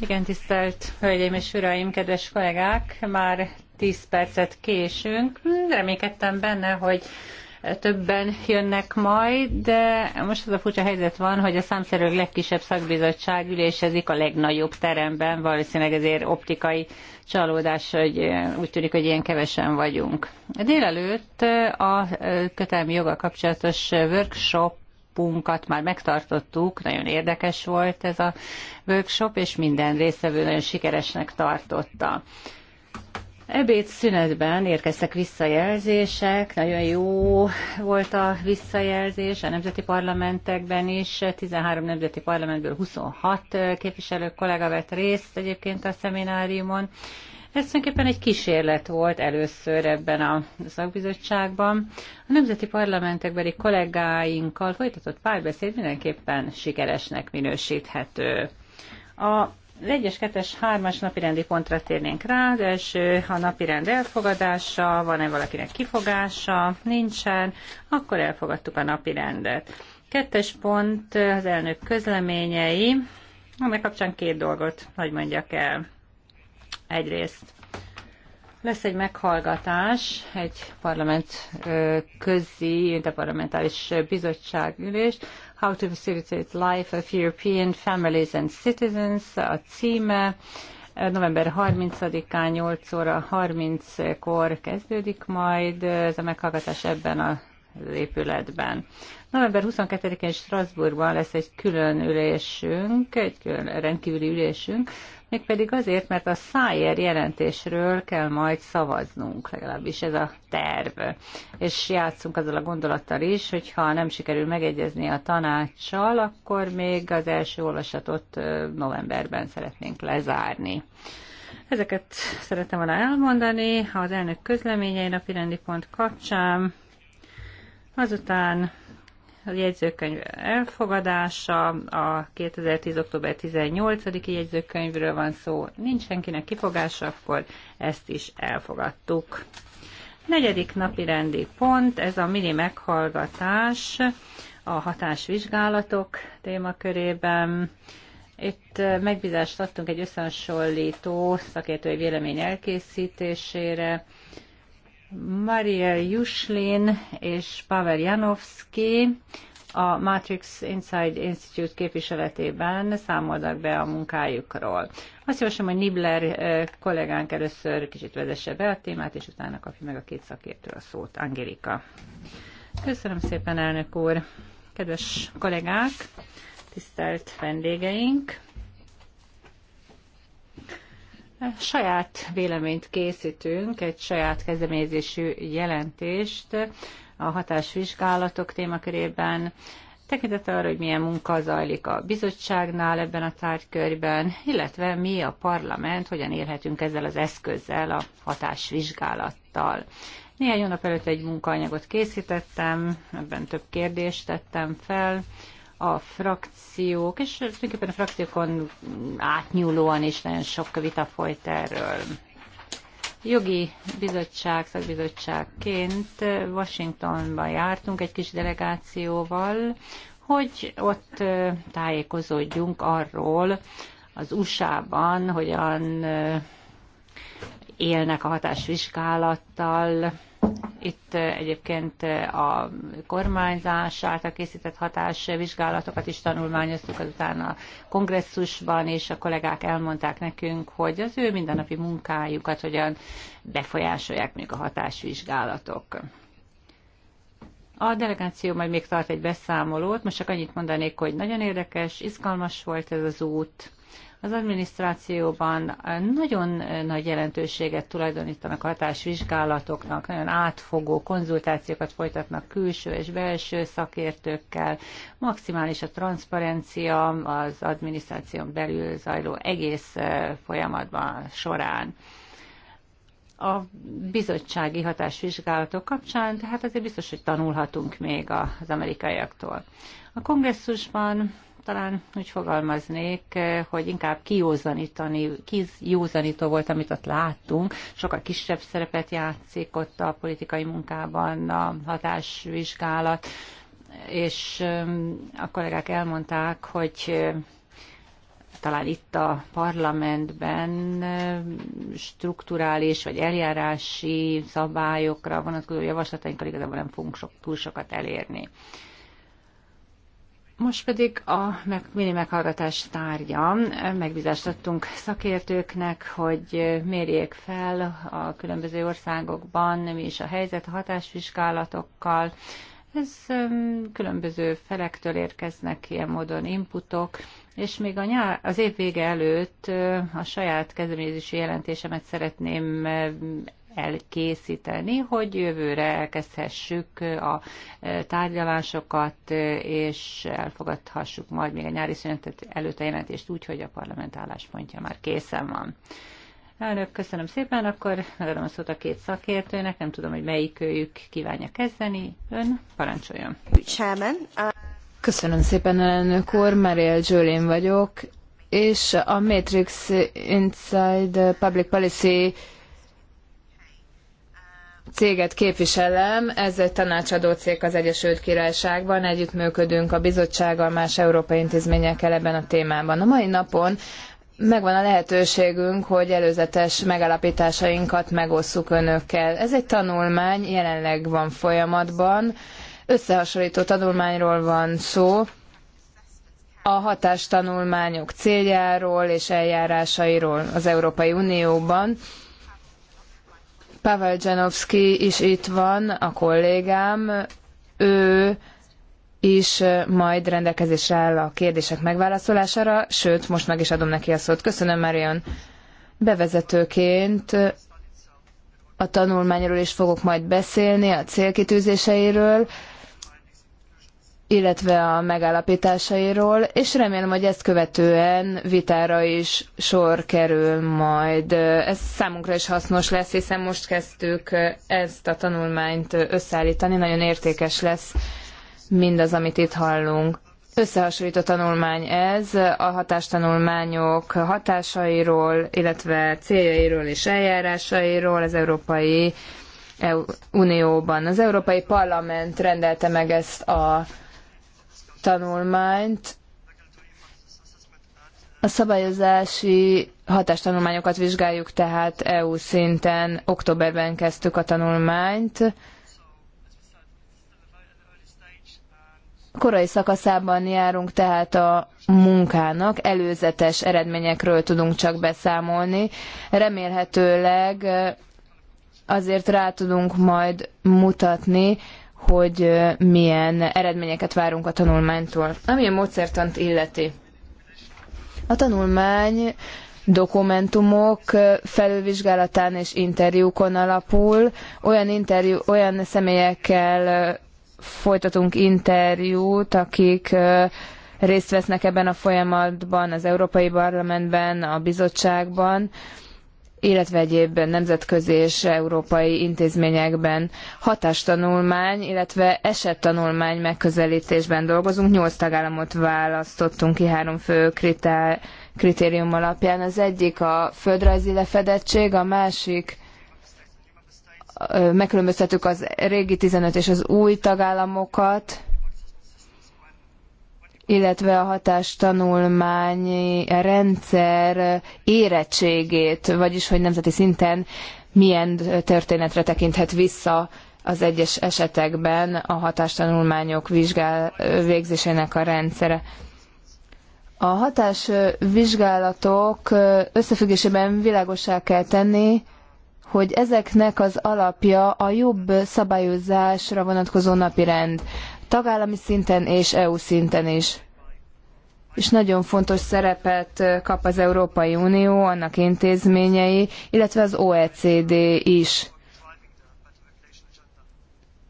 Igen, tisztelt Hölgyeim és Uraim, kedves kollégák! Már 10 percet késünk. Reménykedtem benne, hogy többen jönnek majd, de most az a furcsa helyzet van, hogy a számszerűleg legkisebb szakbizottság ülésezik a legnagyobb teremben, valószínűleg ezért optikai csalódás, hogy úgy tűnik, hogy ilyen kevesen vagyunk. Délelőtt a kötelmi joga kapcsolatos workshop már megtartottuk, nagyon érdekes volt ez a workshop, és minden résztvevő nagyon sikeresnek tartotta. Ebéd szünetben érkeztek visszajelzések, nagyon jó volt a visszajelzés a nemzeti parlamentekben is, 13 nemzeti parlamentből 26 képviselő kollega vett részt egyébként a szemináriumon. Ez tulajdonképpen egy kísérlet volt először ebben a szakbizottságban. A nemzeti parlamentekbeli kollégáinkkal folytatott párbeszéd mindenképpen sikeresnek minősíthető. A az 1-es, 2-es, napirendi pontra térnénk rá. Az első a napirend elfogadása, van-e valakinek kifogása, nincsen, akkor elfogadtuk a napirendet. Kettes pont az elnök közleményei. Amely kapcsán két dolgot, hogy mondjak el. Egyrészt lesz egy meghallgatás, egy parlament közi, interparlamentális bizottság ülés, How to Facilitate Life of European Families and Citizens a címe. November 30-án 8 óra 30-kor kezdődik majd ez a meghallgatás ebben a épületben. November 22-én Strasbourgban lesz egy külön ülésünk, egy külön rendkívüli ülésünk, mégpedig azért, mert a Szájer jelentésről kell majd szavaznunk, legalábbis ez a terv. És játszunk azzal a gondolattal is, hogy ha nem sikerül megegyezni a tanácssal, akkor még az első olvasatot novemberben szeretnénk lezárni. Ezeket szeretem volna elmondani Ha az elnök közleményei napirendi pont kapcsán. Azután a jegyzőkönyv elfogadása, a 2010. október 18-i jegyzőkönyvről van szó, nincs senkinek kifogása, akkor ezt is elfogadtuk. Negyedik napi rendi pont, ez a mini meghallgatás a hatásvizsgálatok témakörében. Itt eh, megbízást adtunk egy összehasonlító szakértői vélemény elkészítésére, Maria Juslin és Pavel Janowski a Matrix Inside Institute képviseletében számolnak be a munkájukról. Azt javaslom, hogy Nibler eh, kollégánk először kicsit vezesse be a témát, és utána kapja meg a két szakértő a szót. Angelika. Köszönöm szépen, elnök úr! Kedves kollégák, tisztelt vendégeink! Saját véleményt készítünk, egy saját kezdeményezésű jelentést a hatásvizsgálatok témakörében, tekintet arra, hogy milyen munka zajlik a bizottságnál ebben a tárgykörben, illetve mi a parlament, hogyan élhetünk ezzel az eszközzel, a hatásvizsgálattal. Néhány hónap előtt egy munkaanyagot készítettem, ebben több kérdést tettem fel, a frakciók, és tulajdonképpen a frakciókon átnyúlóan is nagyon sok vita folyt erről. Jogi bizottság, szakbizottságként Washingtonban jártunk egy kis delegációval, hogy ott tájékozódjunk arról az USA-ban, hogyan élnek a hatásvizsgálattal, itt egyébként a kormányzás által készített hatásvizsgálatokat is tanulmányoztuk azután a kongresszusban, és a kollégák elmondták nekünk, hogy az ő mindennapi munkájukat hogyan befolyásolják még a hatásvizsgálatok. A delegáció majd még tart egy beszámolót, most csak annyit mondanék, hogy nagyon érdekes, izgalmas volt ez az út, az adminisztrációban eh, nagyon eh, nagy jelentőséget tulajdonítanak a hatásvizsgálatoknak, nagyon átfogó konzultációkat folytatnak külső és belső szakértőkkel, maximális a transzparencia az adminisztráción belül zajló egész eh, folyamatban során a bizottsági hatásvizsgálatok kapcsán, tehát azért biztos, hogy tanulhatunk még az amerikaiaktól. A kongresszusban talán úgy fogalmaznék, hogy inkább kijózanítani, kijózanító volt, amit ott láttunk. Sokkal kisebb szerepet játszik ott a politikai munkában a hatásvizsgálat, és a kollégák elmondták, hogy talán itt a parlamentben strukturális vagy eljárási szabályokra vonatkozó javaslatainkkal igazából nem fogunk sok, túl sokat elérni. Most pedig a mini meghallgatás tárgya. Megbízást adtunk szakértőknek, hogy mérjék fel a különböző országokban, mi is a helyzet a hatásvizsgálatokkal. Ez különböző felektől érkeznek ilyen módon inputok, és még a nyár, az év vége előtt a saját kezdeményezési jelentésemet szeretném elkészíteni, hogy jövőre elkezdhessük a e, tárgyalásokat, e, és elfogadhassuk majd még a nyári szünetet előtt a jelentést úgy, hogy a parlament álláspontja már készen van. Elnök, köszönöm szépen, akkor megadom a szót a két szakértőnek, nem tudom, hogy melyik őjük kívánja kezdeni. Ön, parancsoljon. Uh, köszönöm szépen, elnök úr, Mariel Jolin vagyok, és a Matrix Inside Public Policy céget képviselem, ez egy tanácsadó cég az Egyesült Királyságban, együttműködünk a bizottsággal, más európai intézményekkel ebben a témában. A mai napon megvan a lehetőségünk, hogy előzetes megállapításainkat megosszuk önökkel. Ez egy tanulmány, jelenleg van folyamatban, összehasonlító tanulmányról van szó, a hatástanulmányok céljáról és eljárásairól az Európai Unióban Pavel Janowski is itt van, a kollégám, ő is majd rendelkezésre áll a kérdések megválaszolására, sőt, most meg is adom neki a szót. Köszönöm, Marion. Bevezetőként a tanulmányról is fogok majd beszélni, a célkitűzéseiről, illetve a megállapításairól, és remélem, hogy ezt követően vitára is sor kerül majd. Ez számunkra is hasznos lesz, hiszen most kezdtük ezt a tanulmányt összeállítani, nagyon értékes lesz mindaz, amit itt hallunk. Összehasonlító tanulmány ez a hatástanulmányok hatásairól, illetve céljairól és eljárásairól az Európai Unióban. Az Európai Parlament rendelte meg ezt a tanulmányt, a szabályozási hatástanulmányokat vizsgáljuk tehát EU szinten. Októberben kezdtük a tanulmányt. Korai szakaszában járunk tehát a munkának, előzetes eredményekről tudunk csak beszámolni. Remélhetőleg azért rá tudunk majd mutatni, hogy milyen eredményeket várunk a tanulmánytól. Ami a módszertant illeti. A tanulmány dokumentumok felülvizsgálatán és interjúkon alapul. Olyan, interjú, olyan személyekkel folytatunk interjút, akik részt vesznek ebben a folyamatban az Európai Parlamentben, a bizottságban, illetve egyéb nemzetközi és európai intézményekben hatástanulmány, illetve esettanulmány megközelítésben dolgozunk. Nyolc tagállamot választottunk ki három fő kritérium alapján. Az egyik a földrajzi lefedettség, a másik megkülönböztetük az régi 15 és az új tagállamokat, illetve a hatástanulmányi rendszer érettségét, vagyis hogy nemzeti szinten milyen történetre tekinthet vissza az egyes esetekben a hatástanulmányok vizsgál, végzésének a rendszere. A hatásvizsgálatok összefüggésében világosá kell tenni, hogy ezeknek az alapja a jobb szabályozásra vonatkozó napirend tagállami szinten és EU szinten is. És nagyon fontos szerepet kap az Európai Unió, annak intézményei, illetve az OECD is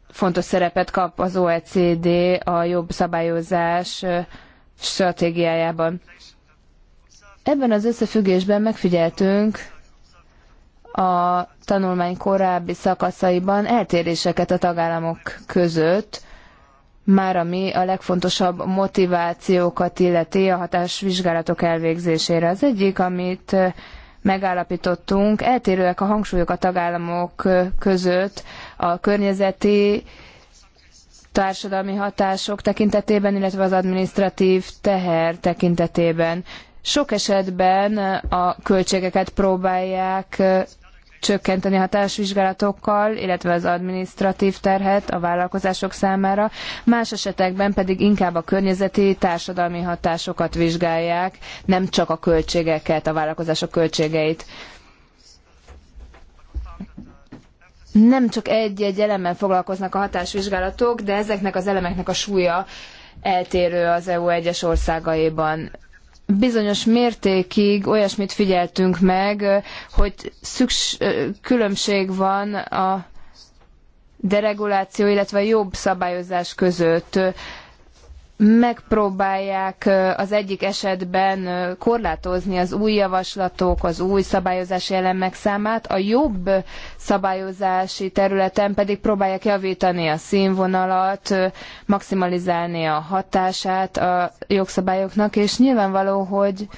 fontos szerepet kap az OECD a jobb szabályozás stratégiájában. Ebben az összefüggésben megfigyeltünk a tanulmány korábbi szakaszaiban eltéréseket a tagállamok között már ami a legfontosabb motivációkat illeti a hatásvizsgálatok elvégzésére. Az egyik, amit megállapítottunk, eltérőek a hangsúlyok a tagállamok között a környezeti társadalmi hatások tekintetében, illetve az administratív teher tekintetében. Sok esetben a költségeket próbálják csökkenteni hatásvizsgálatokkal, illetve az administratív terhet a vállalkozások számára, más esetekben pedig inkább a környezeti, társadalmi hatásokat vizsgálják, nem csak a költségeket, a vállalkozások költségeit. Nem csak egy-egy elemmel foglalkoznak a hatásvizsgálatok, de ezeknek az elemeknek a súlya eltérő az EU egyes országaiban bizonyos mértékig olyasmit figyeltünk meg, hogy szüks, különbség van a dereguláció, illetve a jobb szabályozás között megpróbálják az egyik esetben korlátozni az új javaslatok, az új szabályozási elemek számát, a jobb szabályozási területen pedig próbálják javítani a színvonalat, maximalizálni a hatását a jogszabályoknak, és nyilvánvaló, hogy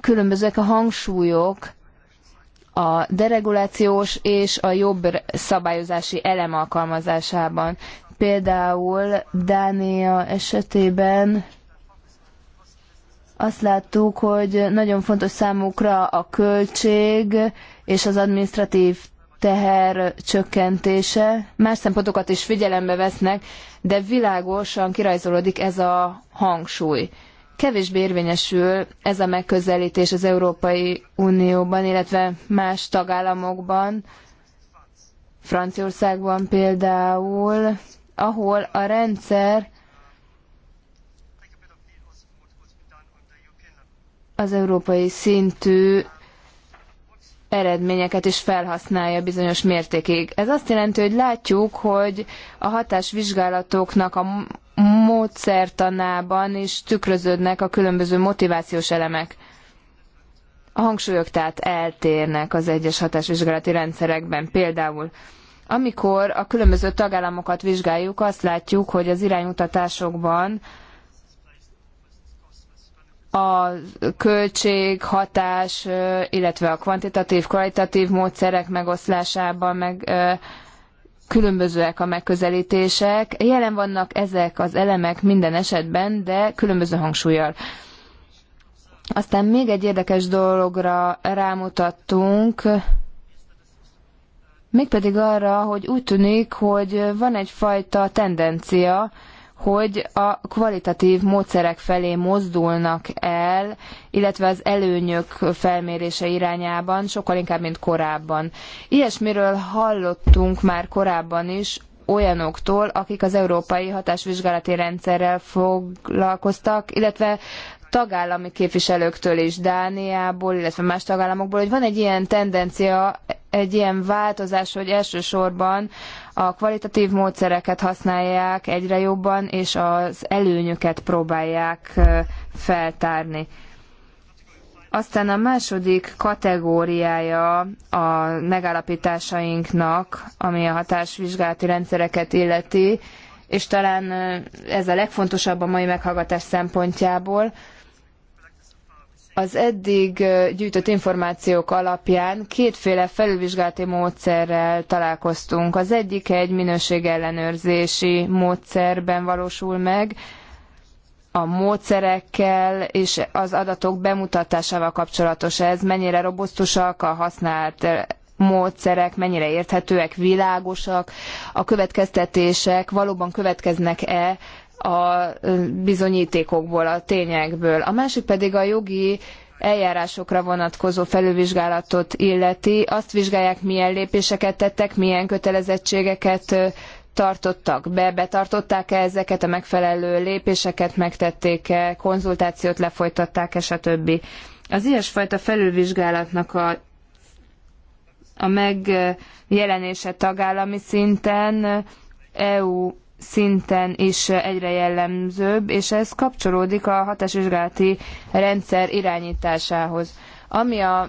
különbözőek a hangsúlyok, a deregulációs és a jobb szabályozási elem alkalmazásában. Például Dánia esetében azt láttuk, hogy nagyon fontos számukra a költség és az administratív teher csökkentése. Más szempontokat is figyelembe vesznek, de világosan kirajzolódik ez a hangsúly. Kevésbé érvényesül ez a megközelítés az Európai Unióban, illetve más tagállamokban, Franciaországban például ahol a rendszer az európai szintű eredményeket is felhasználja bizonyos mértékig. Ez azt jelenti, hogy látjuk, hogy a hatásvizsgálatoknak a módszertanában is tükröződnek a különböző motivációs elemek. A hangsúlyok tehát eltérnek az egyes hatásvizsgálati rendszerekben. Például amikor a különböző tagállamokat vizsgáljuk, azt látjuk, hogy az iránymutatásokban a költség, hatás, illetve a kvantitatív, kvalitatív módszerek megoszlásában meg különbözőek a megközelítések. Jelen vannak ezek az elemek minden esetben, de különböző hangsúlyjal. Aztán még egy érdekes dologra rámutattunk, mégpedig arra, hogy úgy tűnik, hogy van egyfajta tendencia, hogy a kvalitatív módszerek felé mozdulnak el, illetve az előnyök felmérése irányában, sokkal inkább, mint korábban. Ilyesmiről hallottunk már korábban is, olyanoktól, akik az európai hatásvizsgálati rendszerrel foglalkoztak, illetve tagállami képviselőktől is, Dániából, illetve más tagállamokból, hogy van egy ilyen tendencia, egy ilyen változás, hogy elsősorban a kvalitatív módszereket használják egyre jobban, és az előnyöket próbálják feltárni. Aztán a második kategóriája a megállapításainknak, ami a hatásvizsgálati rendszereket illeti, és talán ez a legfontosabb a mai meghallgatás szempontjából, az eddig gyűjtött információk alapján kétféle felülvizsgálati módszerrel találkoztunk. Az egyik egy minőségellenőrzési módszerben valósul meg, a módszerekkel és az adatok bemutatásával kapcsolatos ez, mennyire robusztusak a használt módszerek, mennyire érthetőek, világosak, a következtetések valóban következnek-e a bizonyítékokból, a tényekből. A másik pedig a jogi eljárásokra vonatkozó felülvizsgálatot illeti. Azt vizsgálják, milyen lépéseket tettek, milyen kötelezettségeket tartottak be, betartották-e ezeket a megfelelő lépéseket, megtették-e, konzultációt lefolytatták-e, stb. Az ilyesfajta felülvizsgálatnak a, a megjelenése tagállami szinten EU szinten is egyre jellemzőbb, és ez kapcsolódik a hatásvizsgálati rendszer irányításához. Ami a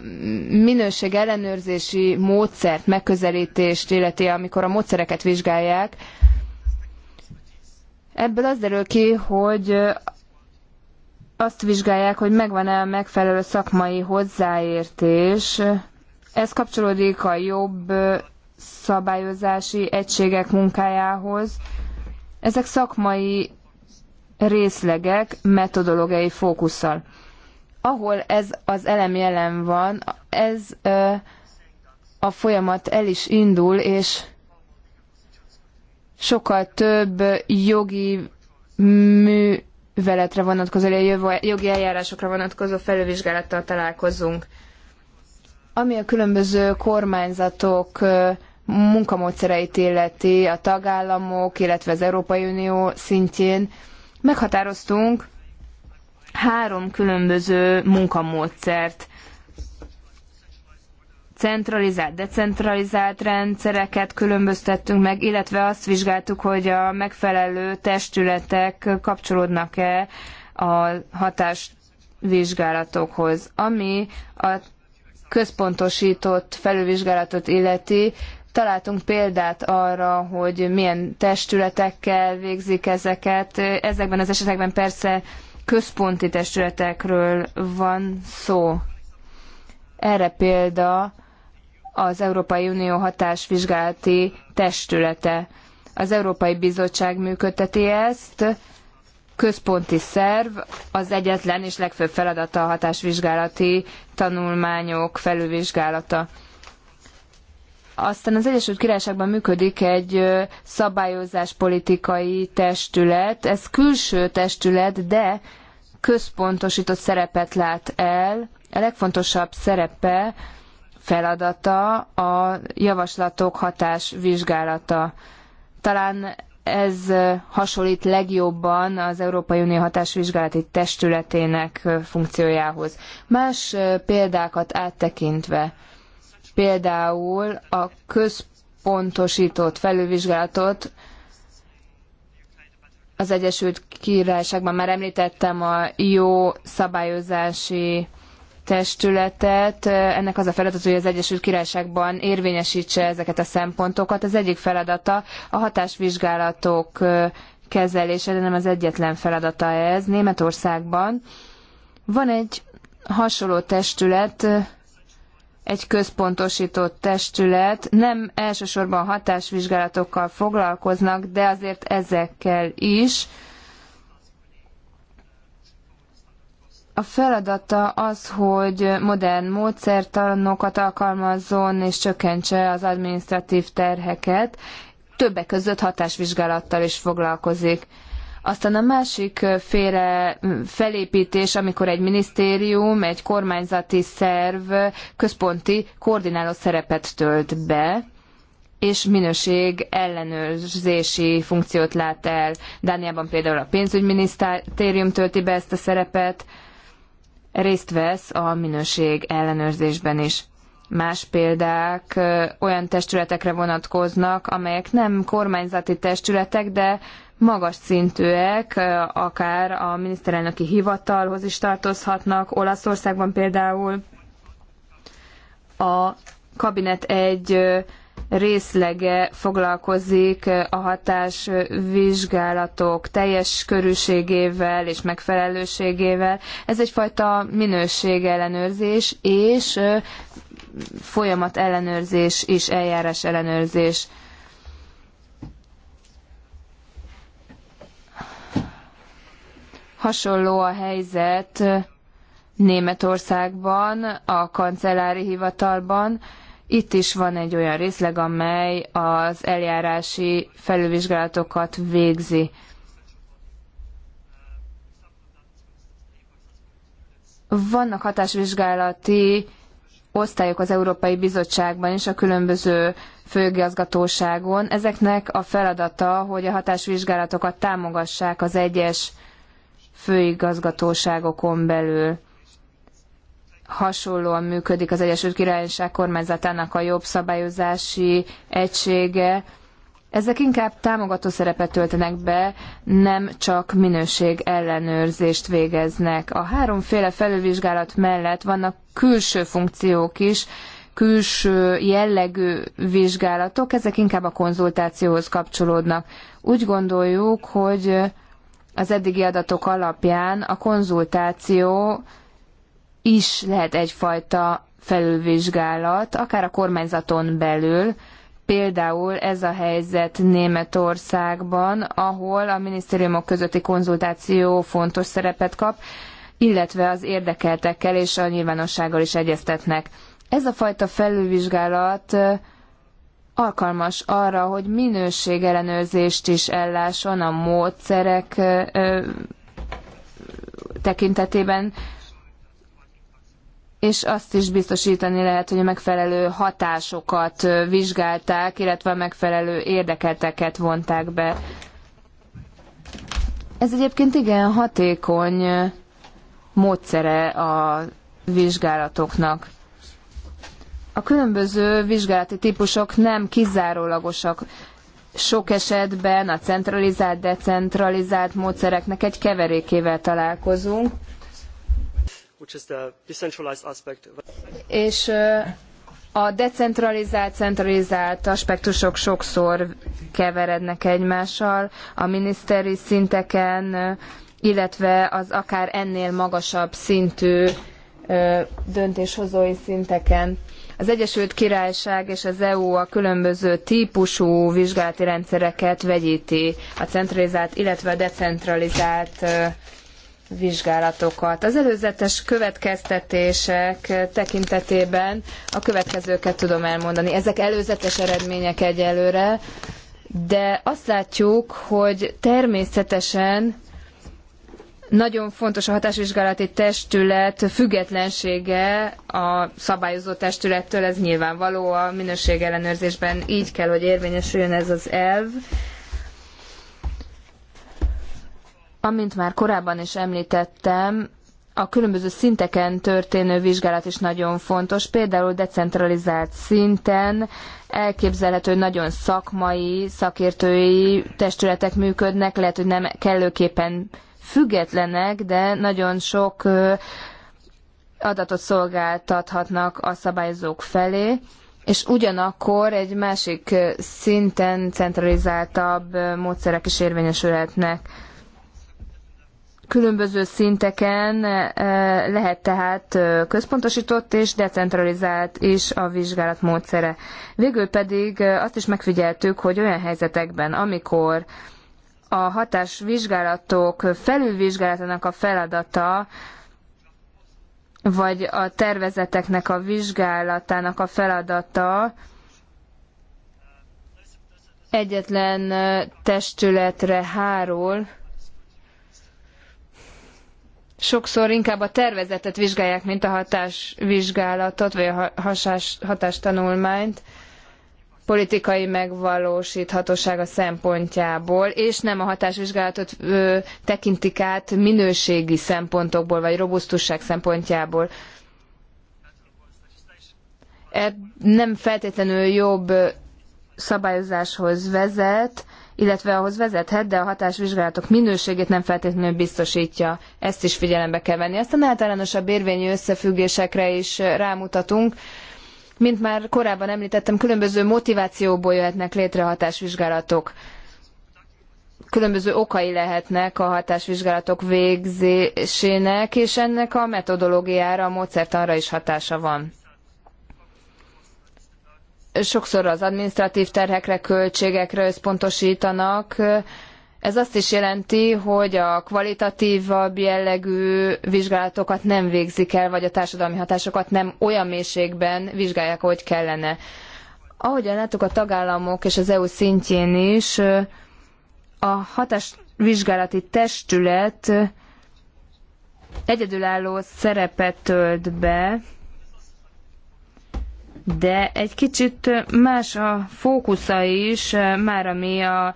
minőség ellenőrzési módszert, megközelítést illeti, amikor a módszereket vizsgálják, ebből az derül ki, hogy azt vizsgálják, hogy megvan-e a megfelelő szakmai hozzáértés. Ez kapcsolódik a jobb szabályozási egységek munkájához, ezek szakmai részlegek metodológiai fókusszal. Ahol ez az elem jelen van, ez a folyamat el is indul, és sokkal több jogi műveletre vonatkozó, vagy jogi eljárásokra vonatkozó felülvizsgálattal találkozunk. Ami a különböző kormányzatok munkamódszereit illeti a tagállamok, illetve az Európai Unió szintjén, meghatároztunk három különböző munkamódszert. Centralizált, decentralizált rendszereket különböztettünk meg, illetve azt vizsgáltuk, hogy a megfelelő testületek kapcsolódnak-e a hatásvizsgálatokhoz. Ami a központosított felülvizsgálatot illeti, találtunk példát arra, hogy milyen testületekkel végzik ezeket. Ezekben az esetekben persze központi testületekről van szó. Erre példa az Európai Unió hatásvizsgálati testülete. Az Európai Bizottság működteti ezt, központi szerv, az egyetlen és legfőbb feladata a hatásvizsgálati tanulmányok felülvizsgálata. Aztán az Egyesült Királyságban működik egy szabályozáspolitikai testület. Ez külső testület, de központosított szerepet lát el. A legfontosabb szerepe, feladata a javaslatok hatás vizsgálata. Talán ez hasonlít legjobban az Európai Unió hatásvizsgálati testületének funkciójához. Más példákat áttekintve, például a központosított felülvizsgálatot az Egyesült Királyságban már említettem a jó szabályozási testületet. Ennek az a feladat, hogy az Egyesült Királyságban érvényesítse ezeket a szempontokat. Az egyik feladata a hatásvizsgálatok kezelése, de nem az egyetlen feladata ez. Németországban van egy hasonló testület, egy központosított testület. Nem elsősorban hatásvizsgálatokkal foglalkoznak, de azért ezekkel is. A feladata az, hogy modern módszertanokat alkalmazzon és csökkentse az administratív terheket, többek között hatásvizsgálattal is foglalkozik. Aztán a másik féle felépítés, amikor egy minisztérium, egy kormányzati szerv központi koordináló szerepet tölt be, és minőség ellenőrzési funkciót lát el. Dániában például a pénzügyminisztérium tölti be ezt a szerepet, részt vesz a minőség ellenőrzésben is. Más példák olyan testületekre vonatkoznak, amelyek nem kormányzati testületek, de magas szintűek, akár a miniszterelnöki hivatalhoz is tartozhatnak. Olaszországban például a kabinet egy részlege foglalkozik a hatás vizsgálatok teljes körűségével és megfelelőségével. Ez egyfajta minőségellenőrzés és folyamat ellenőrzés és eljárás ellenőrzés. Hasonló a helyzet Németországban, a kancellári hivatalban. Itt is van egy olyan részleg, amely az eljárási felülvizsgálatokat végzi. Vannak hatásvizsgálati osztályok az Európai Bizottságban és a különböző főigazgatóságon. Ezeknek a feladata, hogy a hatásvizsgálatokat támogassák az egyes főigazgatóságokon belül. Hasonlóan működik az Egyesült Királyság kormányzatának a jobb szabályozási egysége. Ezek inkább támogató szerepet töltenek be, nem csak minőség ellenőrzést végeznek. A háromféle felülvizsgálat mellett vannak külső funkciók is, külső jellegű vizsgálatok, ezek inkább a konzultációhoz kapcsolódnak. Úgy gondoljuk, hogy az eddigi adatok alapján a konzultáció is lehet egyfajta felülvizsgálat, akár a kormányzaton belül. Például ez a helyzet Németországban, ahol a minisztériumok közötti konzultáció fontos szerepet kap, illetve az érdekeltekkel és a nyilvánossággal is egyeztetnek. Ez a fajta felülvizsgálat alkalmas arra, hogy minőségellenőrzést is ellásson a módszerek tekintetében, és azt is biztosítani lehet, hogy a megfelelő hatásokat vizsgálták, illetve a megfelelő érdekelteket vonták be. Ez egyébként igen hatékony módszere a vizsgálatoknak. A különböző vizsgálati típusok nem kizárólagosak. Sok esetben a centralizált, decentralizált módszereknek egy keverékével találkozunk. És a decentralizált, centralizált aspektusok sokszor keverednek egymással, a miniszteri szinteken, illetve az akár ennél magasabb szintű döntéshozói szinteken az Egyesült Királyság és az EU a különböző típusú vizsgálati rendszereket vegyíti, a centralizált, illetve a decentralizált vizsgálatokat. Az előzetes következtetések tekintetében a következőket tudom elmondani. Ezek előzetes eredmények egyelőre, de azt látjuk, hogy természetesen nagyon fontos a hatásvizsgálati testület függetlensége a szabályozó testülettől, ez nyilvánvaló a minőségellenőrzésben, így kell, hogy érvényesüljön ez az elv. Amint már korábban is említettem, a különböző szinteken történő vizsgálat is nagyon fontos. Például decentralizált szinten elképzelhető, hogy nagyon szakmai, szakértői testületek működnek, lehet, hogy nem kellőképpen függetlenek, de nagyon sok adatot szolgáltathatnak a szabályozók felé, és ugyanakkor egy másik szinten centralizáltabb módszerek is érvényesülhetnek. Különböző szinteken lehet tehát központosított és decentralizált is a vizsgálat módszere. Végül pedig azt is megfigyeltük, hogy olyan helyzetekben, amikor a hatásvizsgálatok felülvizsgálatának a feladata, vagy a tervezeteknek a vizsgálatának a feladata egyetlen testületre hárul, sokszor inkább a tervezetet vizsgálják, mint a hatásvizsgálatot, vagy a hasás, hatástanulmányt politikai megvalósíthatósága szempontjából, és nem a hatásvizsgálatot ö, tekintik át minőségi szempontokból, vagy robusztusság szempontjából. Ez nem feltétlenül jobb szabályozáshoz vezet, illetve ahhoz vezethet, de a hatásvizsgálatok minőségét nem feltétlenül biztosítja. Ezt is figyelembe kell venni. Aztán általánosabb érvényű összefüggésekre is rámutatunk. Mint már korábban említettem, különböző motivációból jöhetnek létre hatásvizsgálatok. Különböző okai lehetnek a hatásvizsgálatok végzésének, és ennek a metodológiára, a módszertanra is hatása van sokszor az administratív terhekre, költségekre összpontosítanak, ez azt is jelenti, hogy a kvalitatívabb jellegű vizsgálatokat nem végzik el, vagy a társadalmi hatásokat nem olyan mélységben vizsgálják, ahogy kellene. Ahogyan láttuk a tagállamok és az EU szintjén is, a hatásvizsgálati testület egyedülálló szerepet tölt be, de egy kicsit más a fókusza is, már ami a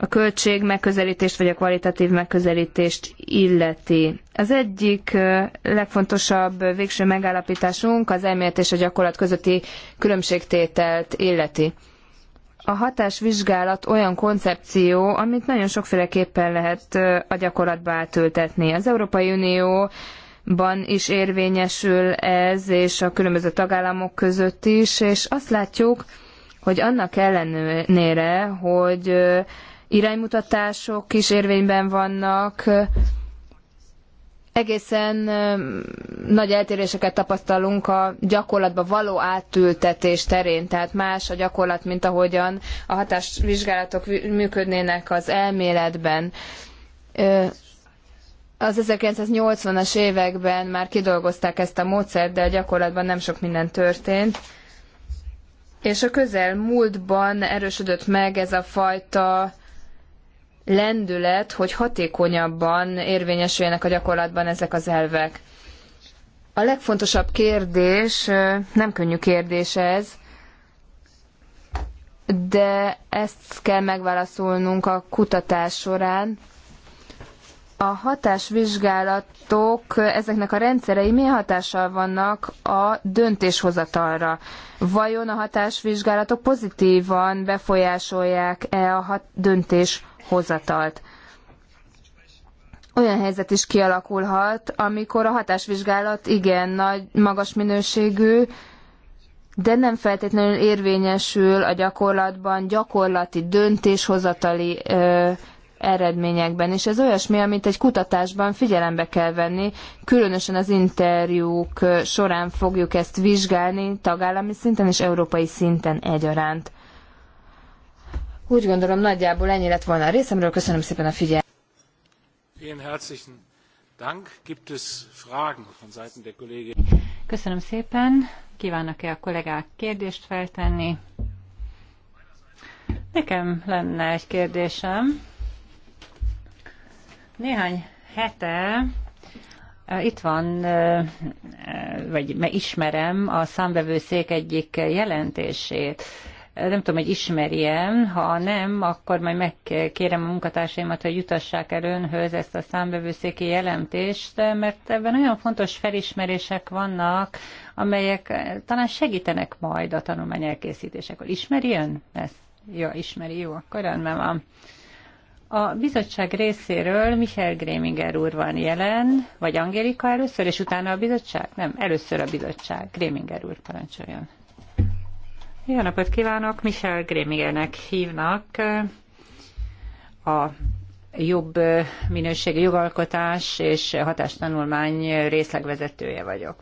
a költség megközelítést vagy a kvalitatív megközelítést illeti. Az egyik legfontosabb végső megállapításunk az elmélet és a gyakorlat közötti különbségtételt illeti. A hatásvizsgálat olyan koncepció, amit nagyon sokféleképpen lehet a gyakorlatba átültetni. Az Európai Unióban is érvényesül ez, és a különböző tagállamok között is, és azt látjuk, hogy annak ellenére, hogy iránymutatások is érvényben vannak. Egészen nagy eltéréseket tapasztalunk a gyakorlatba való átültetés terén, tehát más a gyakorlat, mint ahogyan a hatásvizsgálatok működnének az elméletben az 1980-as években már kidolgozták ezt a módszert, de a gyakorlatban nem sok minden történt. És a közel múltban erősödött meg ez a fajta lendület, hogy hatékonyabban érvényesüljenek a gyakorlatban ezek az elvek. A legfontosabb kérdés, nem könnyű kérdés ez, de ezt kell megválaszolnunk a kutatás során, a hatásvizsgálatok, ezeknek a rendszerei milyen hatással vannak a döntéshozatalra? Vajon a hatásvizsgálatok pozitívan befolyásolják-e a hat- döntéshozatalt? Olyan helyzet is kialakulhat, amikor a hatásvizsgálat igen nagy, magas minőségű, de nem feltétlenül érvényesül a gyakorlatban gyakorlati döntéshozatali ö, eredményekben. És ez olyasmi, amit egy kutatásban figyelembe kell venni, különösen az interjúk során fogjuk ezt vizsgálni tagállami szinten és európai szinten egyaránt. Úgy gondolom, nagyjából ennyi lett volna a részemről. Köszönöm szépen a figyelmet. Dank gibt es Fragen von Seiten der Köszönöm szépen. Kívánnak-e a kollégák kérdést feltenni? Nekem lenne egy kérdésem. Néhány hete e, itt van, e, e, vagy ismerem a számbevőszék egyik jelentését. Nem tudom, hogy ismerjem, ha nem, akkor majd megkérem a munkatársaimat, hogy jutassák el önhöz ezt a számbevőszéki jelentést, mert ebben olyan fontos felismerések vannak, amelyek talán segítenek majd a tanulmány elkészítésekor. Ismeri ön ezt? Jó, ismeri, jó, akkor rendben van. A bizottság részéről Michael Gréminger úr van jelen, vagy Angélika először, és utána a bizottság? Nem, először a bizottság. Gréminger úr parancsoljon. Jó napot kívánok! Michel Grémigernek hívnak. A jobb minőségű jogalkotás és hatástanulmány részlegvezetője vagyok.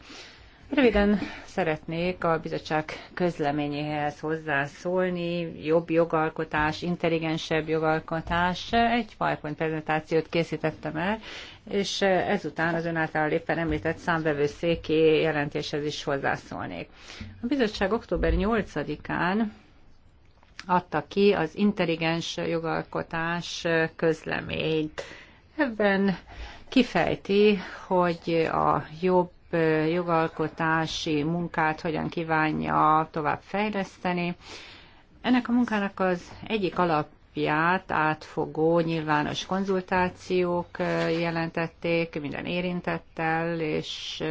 Röviden szeretnék a bizottság közleményéhez hozzászólni, jobb jogalkotás, intelligensebb jogalkotás. Egy PowerPoint prezentációt készítettem el, és ezután az ön által éppen említett számbevőszéki jelentéshez is hozzászólnék. A bizottság október 8-án adta ki az intelligens jogalkotás közleményt. Ebben kifejti, hogy a jobb jogalkotási munkát hogyan kívánja tovább fejleszteni. Ennek a munkának az egyik alap alapját átfogó nyilvános konzultációk jelentették minden érintettel és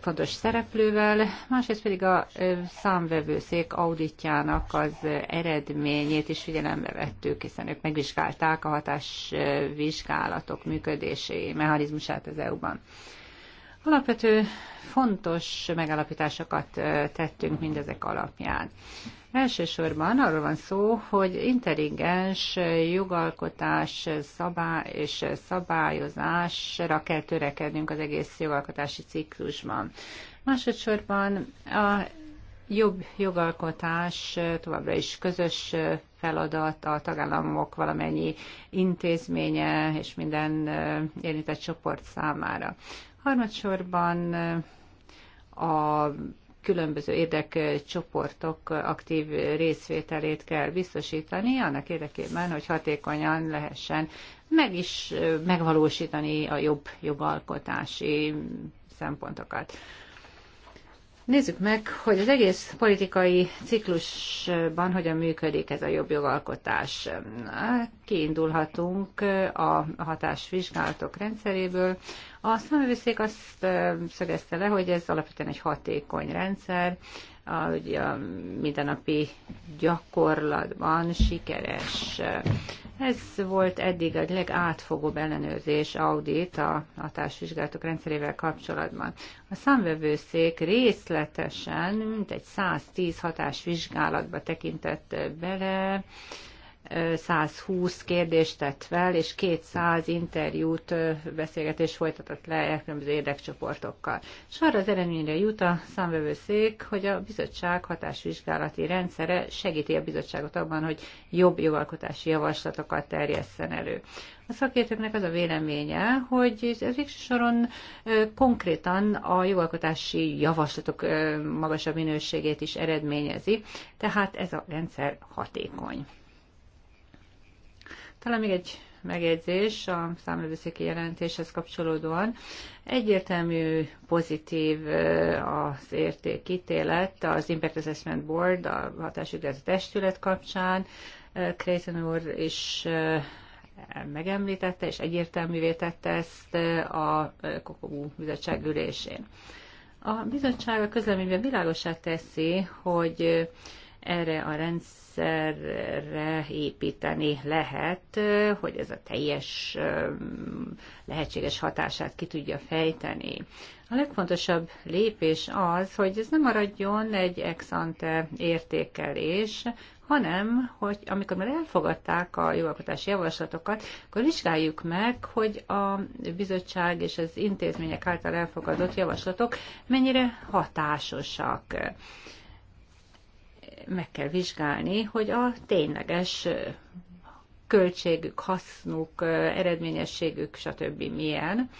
fontos szereplővel, másrészt pedig a számvevőszék auditjának az eredményét is figyelembe vettük, hiszen ők megvizsgálták a hatásvizsgálatok működési mechanizmusát az EU-ban. Alapvető fontos megállapításokat tettünk mindezek alapján. Elsősorban arról van szó, hogy intelligens jogalkotás szabály és szabályozásra kell törekednünk az egész jogalkotási ciklusban. Másodszorban a jobb jogalkotás továbbra is közös feladat a tagállamok valamennyi intézménye és minden érintett csoport számára. Harmadsorban a különböző érdekcsoportok aktív részvételét kell biztosítani, annak érdekében, hogy hatékonyan lehessen meg is megvalósítani a jobb jogalkotási szempontokat. Nézzük meg, hogy az egész politikai ciklusban hogyan működik ez a jobb jogalkotás. Kiindulhatunk a hatásvizsgálatok rendszeréből, a szemüvészék azt szögezte le, hogy ez alapvetően egy hatékony rendszer, a, ugye a mindennapi gyakorlatban sikeres. Ez volt eddig a legátfogóbb ellenőrzés audit a hatásvizsgálatok rendszerével kapcsolatban. A számvevőszék részletesen, mint egy 110 hatásvizsgálatba tekintett bele, 120 kérdést tett fel, és 200 interjút, beszélgetés folytatott le különböző érdekcsoportokkal. És arra az eredményre jut a számvevőszék, hogy a bizottság hatásvizsgálati rendszere segíti a bizottságot abban, hogy jobb jogalkotási javaslatokat terjesszen elő. A szakértőknek az a véleménye, hogy ez végső soron konkrétan a jogalkotási javaslatok magasabb minőségét is eredményezi, tehát ez a rendszer hatékony. Talán még egy megjegyzés a számlövőszéki jelentéshez kapcsolódóan. Egyértelmű pozitív az értékítélet az Impact Assessment Board, a hatásügyeleti testület kapcsán. Creighton úr is megemlítette, és egyértelművé tette ezt a Kokogú bizottság ülésén. A bizottság a közleményben világosá teszi, hogy erre a rendszerre építeni lehet, hogy ez a teljes lehetséges hatását ki tudja fejteni. A legfontosabb lépés az, hogy ez nem maradjon egy ex-ante értékelés, hanem, hogy amikor már elfogadták a jogalkotási javaslatokat, akkor vizsgáljuk meg, hogy a bizottság és az intézmények által elfogadott javaslatok mennyire hatásosak meg kell vizsgálni, hogy a tényleges költségük, hasznuk, eredményességük, stb. milyen,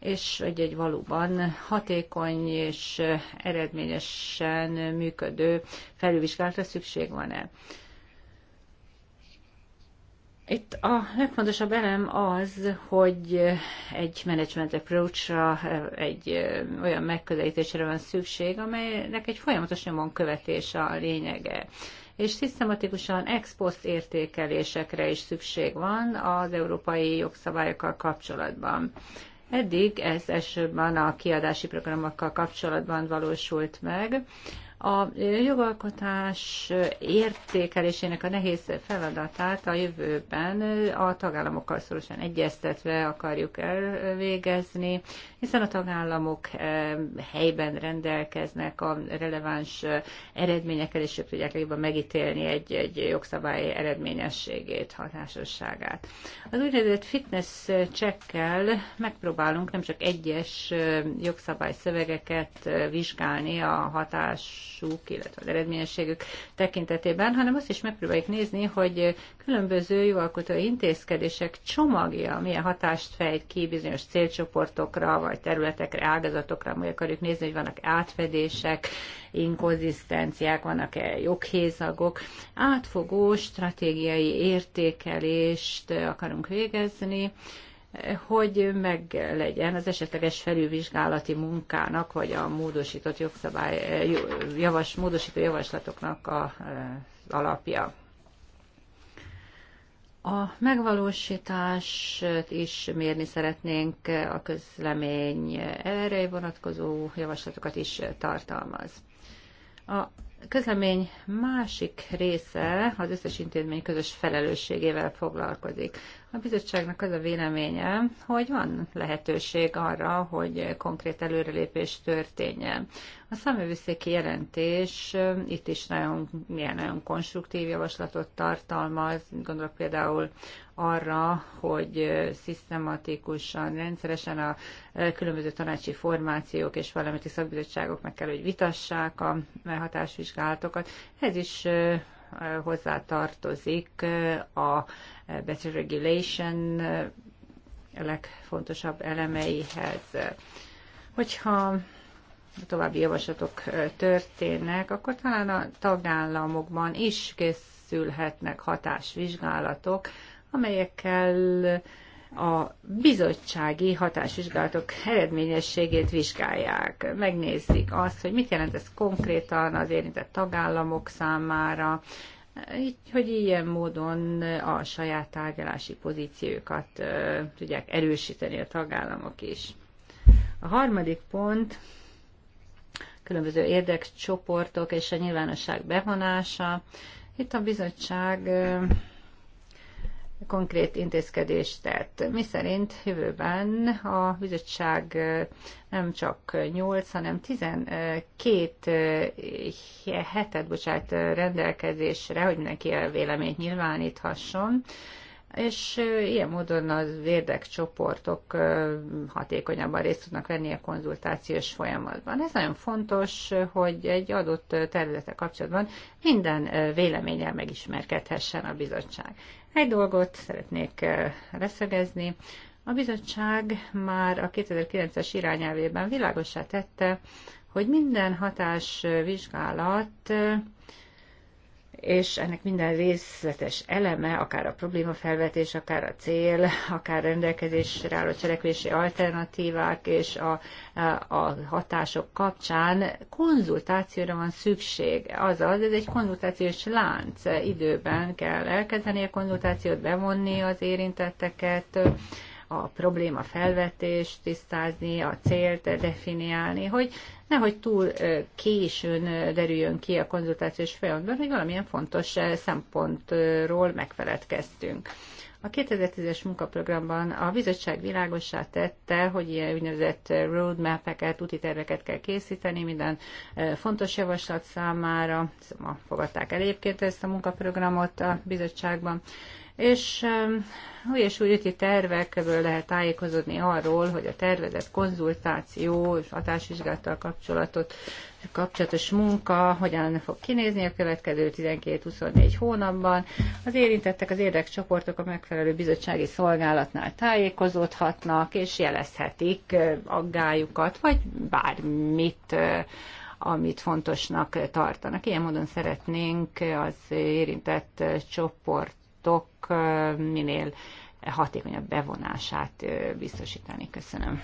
és hogy egy valóban hatékony és eredményesen működő felülvizsgálatra szükség van-e. Itt a legfontosabb elem az, hogy egy management approach egy olyan megközelítésre van szükség, amelynek egy folyamatos nyomon követés a lényege és szisztematikusan ex post értékelésekre is szükség van az európai jogszabályokkal kapcsolatban. Eddig ez elsőbben a kiadási programokkal kapcsolatban valósult meg, a jogalkotás értékelésének a nehéz feladatát a jövőben a tagállamokkal szorosan egyeztetve akarjuk elvégezni, hiszen a tagállamok eh, helyben rendelkeznek a releváns eh, eredményekkel, és ők tudják legjobban megítélni egy, egy jogszabály eredményességét, hatásosságát. Az úgynevezett fitness csekkel megpróbálunk nem csak egyes eh, jogszabály szövegeket vizsgálni a hatás hatásuk, illetve az eredményességük tekintetében, hanem azt is megpróbáljuk nézni, hogy különböző jogalkotói intézkedések csomagja milyen hatást fejt ki bizonyos célcsoportokra, vagy területekre, ágazatokra, majd akarjuk nézni, hogy vannak átfedések, inkonzisztenciák, vannak-e joghézagok. Átfogó stratégiai értékelést akarunk végezni, hogy meg legyen az esetleges felülvizsgálati munkának, vagy a módosított jogszabály, javas, módosító javaslatoknak a, alapja. A megvalósítást is mérni szeretnénk, a közlemény erre vonatkozó javaslatokat is tartalmaz. A közlemény másik része az összes intézmény közös felelősségével foglalkozik. A bizottságnak az a véleménye, hogy van lehetőség arra, hogy konkrét előrelépés történjen. A számövőszéki jelentés itt is nagyon, milyen nagyon konstruktív javaslatot tartalmaz, gondolok például arra, hogy szisztematikusan, rendszeresen a különböző tanácsi formációk és parlamenti szakbizottságok meg kell, hogy vitassák a hatásvizsgálatokat. Ez is hozzá tartozik a Better Regulation legfontosabb elemeihez. Hogyha a további javaslatok történnek, akkor talán a tagállamokban is készülhetnek hatásvizsgálatok amelyekkel a bizottsági hatásvizsgálatok eredményességét vizsgálják. Megnézzük azt, hogy mit jelent ez konkrétan az érintett tagállamok számára, így, hogy ilyen módon a saját tárgyalási pozíciókat tudják erősíteni a tagállamok is. A harmadik pont különböző érdekcsoportok és a nyilvánosság bevonása. Itt a bizottság konkrét intézkedést tett. Mi szerint jövőben a bizottság nem csak 8, hanem 12 hetet bocsát rendelkezésre, hogy mindenki a véleményt nyilváníthasson, és ilyen módon az érdek csoportok hatékonyabban részt tudnak venni a konzultációs folyamatban. Ez nagyon fontos, hogy egy adott területe kapcsolatban minden véleménnyel megismerkedhessen a bizottság. Egy dolgot szeretnék eh, leszögezni. A bizottság már a 2009-es irányelvében világosá tette, hogy minden hatás vizsgálat eh, és ennek minden részletes eleme, akár a problémafelvetés, akár a cél, akár a rendelkezésre álló cselekvési alternatívák és a, a hatások kapcsán konzultációra van szükség. Azaz, ez egy konzultációs lánc. Időben kell elkezdeni a konzultációt, bevonni az érintetteket, a probléma felvetést tisztázni, a célt definiálni, hogy nehogy túl későn derüljön ki a konzultációs folyamatban, hogy valamilyen fontos szempontról megfeledkeztünk. A 2010-es munkaprogramban a bizottság világossá tette, hogy ilyen úgynevezett roadmap-eket, úti terveket kell készíteni minden fontos javaslat számára. Ma szóval fogadták el egyébként ezt a munkaprogramot a bizottságban és új és új üti tervekből lehet tájékozódni arról, hogy a tervezett konzultáció és hatásvizsgálattal kapcsolatot, kapcsolatos munka hogyan fog kinézni a következő 12-24 hónapban. Az érintettek, az érdekcsoportok a megfelelő bizottsági szolgálatnál tájékozódhatnak, és jelezhetik aggájukat, vagy bármit, amit fontosnak tartanak. Ilyen módon szeretnénk az érintett csoport vállalatok minél hatékonyabb bevonását biztosítani. Köszönöm.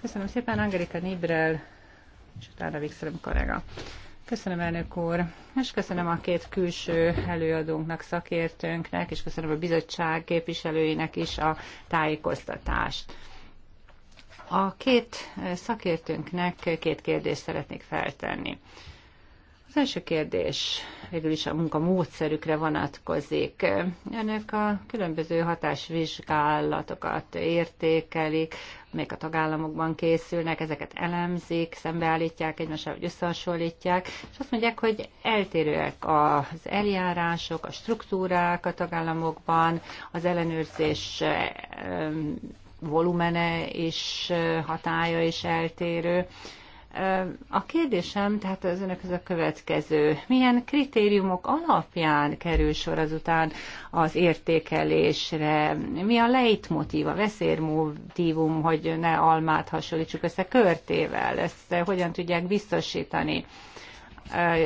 Köszönöm szépen, Angelika Nibrel, és utána Vixelem kollega. Köszönöm, elnök úr, és köszönöm a két külső előadónknak, szakértőnknek, és köszönöm a bizottság képviselőinek is a tájékoztatást. A két szakértőnknek két kérdést szeretnék feltenni. Az első kérdés végül is a munka módszerükre vonatkozik. Önök a különböző hatásvizsgálatokat értékelik, amelyek a tagállamokban készülnek, ezeket elemzik, szembeállítják egymással, vagy összehasonlítják, és azt mondják, hogy eltérőek az eljárások, a struktúrák a tagállamokban, az ellenőrzés volumene és hatája is eltérő a kérdésem tehát az önök az a következő. Milyen kritériumok alapján kerül sor azután az értékelésre? Mi a leitmotív, a veszérmotívum, hogy ne almát hasonlítsuk össze körtével? Ezt hogyan tudják biztosítani?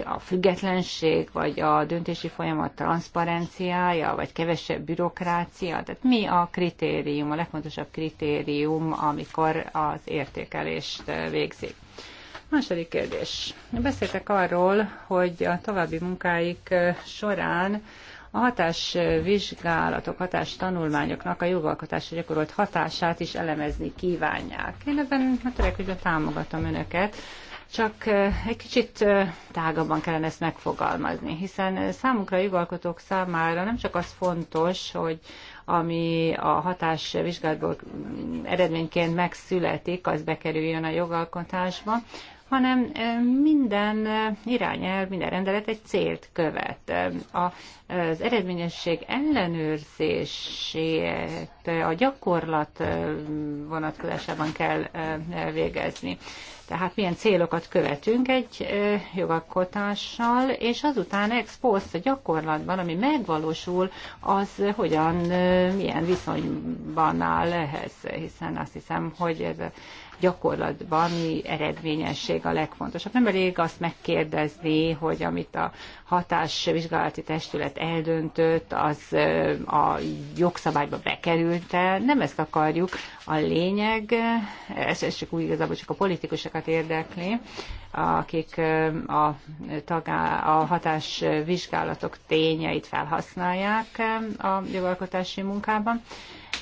a függetlenség, vagy a döntési folyamat transzparenciája, vagy kevesebb bürokrácia? Tehát mi a kritérium, a legfontosabb kritérium, amikor az értékelést végzik? Második kérdés. Beszéltek arról, hogy a további munkáik során a hatásvizsgálatok, hatástanulmányoknak a jogalkotásra gyakorolt hatását is elemezni kívánják. Én ebben a hát törekvőben támogatom önöket, csak egy kicsit tágabban kellene ezt megfogalmazni, hiszen számunkra a jogalkotók számára nem csak az fontos, hogy ami a hatás vizsgálatból mm, eredményként megszületik, az bekerüljön a jogalkotásba, hanem minden irányel, minden rendelet egy célt követ. Az eredményesség ellenőrzését a gyakorlat vonatkozásában kell végezni. Tehát milyen célokat követünk egy jogalkotással, és azután ex post a gyakorlatban, ami megvalósul, az hogyan, milyen viszonyban áll ehhez, hiszen azt hiszem, hogy ez gyakorlatban mi eredményesség a legfontosabb. Nem elég azt megkérdezni, hogy amit a hatásvizsgálati testület eldöntött, az a jogszabályba bekerült-e. Nem ezt akarjuk. A lényeg, ez, ez csak úgy igazából csak a politikusokat érdekli, akik a, tagá, a hatásvizsgálatok tényeit felhasználják a jogalkotási munkában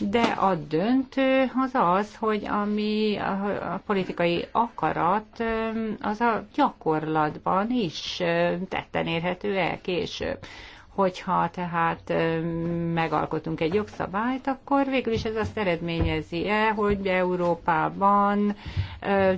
de a döntő az az, hogy ami a politikai akarat, az a gyakorlatban is tetten érhető el később hogyha tehát megalkotunk egy jogszabályt, akkor végül is ez azt eredményezi-e, hogy Európában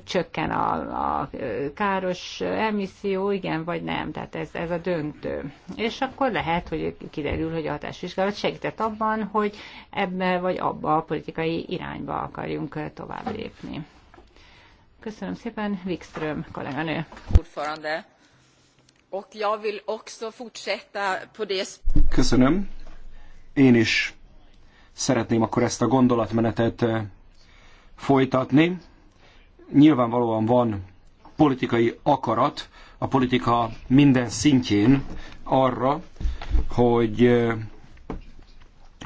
csökken a, a káros emisszió, igen vagy nem, tehát ez, ez a döntő. És akkor lehet, hogy kiderül, hogy a hatásvizsgálat segített abban, hogy ebbe vagy abba a politikai irányba akarjunk tovább lépni. Köszönöm szépen, Wikström kolléganő. Úrforande. Och jag vill också fortsätta på det. Köszönöm. Én is szeretném akkor ezt a gondolatmenetet eh, folytatni. Nyilvánvalóan van politikai akarat a politika minden szintjén arra, hogy eh,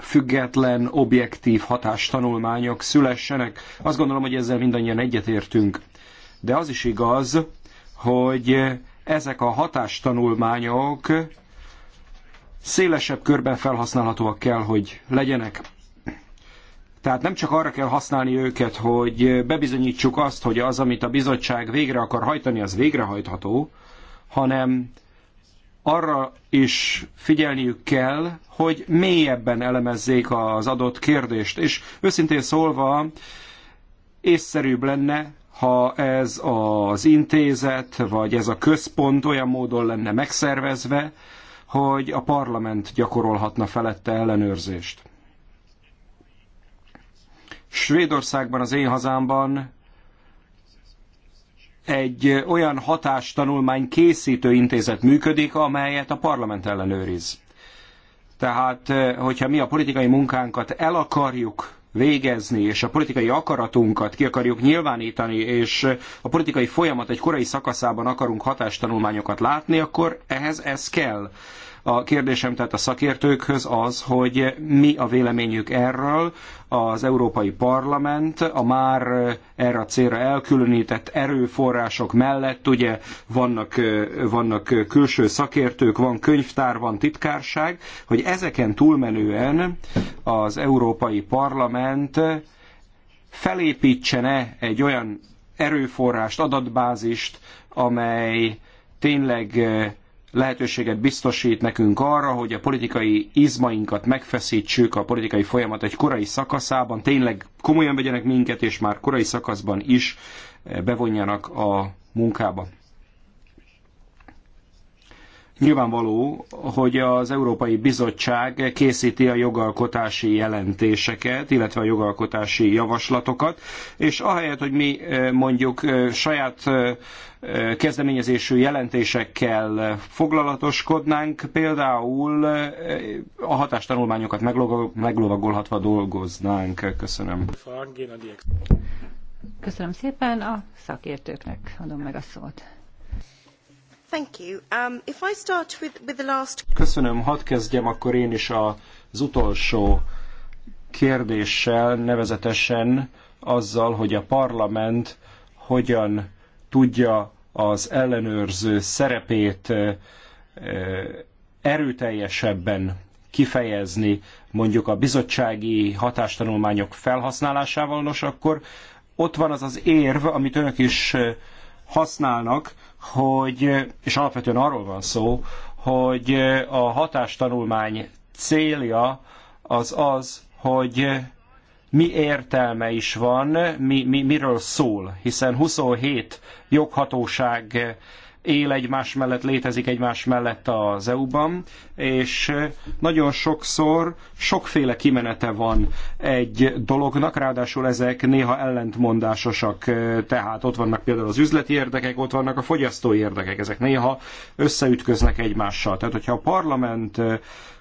független, objektív hatástanulmányok szülessenek. Azt gondolom, hogy ezzel mindannyian egyetértünk. De az is igaz, hogy eh, ezek a hatástanulmányok szélesebb körben felhasználhatóak kell, hogy legyenek. Tehát nem csak arra kell használni őket, hogy bebizonyítsuk azt, hogy az, amit a bizottság végre akar hajtani, az végrehajtható, hanem arra is figyelniük kell, hogy mélyebben elemezzék az adott kérdést. És őszintén szólva észszerűbb lenne ha ez az intézet, vagy ez a központ olyan módon lenne megszervezve, hogy a parlament gyakorolhatna felette ellenőrzést. Svédországban, az én hazámban egy olyan hatástanulmány készítő intézet működik, amelyet a parlament ellenőriz. Tehát, eh, hogyha mi a politikai munkánkat el akarjuk végezni, és a politikai akaratunkat ki akarjuk nyilvánítani, és a politikai folyamat egy korai szakaszában akarunk hatástanulmányokat látni, akkor ehhez ez kell. A kérdésem tehát a szakértőkhöz az, hogy mi a véleményük erről, az Európai Parlament a már erre a célra elkülönített erőforrások mellett, ugye vannak, vannak külső szakértők, van könyvtár, van titkárság, hogy ezeken túlmenően az Európai Parlament felépítsene egy olyan erőforrást, adatbázist, amely tényleg lehetőséget biztosít nekünk arra, hogy a politikai izmainkat megfeszítsük a politikai folyamat egy korai szakaszában, tényleg komolyan vegyenek minket, és már korai szakaszban is bevonjanak a munkába. Nyilvánvaló, hogy az Európai Bizottság készíti a jogalkotási jelentéseket, illetve a jogalkotási javaslatokat, és ahelyett, hogy mi eh, mondjuk eh, saját eh, kezdeményezésű jelentésekkel foglalatoskodnánk, például a hatástanulmányokat meglovagolhatva dolgoznánk. Köszönöm. Köszönöm szépen, a szakértőknek adom meg a szót. Thank you. Um, if I start with, with the last... Köszönöm, hadd kezdjem akkor én is az utolsó kérdéssel, nevezetesen azzal, hogy a parlament hogyan tudja az ellenőrző szerepét erőteljesebben kifejezni mondjuk a bizottsági hatástanulmányok felhasználásával, nos akkor ott van az az érv, amit önök is használnak, hogy, és alapvetően arról van szó, hogy a hatástanulmány célja az az, hogy mi értelme is van, mi, mi, miről szól, hiszen 27 joghatóság él egymás mellett, létezik egymás mellett az EU-ban, és nagyon sokszor sokféle kimenete van egy dolognak, ráadásul ezek néha ellentmondásosak, tehát ott vannak például az üzleti érdekek, ott vannak a fogyasztói érdekek, ezek néha összeütköznek egymással. Tehát, hogyha a parlament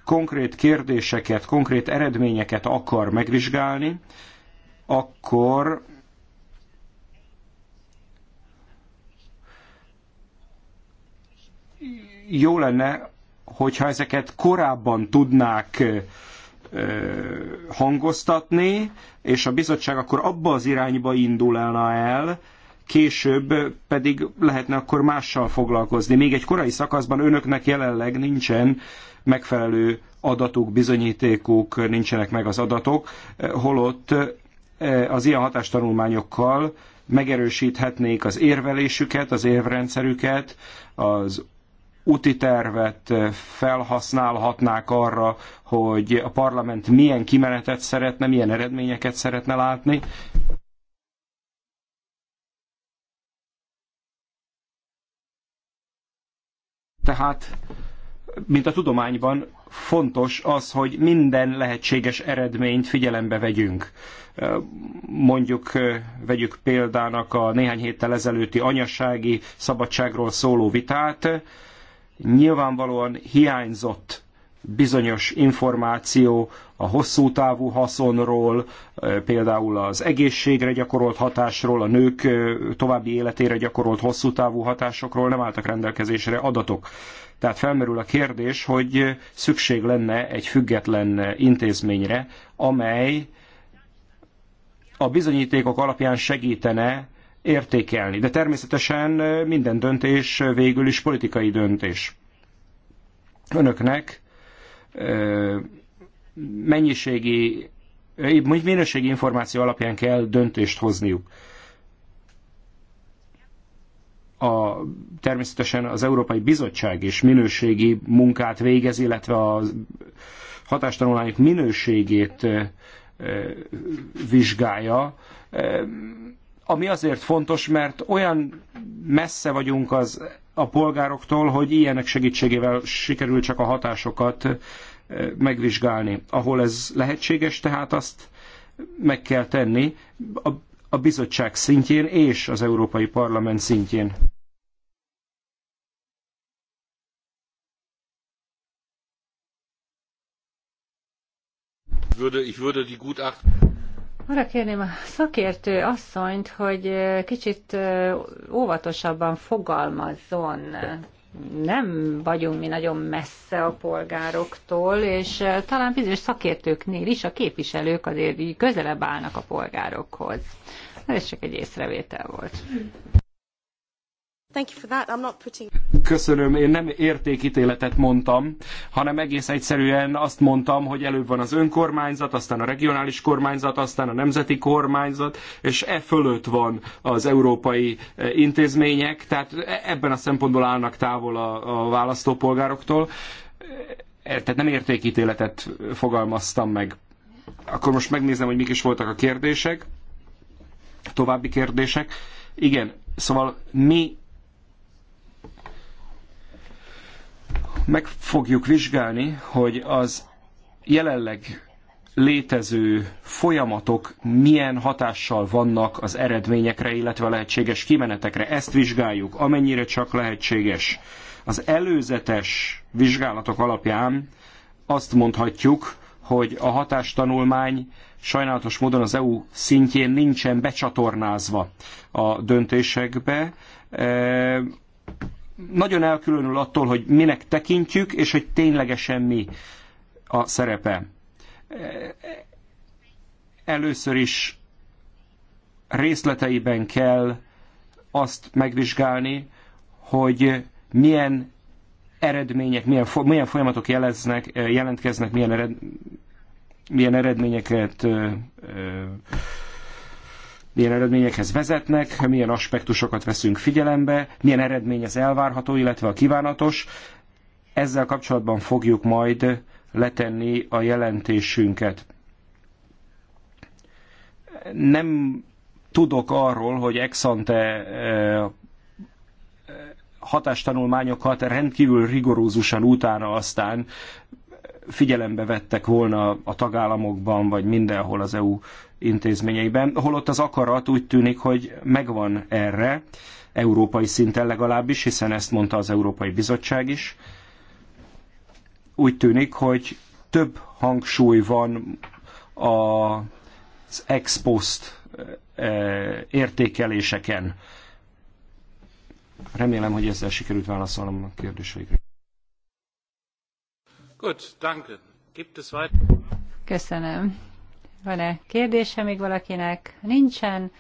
konkrét kérdéseket, konkrét eredményeket akar megvizsgálni, akkor jó lenne, hogyha ezeket korábban tudnák hangoztatni, és a bizottság akkor abba az irányba indulna el, később pedig lehetne akkor mással foglalkozni. Még egy korai szakaszban önöknek jelenleg nincsen megfelelő adatuk, bizonyítékuk, nincsenek meg az adatok, holott az ilyen hatástanulmányokkal megerősíthetnék az érvelésüket, az érvrendszerüket, az úti tervet felhasználhatnák arra, hogy a parlament milyen kimenetet szeretne, milyen eredményeket szeretne látni. Tehát, mint a tudományban, fontos az, hogy minden lehetséges eredményt figyelembe vegyünk. Mondjuk vegyük példának a néhány héttel ezelőtti anyasági szabadságról szóló vitát, nyilvánvalóan hiányzott bizonyos információ a hosszú távú haszonról, például az egészségre gyakorolt hatásról, a nők további életére gyakorolt hosszú távú hatásokról nem álltak rendelkezésre adatok. Tehát felmerül a kérdés, hogy szükség lenne egy független intézményre, amely a bizonyítékok alapján segítene értékelni. De természetesen minden döntés végül is politikai döntés. Önöknek mennyiségi, minőségi információ alapján kell döntést hozniuk. A, természetesen az Európai Bizottság is minőségi munkát végez, illetve a hatástanulmányok minőségét vizsgálja ami azért fontos, mert olyan messze vagyunk az, a polgároktól, hogy ilyenek segítségével sikerül csak a hatásokat megvizsgálni. Ahol ez lehetséges, tehát azt meg kell tenni a, a bizottság szintjén és az Európai Parlament szintjén. Würde, ich würde die Gutachten arra kérném a szakértő asszonyt, hogy kicsit óvatosabban fogalmazzon. Nem vagyunk mi nagyon messze a polgároktól, és talán bizonyos szakértőknél is a képviselők azért közelebb állnak a polgárokhoz. Ez csak egy észrevétel volt. Köszönöm, én nem értékítéletet mondtam, hanem egész egyszerűen azt mondtam, hogy előbb van az önkormányzat, aztán a regionális kormányzat, aztán a nemzeti kormányzat, és e fölött van az európai e, intézmények, tehát e, ebben a szempontból állnak távol a, a választópolgároktól. E, tehát nem értékítéletet fogalmaztam meg. Akkor most megnézem, hogy mik is voltak a kérdések, további kérdések. Igen, szóval mi Meg fogjuk vizsgálni, hogy az jelenleg létező folyamatok milyen hatással vannak az eredményekre, illetve a lehetséges kimenetekre. Ezt vizsgáljuk, amennyire csak lehetséges. Az előzetes vizsgálatok alapján azt mondhatjuk, hogy a hatástanulmány sajnálatos módon az EU szintjén nincsen becsatornázva a döntésekbe nagyon elkülönül attól, hogy minek tekintjük, és hogy ténylegesen mi a szerepe. Először is részleteiben kell azt megvizsgálni, hogy milyen eredmények, milyen, milyen folyamatok jeleznek, jelentkeznek, milyen, ered, milyen eredményeket milyen eredményekhez vezetnek, milyen aspektusokat veszünk figyelembe, milyen eredmény az elvárható, illetve a kívánatos. Ezzel kapcsolatban fogjuk majd letenni a jelentésünket. Nem tudok arról, hogy exante eh, hatástanulmányokat rendkívül rigorózusan utána aztán figyelembe vettek volna a tagállamokban, vagy mindenhol az EU intézményeiben, holott az akarat úgy tűnik, hogy megvan erre, európai szinten legalábbis, hiszen ezt mondta az Európai Bizottság is. Úgy tűnik, hogy több hangsúly van az ex post eh, értékeléseken. Remélem, hogy ezzel sikerült válaszolnom a kérdéseikre. Köszönöm. Van-e kérdése még valakinek? Nincsen.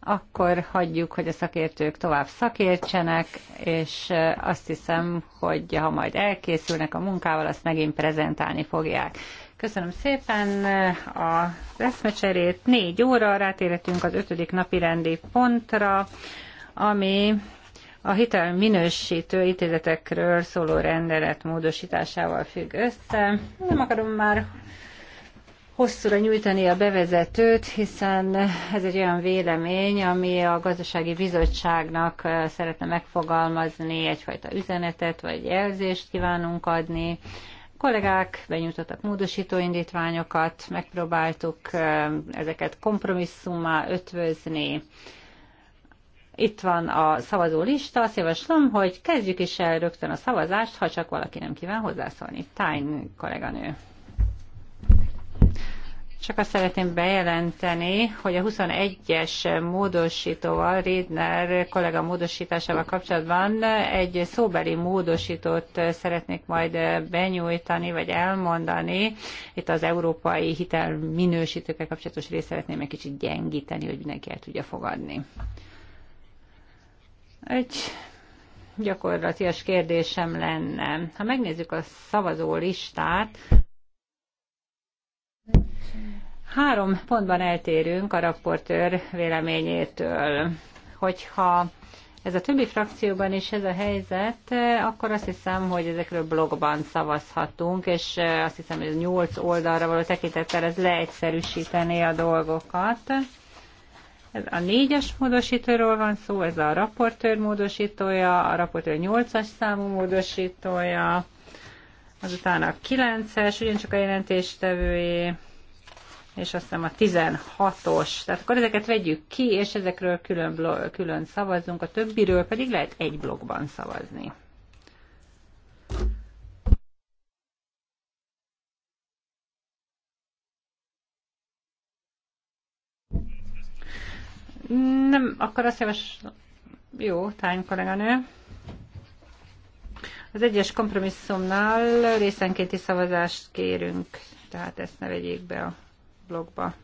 Akkor hagyjuk, hogy a szakértők tovább szakértsenek, és eh, azt hiszem, hogy ha majd elkészülnek a munkával, azt megint prezentálni fogják. Köszönöm szépen eh, a eszmecserét. Négy óra, rátérhetünk az ötödik napi rendi pontra, ami a hitel minősítő intézetekről szóló rendelet módosításával függ össze. Nem akarom már hosszúra nyújtani a bevezetőt, hiszen ez egy olyan vélemény, ami a gazdasági bizottságnak szeretne megfogalmazni egyfajta üzenetet vagy jelzést kívánunk adni. A kollégák benyújtottak módosító indítványokat, megpróbáltuk ezeket kompromisszummal ötvözni. Itt van a szavazó lista, azt javaslom, hogy kezdjük is el rögtön a szavazást, ha csak valaki nem kíván hozzászólni. Tájn kolléganő. Csak azt szeretném bejelenteni, hogy a 21-es módosítóval, Rédner kollega módosításával kapcsolatban egy szóbeli módosítót szeretnék majd benyújtani, vagy elmondani. Itt az európai hitelminősítőkkel kapcsolatos részt szeretném egy kicsit gyengíteni, hogy mindenki el tudja fogadni. Egy gyakorlatias kérdésem lenne. Ha megnézzük a szavazó listát, három pontban eltérünk a raportőr véleményétől. Hogyha ez a többi frakcióban is ez a helyzet, akkor azt hiszem, hogy ezekről blogban szavazhatunk, és azt hiszem, hogy ez nyolc oldalra való tekintettel ez leegyszerűsítené a dolgokat. Ez a négyes módosítóról van szó, ez a raportőr módosítója, a raportőr nyolcas számú módosítója, azután a kilences, ugyancsak a jelentéstevőjé, és aztán a 16-os. Tehát akkor ezeket vegyük ki, és ezekről külön, külön szavazzunk, a többiről pedig lehet egy blogban szavazni. Nem, akkor azt javas. Jó, tány kolléganő. Az egyes kompromisszumnál részenkénti szavazást kérünk, tehát ezt ne vegyék be a blogba.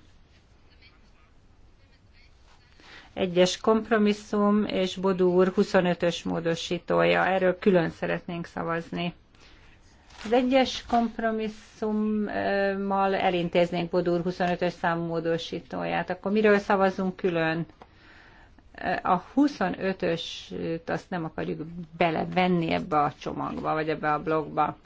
Egyes kompromisszum és Bodúr 25-ös módosítója. Erről külön szeretnénk szavazni. Az egyes kompromisszummal elintéznénk Bodur 25-ös számú módosítóját. Akkor miről szavazunk külön? A 25-öst azt nem akarjuk belevenni ebbe a csomagba, vagy ebbe a blogba.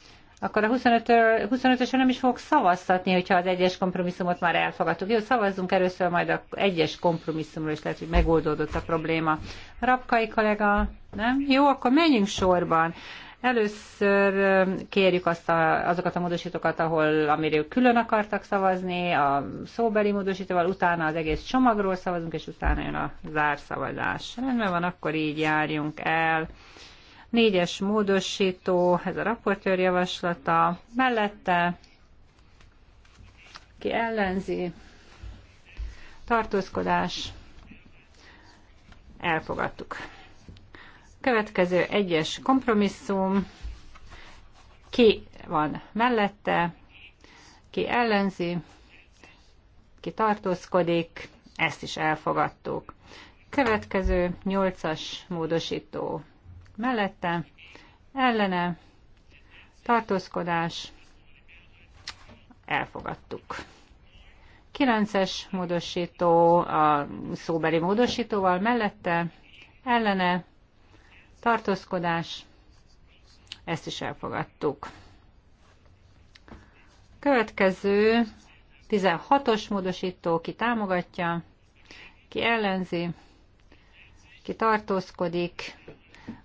Akkor a 25-ösről 25 nem is fogok szavaztatni, hogyha az egyes kompromisszumot már elfogadtuk. Jó, szavazzunk először majd az egyes kompromisszumról, és lehet, hogy megoldódott a probléma. Rapkai kollega, nem? Jó, akkor menjünk sorban. Először kérjük azt a, azokat a módosítókat, ahol amiről külön akartak szavazni, a szóbeli módosítóval, utána az egész csomagról szavazunk, és utána jön a zárszavazás. Rendben van, akkor így járjunk el. Négyes módosító, ez a raportőr javaslata, mellette ki ellenzi, tartózkodás, elfogadtuk. Következő egyes kompromisszum, ki van mellette, ki ellenzi, ki tartózkodik, ezt is elfogadtuk. Következő nyolcas módosító mellette, ellene, tartózkodás, elfogadtuk. 9-es módosító a szóbeli módosítóval mellette, ellene tartózkodás, ezt is elfogadtuk. Következő 16-os módosító, ki támogatja, ki ellenzi, ki tartózkodik.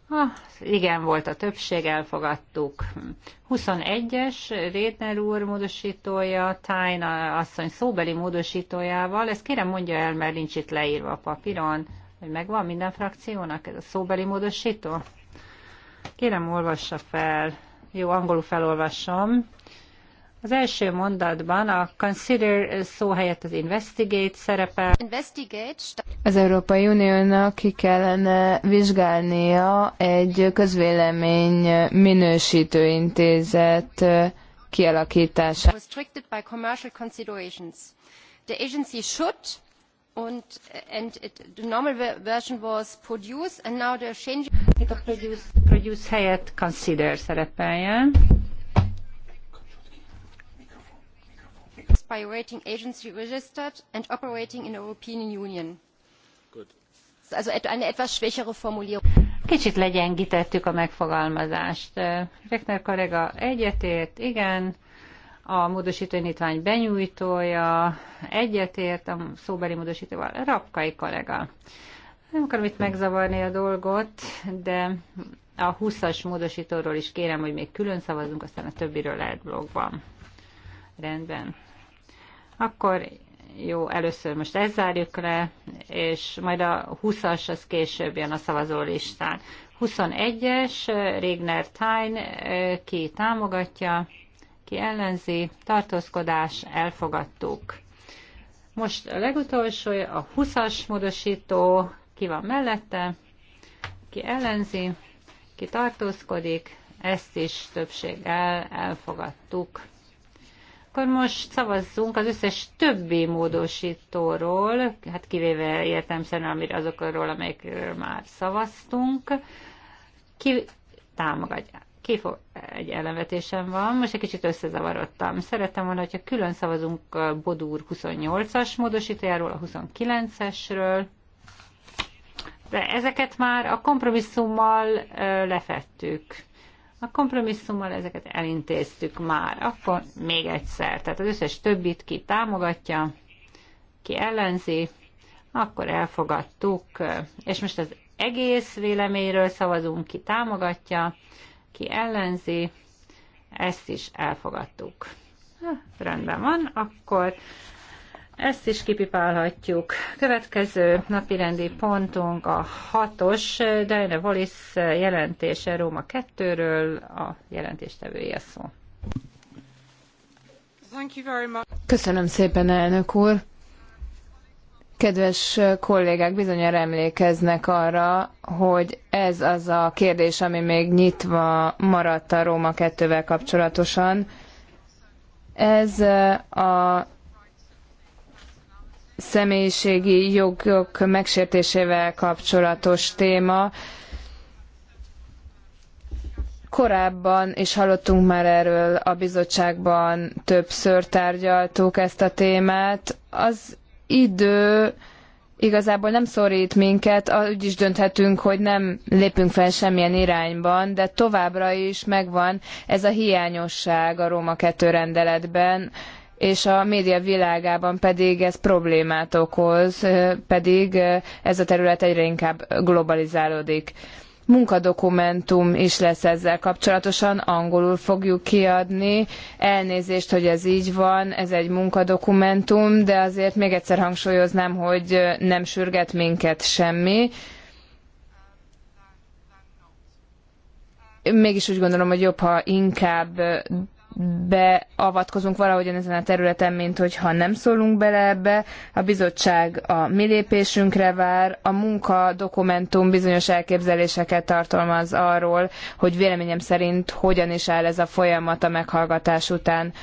Ah, igen, volt a többség, elfogadtuk. 21-es Rétner úr módosítója, Tájna asszony szóbeli módosítójával, ezt kérem mondja el, mert nincs itt leírva a papíron hogy megvan minden frakciónak ez a szóbeli módosító? Kérem, olvassa fel. Jó, angolul felolvasom. Az első mondatban a consider szó helyett az investigate szerepel. Investigate. Az Európai Uniónak ki kellene vizsgálnia egy közvélemény minősítő intézet kialakítását. Restricted by commercial considerations. The agency should Äh, and, and äh, it, the normal version was produce, and now they're changing. it a produce, produce helyett consider szerepeljen. by rating agency registered and operating in European Union. Good. Also eine etwas schwächere Formulierung. Kicsit legyengítettük a megfogalmazást. Rechner kollega egyetért, igen a módosító indítvány benyújtója egyetért a szóbeli módosítóval, Rapkai kollega. Nem akarom itt megzavarni a dolgot, de a 20-as módosítóról is kérem, hogy még külön szavazunk, aztán a többiről lehet blogban. Rendben. Akkor jó, először most ezt zárjuk le, és majd a 20-as az később jön a szavazó listán. 21-es, Régner Tyne, ki támogatja? ki ellenzi, tartózkodás, elfogadtuk. Most a legutolsó, a 20-as módosító, ki van mellette, ki ellenzi, ki tartózkodik, ezt is többséggel elfogadtuk. Akkor most szavazzunk az összes többi módosítóról, hát kivéve értelmszerűen amir azokról, amelyekről már szavaztunk, ki támogatják Kifo- egy ellenvetésem van, most egy kicsit összezavarodtam. Szerettem volna, hogyha külön szavazunk a Bodúr 28-as módosítójáról, a 29-esről, de ezeket már a kompromisszummal lefettük. A kompromisszummal ezeket elintéztük már. Akkor még egyszer. Tehát az összes többit ki támogatja, ki ellenzi, akkor elfogadtuk. És most az egész véleményről szavazunk, ki támogatja, ki ellenzi, ezt is elfogadtuk. Ha, rendben van, akkor ezt is kipipálhatjuk. Következő napirendi pontunk a hatos Diana Wallis jelentése Róma 2-ről, a jelentéstevője szó. Köszönöm szépen, elnök úr! Kedves kollégák bizonyára emlékeznek arra, hogy ez az a kérdés, ami még nyitva maradt a Róma 2-vel kapcsolatosan. Ez eh, a személyiségi jogok megsértésével kapcsolatos téma. Korábban is hallottunk már erről a bizottságban, többször tárgyaltuk ezt a témát. Az idő igazából nem szorít minket, úgy is dönthetünk, hogy nem lépünk fel semmilyen irányban, de továbbra is megvan ez a hiányosság a Róma 2 rendeletben, és a média világában pedig ez problémát okoz, pedig ez a terület egyre inkább globalizálódik munkadokumentum is lesz ezzel kapcsolatosan, angolul fogjuk kiadni. Elnézést, hogy ez így van, ez egy munkadokumentum, de azért még egyszer hangsúlyoznám, hogy nem sürget minket semmi. Mégis úgy gondolom, hogy jobb, ha inkább beavatkozunk valahogyan ezen a területen, mint hogyha nem szólunk bele ebbe. A bizottság a mi lépésünkre vár, a munka dokumentum bizonyos elképzeléseket tartalmaz arról, hogy véleményem szerint hogyan is áll ez a folyamat a meghallgatás után.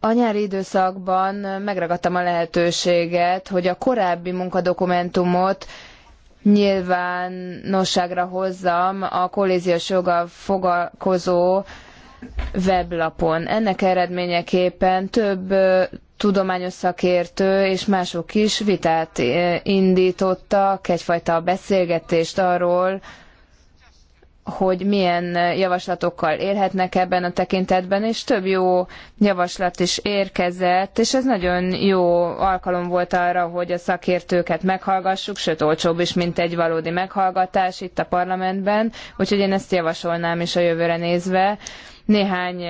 A nyári időszakban megragadtam a lehetőséget, hogy a korábbi munkadokumentumot nyilvánosságra hozzam a kolléziós joggal foglalkozó weblapon. Ennek eredményeképpen több tudományos szakértő és mások is vitát indítottak, egyfajta beszélgetést arról, hogy milyen javaslatokkal élhetnek ebben a tekintetben, és több jó javaslat is érkezett, és ez nagyon jó alkalom volt arra, hogy a szakértőket meghallgassuk, sőt olcsóbb is, mint egy valódi meghallgatás itt a parlamentben, úgyhogy én ezt javasolnám is a jövőre nézve, néhány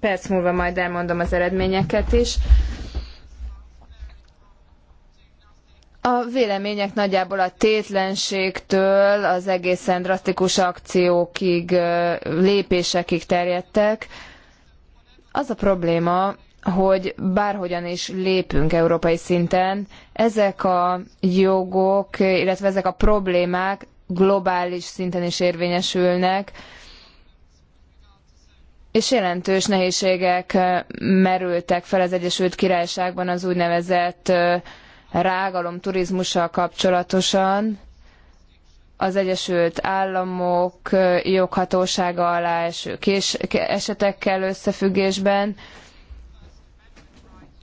perc múlva majd elmondom az eredményeket is. A vélemények nagyjából a tétlenségtől az egészen drasztikus akciókig, lépésekig terjedtek. Az a probléma, hogy bárhogyan is lépünk európai szinten, ezek a jogok, illetve ezek a problémák globális szinten is érvényesülnek, és jelentős nehézségek merültek fel az Egyesült Királyságban az úgynevezett rágalom turizmussal kapcsolatosan. Az Egyesült Államok joghatósága alá eső kés, esetekkel összefüggésben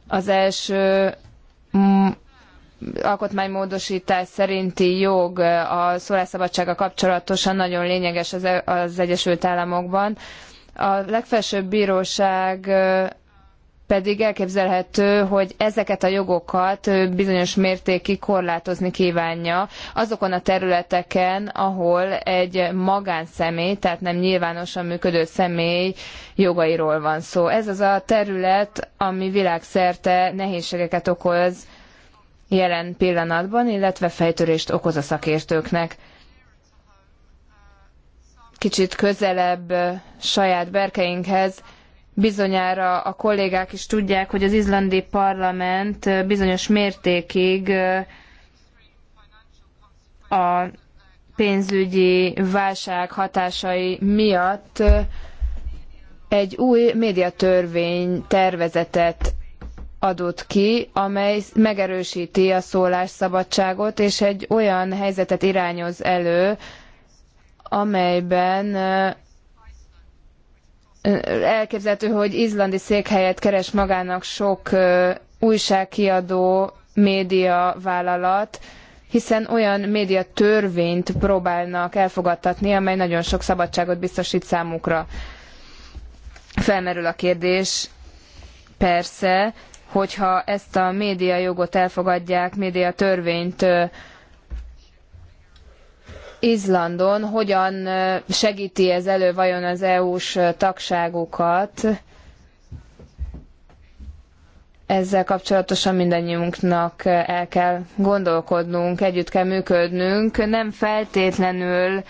az első alkotmánymódosítás szerinti jog a szólásszabadsága kapcsolatosan nagyon lényeges az, e-, az Egyesült Államokban a legfelsőbb bíróság pedig elképzelhető, hogy ezeket a jogokat bizonyos mértékig korlátozni kívánja azokon a területeken, ahol egy magánszemély, tehát nem nyilvánosan működő személy jogairól van szó. Ez az a terület, ami világszerte nehézségeket okoz jelen pillanatban, illetve fejtörést okoz a szakértőknek kicsit közelebb saját berkeinkhez. Bizonyára a kollégák is tudják, hogy az izlandi parlament bizonyos mértékig a pénzügyi válság hatásai miatt egy új médiatörvény tervezetet adott ki, amely megerősíti a szólásszabadságot, és egy olyan helyzetet irányoz elő, amelyben elképzelhető, hogy izlandi székhelyet keres magának sok újságkiadó média vállalat, hiszen olyan média törvényt próbálnak elfogadtatni, amely nagyon sok szabadságot biztosít számukra. Felmerül a kérdés, persze, hogyha ezt a médiajogot elfogadják, médiatörvényt törvényt Izlandon hogyan segíti ez elő vajon az EU-s tagságukat? Ezzel kapcsolatosan mindannyiunknak el kell gondolkodnunk, együtt kell működnünk. Nem feltétlenül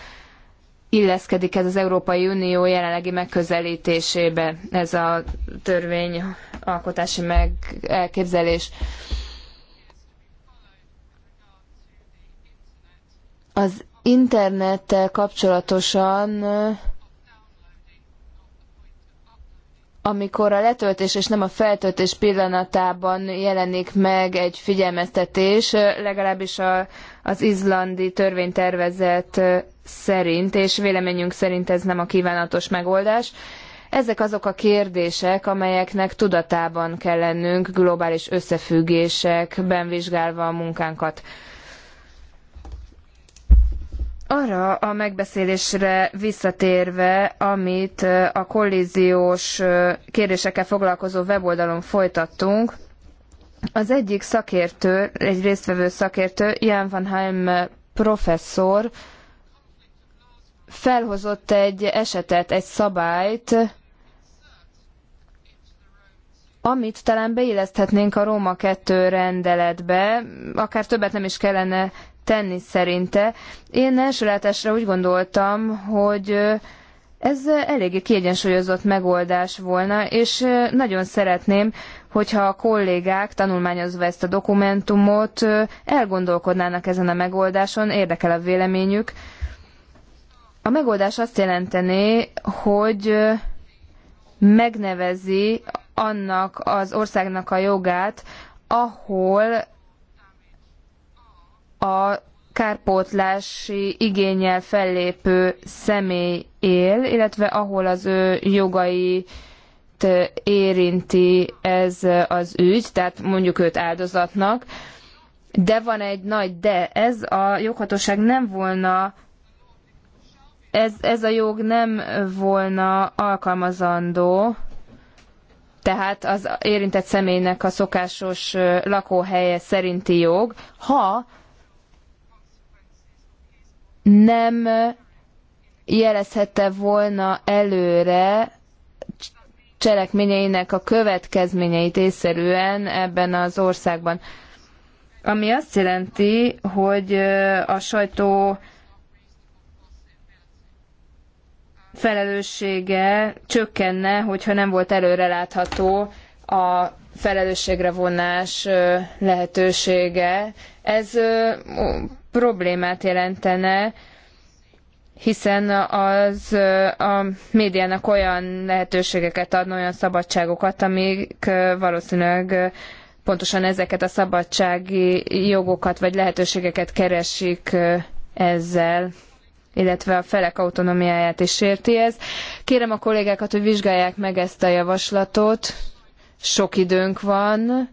illeszkedik ez az Európai Unió jelenlegi megközelítésébe, ez a törvényalkotási meg elképzelés. Az internettel kapcsolatosan amikor a letöltés és nem a feltöltés pillanatában jelenik meg egy figyelmeztetés, legalábbis a, az izlandi törvénytervezet szerint, és véleményünk szerint ez nem a kívánatos megoldás. Ezek azok a kérdések, amelyeknek tudatában kell lennünk globális összefüggésekben vizsgálva a munkánkat. Arra a megbeszélésre visszatérve, amit a kollíziós kérdésekkel foglalkozó weboldalon folytattunk, az egyik szakértő, egy résztvevő szakértő, Jan van Heim professzor felhozott egy esetet, egy szabályt, amit talán beilleszthetnénk a Róma 2 rendeletbe, akár többet nem is kellene tenni szerinte. Én első látásra úgy gondoltam, hogy ez eléggé kiegyensúlyozott megoldás volna, és nagyon szeretném, hogyha a kollégák tanulmányozva ezt a dokumentumot elgondolkodnának ezen a megoldáson, érdekel a véleményük. A megoldás azt jelentené, hogy megnevezi annak az országnak a jogát, ahol a kárpótlási igényel fellépő személy él, illetve ahol az ő jogai érinti ez az ügy, tehát mondjuk őt áldozatnak, de van egy nagy de, ez a joghatóság nem volna, ez, ez a jog nem volna alkalmazandó, tehát az érintett személynek a szokásos lakóhelye szerinti jog, ha nem jelezhette volna előre cselekményeinek a következményeit észszerűen ebben az országban. Ami azt jelenti, hogy a sajtó felelőssége csökkenne, hogyha nem volt előrelátható a felelősségre vonás lehetősége. Ez problémát jelentene, hiszen az a médiának olyan lehetőségeket adna, olyan szabadságokat, amik valószínűleg pontosan ezeket a szabadsági jogokat vagy lehetőségeket keresik ezzel illetve a felek autonómiáját is érti ez. Kérem a kollégákat, hogy vizsgálják meg ezt a javaslatot. Sok időnk van,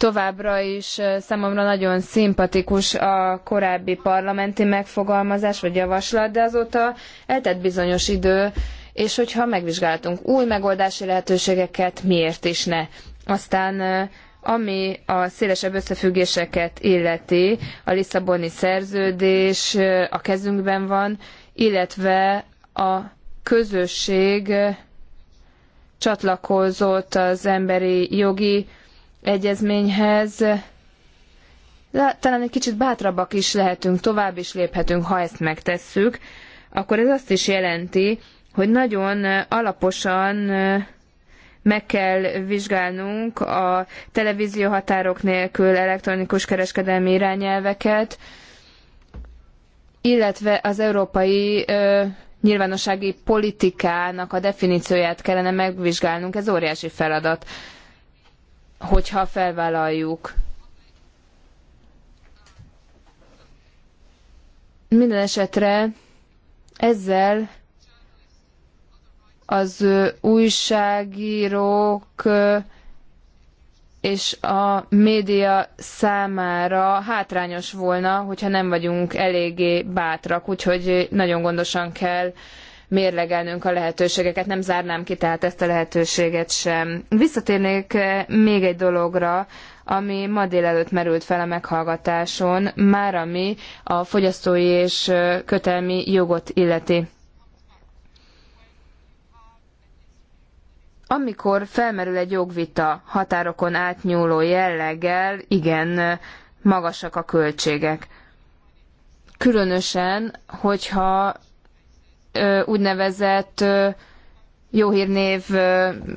Továbbra is számomra nagyon szimpatikus a korábbi parlamenti megfogalmazás vagy javaslat, de azóta eltett bizonyos idő, és hogyha megvizsgáltunk új megoldási lehetőségeket, miért is ne. Aztán ami a szélesebb összefüggéseket illeti, a Lisszaboni szerződés a kezünkben van, illetve a közösség csatlakozott az emberi jogi egyezményhez, de talán egy kicsit bátrabbak is lehetünk, tovább is léphetünk, ha ezt megtesszük, akkor ez azt is jelenti, hogy nagyon alaposan meg kell vizsgálnunk a televízió határok nélkül elektronikus kereskedelmi irányelveket, illetve az európai ö, nyilvánossági politikának a definícióját kellene megvizsgálnunk, ez óriási feladat hogyha felvállaljuk. Minden esetre ezzel az újságírók és a média számára hátrányos volna, hogyha nem vagyunk eléggé bátrak, úgyhogy nagyon gondosan kell mérlegelnünk a lehetőségeket. Nem zárnám ki tehát ezt a lehetőséget sem. Visszatérnék eh, még egy dologra, ami ma délelőtt merült fel a meghallgatáson, már ami a fogyasztói és eh, kötelmi jogot illeti. Amikor felmerül egy jogvita határokon átnyúló jelleggel, igen, eh, magasak a költségek. Különösen, hogyha úgynevezett jó hírnév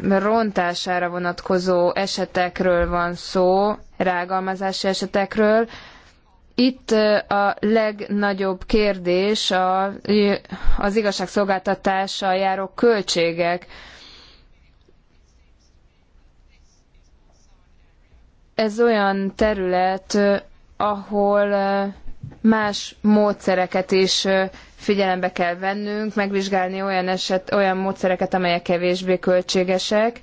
rontására vonatkozó esetekről van szó, rágalmazási esetekről. Itt a legnagyobb kérdés a, az igazságszolgáltatással járó költségek. Ez olyan terület, ahol más módszereket is figyelembe kell vennünk, megvizsgálni olyan, eset, olyan módszereket, amelyek kevésbé költségesek,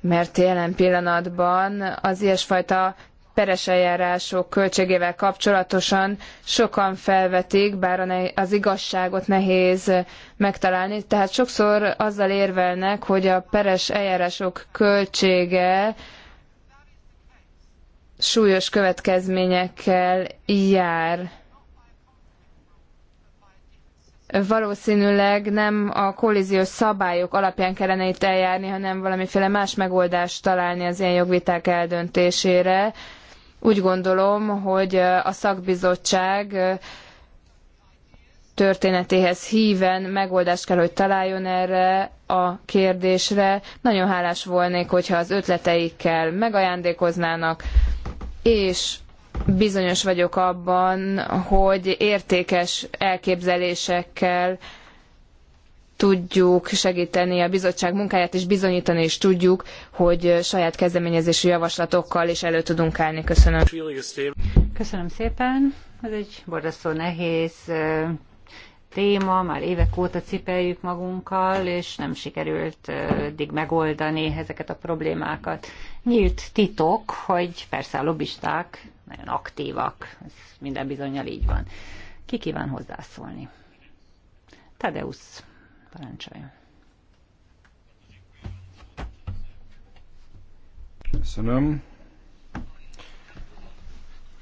mert jelen pillanatban az ilyesfajta peres eljárások költségével kapcsolatosan sokan felvetik, bár az igazságot nehéz megtalálni, tehát sokszor azzal érvelnek, hogy a peres eljárások költsége súlyos következményekkel jár valószínűleg nem a kollíziós szabályok alapján kellene itt eljárni, hanem valamiféle más megoldást találni az ilyen jogviták eldöntésére. Úgy gondolom, hogy a szakbizottság történetéhez híven megoldást kell, hogy találjon erre a kérdésre. Nagyon hálás volnék, hogyha az ötleteikkel megajándékoznának, és bizonyos vagyok abban, hogy értékes elképzelésekkel tudjuk segíteni a bizottság munkáját, és bizonyítani is tudjuk, hogy saját kezdeményezésű javaslatokkal is elő tudunk állni. Köszönöm. Köszönöm szépen. Ez egy borzasztó nehéz téma, már évek óta cipeljük magunkkal, és nem sikerült eddig megoldani ezeket a problémákat. Nyílt titok, hogy persze a lobbisták nagyon aktívak, ez minden bizonyal így van. Ki kíván hozzászólni? Tadeusz, parancsoljon. Köszönöm.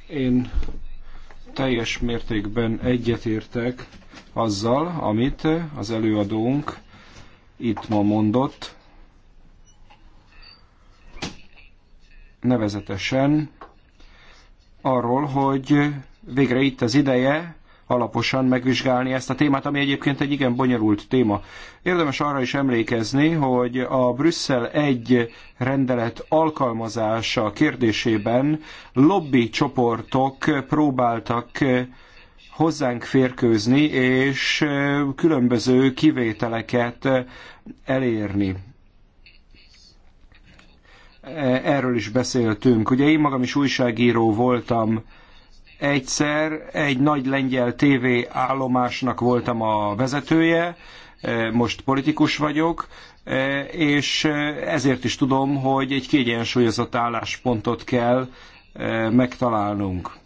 Én teljes mértékben egyetértek azzal, amit az előadónk itt ma mondott, nevezetesen arról, hogy végre itt az ideje alaposan megvizsgálni ezt a témát, ami egyébként egy igen bonyolult téma. Érdemes arra is emlékezni, hogy a Brüsszel egy rendelet alkalmazása kérdésében lobby csoportok próbáltak hozzánk férkőzni és különböző kivételeket elérni erről is beszéltünk. Ugye én magam is újságíró voltam egyszer, egy nagy lengyel TV állomásnak voltam a vezetője, e, most politikus vagyok, e, és ezért is tudom, hogy egy kiegyensúlyozott álláspontot kell e, megtalálnunk.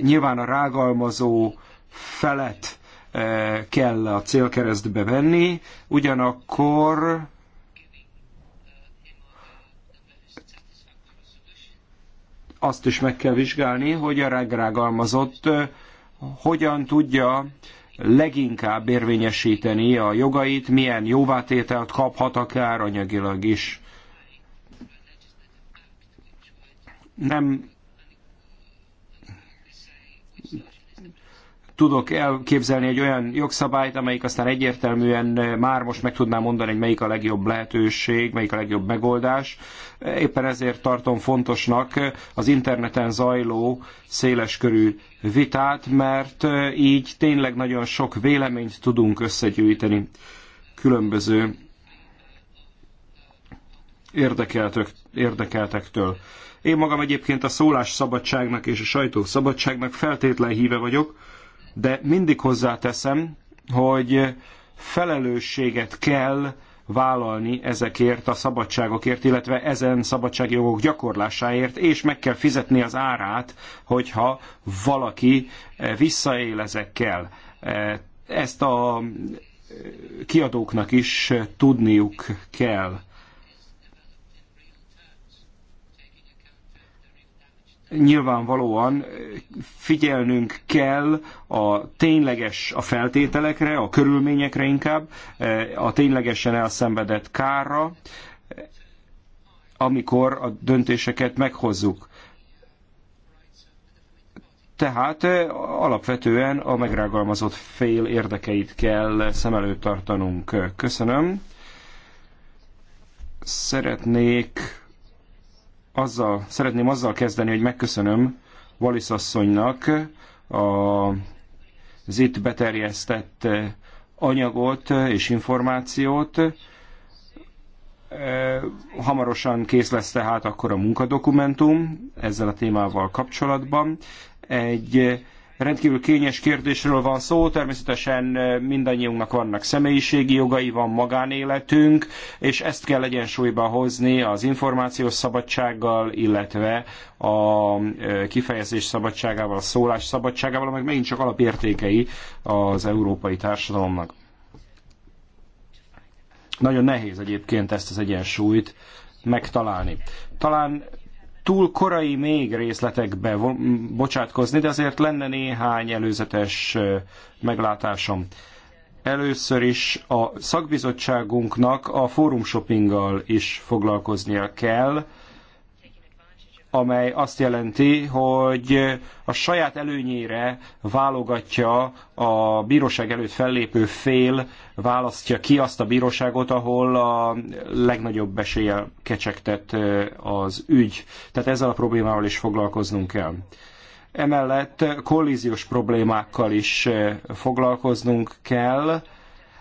Nyilván a rágalmazó felet kell a célkeresztbe venni, ugyanakkor azt is meg kell vizsgálni, hogy a regrágalmazott hogyan tudja leginkább érvényesíteni a jogait, milyen jóvátételt kaphat akár anyagilag is. Nem tudok elképzelni egy olyan jogszabályt, amelyik aztán egyértelműen eh, már most meg tudná mondani, hogy melyik a legjobb lehetőség, melyik a legjobb megoldás. Eh, éppen ezért tartom fontosnak eh, az interneten zajló széleskörű vitát, mert így tényleg nagyon sok véleményt tudunk összegyűjteni különböző érdekeltök, érdekeltektől. Én magam egyébként a szólásszabadságnak és a sajtószabadságnak feltétlen híve vagyok, de mindig hozzáteszem, hogy felelősséget kell vállalni ezekért a szabadságokért, illetve ezen szabadságjogok gyakorlásáért, és meg kell fizetni az árát, hogyha valaki eh, visszaél ezekkel. Eh, ezt a eh, kiadóknak is tudniuk kell. nyilvánvalóan figyelnünk kell a tényleges a feltételekre, a körülményekre inkább, a ténylegesen elszenvedett kárra, amikor a döntéseket meghozzuk. Tehát alapvetően a megrágalmazott fél érdekeit kell szem előtt tartanunk. Köszönöm. Szeretnék azzal, szeretném azzal kezdeni, hogy megköszönöm Wallis asszonynak a, az itt beterjesztett anyagot és információt. Eh, hamarosan kész lesz tehát akkor a munkadokumentum ezzel a témával kapcsolatban. Egy rendkívül kényes kérdésről van szó, természetesen mindannyiunknak vannak személyiségi jogai, van magánéletünk, és ezt kell egyensúlyba hozni az információs szabadsággal, illetve a kifejezés szabadságával, a szólás szabadságával, amelyek megint csak alapértékei az európai társadalomnak. Nagyon nehéz egyébként ezt az egyensúlyt megtalálni. Talán túl korai még részletekbe bocsátkozni, de azért lenne néhány előzetes meglátásom. Először is a szakbizottságunknak a fórum shoppinggal is foglalkoznia kell, amely azt jelenti, hogy a saját előnyére válogatja a bíróság előtt fellépő fél, választja ki azt a bíróságot, ahol a legnagyobb eséllyel kecsegtet az ügy. Tehát ezzel a problémával is foglalkoznunk kell. Emellett kollíziós problémákkal is foglalkoznunk kell,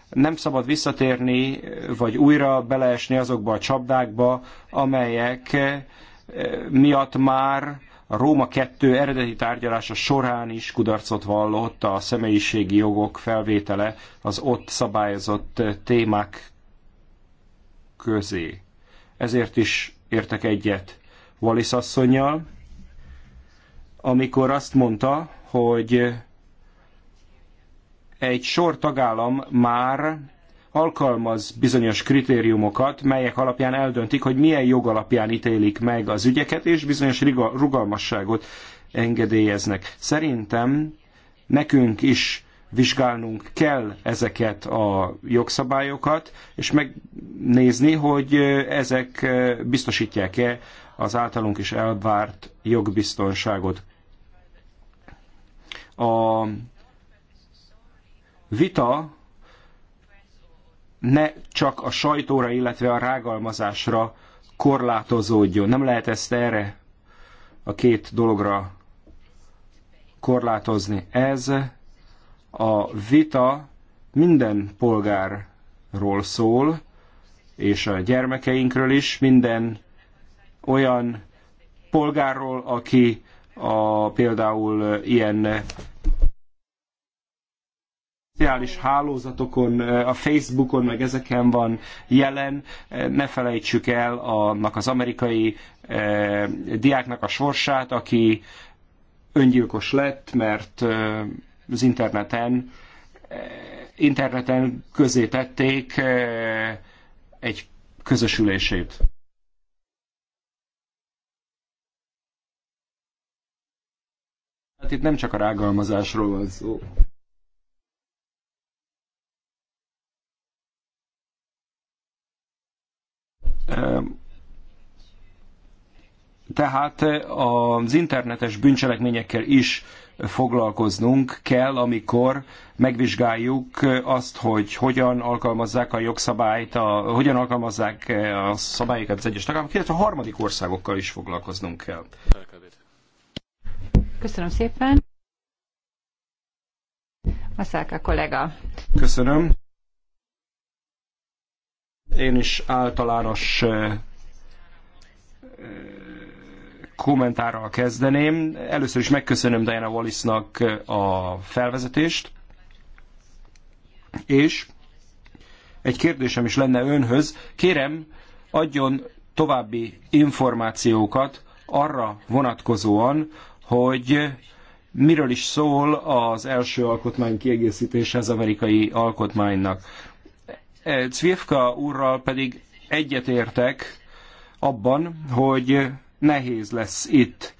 nem szabad visszatérni, vagy újra beleesni azokba a csapdákba, amelyek miatt már a Róma 2 eredeti tárgyalása során is kudarcot vallott a személyiségi jogok felvétele az ott szabályozott témák közé. Ezért is értek egyet Wallis asszonyjal, amikor azt mondta, hogy egy sor tagállam már alkalmaz bizonyos kritériumokat, melyek alapján eldöntik, hogy milyen jog alapján ítélik meg az ügyeket, és bizonyos rugalmasságot engedélyeznek. Szerintem nekünk is vizsgálnunk kell ezeket a jogszabályokat, és megnézni, hogy ezek biztosítják-e az általunk is elvárt jogbiztonságot. A vita ne csak a sajtóra, illetve a rágalmazásra korlátozódjon. Nem lehet ezt erre a két dologra korlátozni. Ez a vita minden polgárról szól, és a gyermekeinkről is, minden olyan polgárról, aki a, például ilyen szociális hálózatokon, a Facebookon, meg ezeken van jelen. Ne felejtsük el annak az amerikai diáknak a sorsát, aki öngyilkos lett, mert az interneten, interneten közé tették egy közösülését. Hát itt nem csak a rágalmazásról van szó. Tehát az internetes bűncselekményekkel is foglalkoznunk kell, amikor megvizsgáljuk azt, hogy hogyan alkalmazzák a jogszabályt, a, hogyan alkalmazzák a szabályokat az egyes tagállamok, illetve a harmadik országokkal is foglalkoznunk kell. Köszönöm szépen. Maszáka kollega. Köszönöm. Én is általános eh, eh, kommentárral kezdeném. Először is megköszönöm Diana Wallisnak eh, a felvezetést, és egy kérdésem is lenne önhöz. Kérem, adjon további információkat arra vonatkozóan, hogy miről is szól az első alkotmány kiegészítése az amerikai alkotmánynak. E, Cvifka úrral pedig egyetértek abban, hogy nehéz lesz itt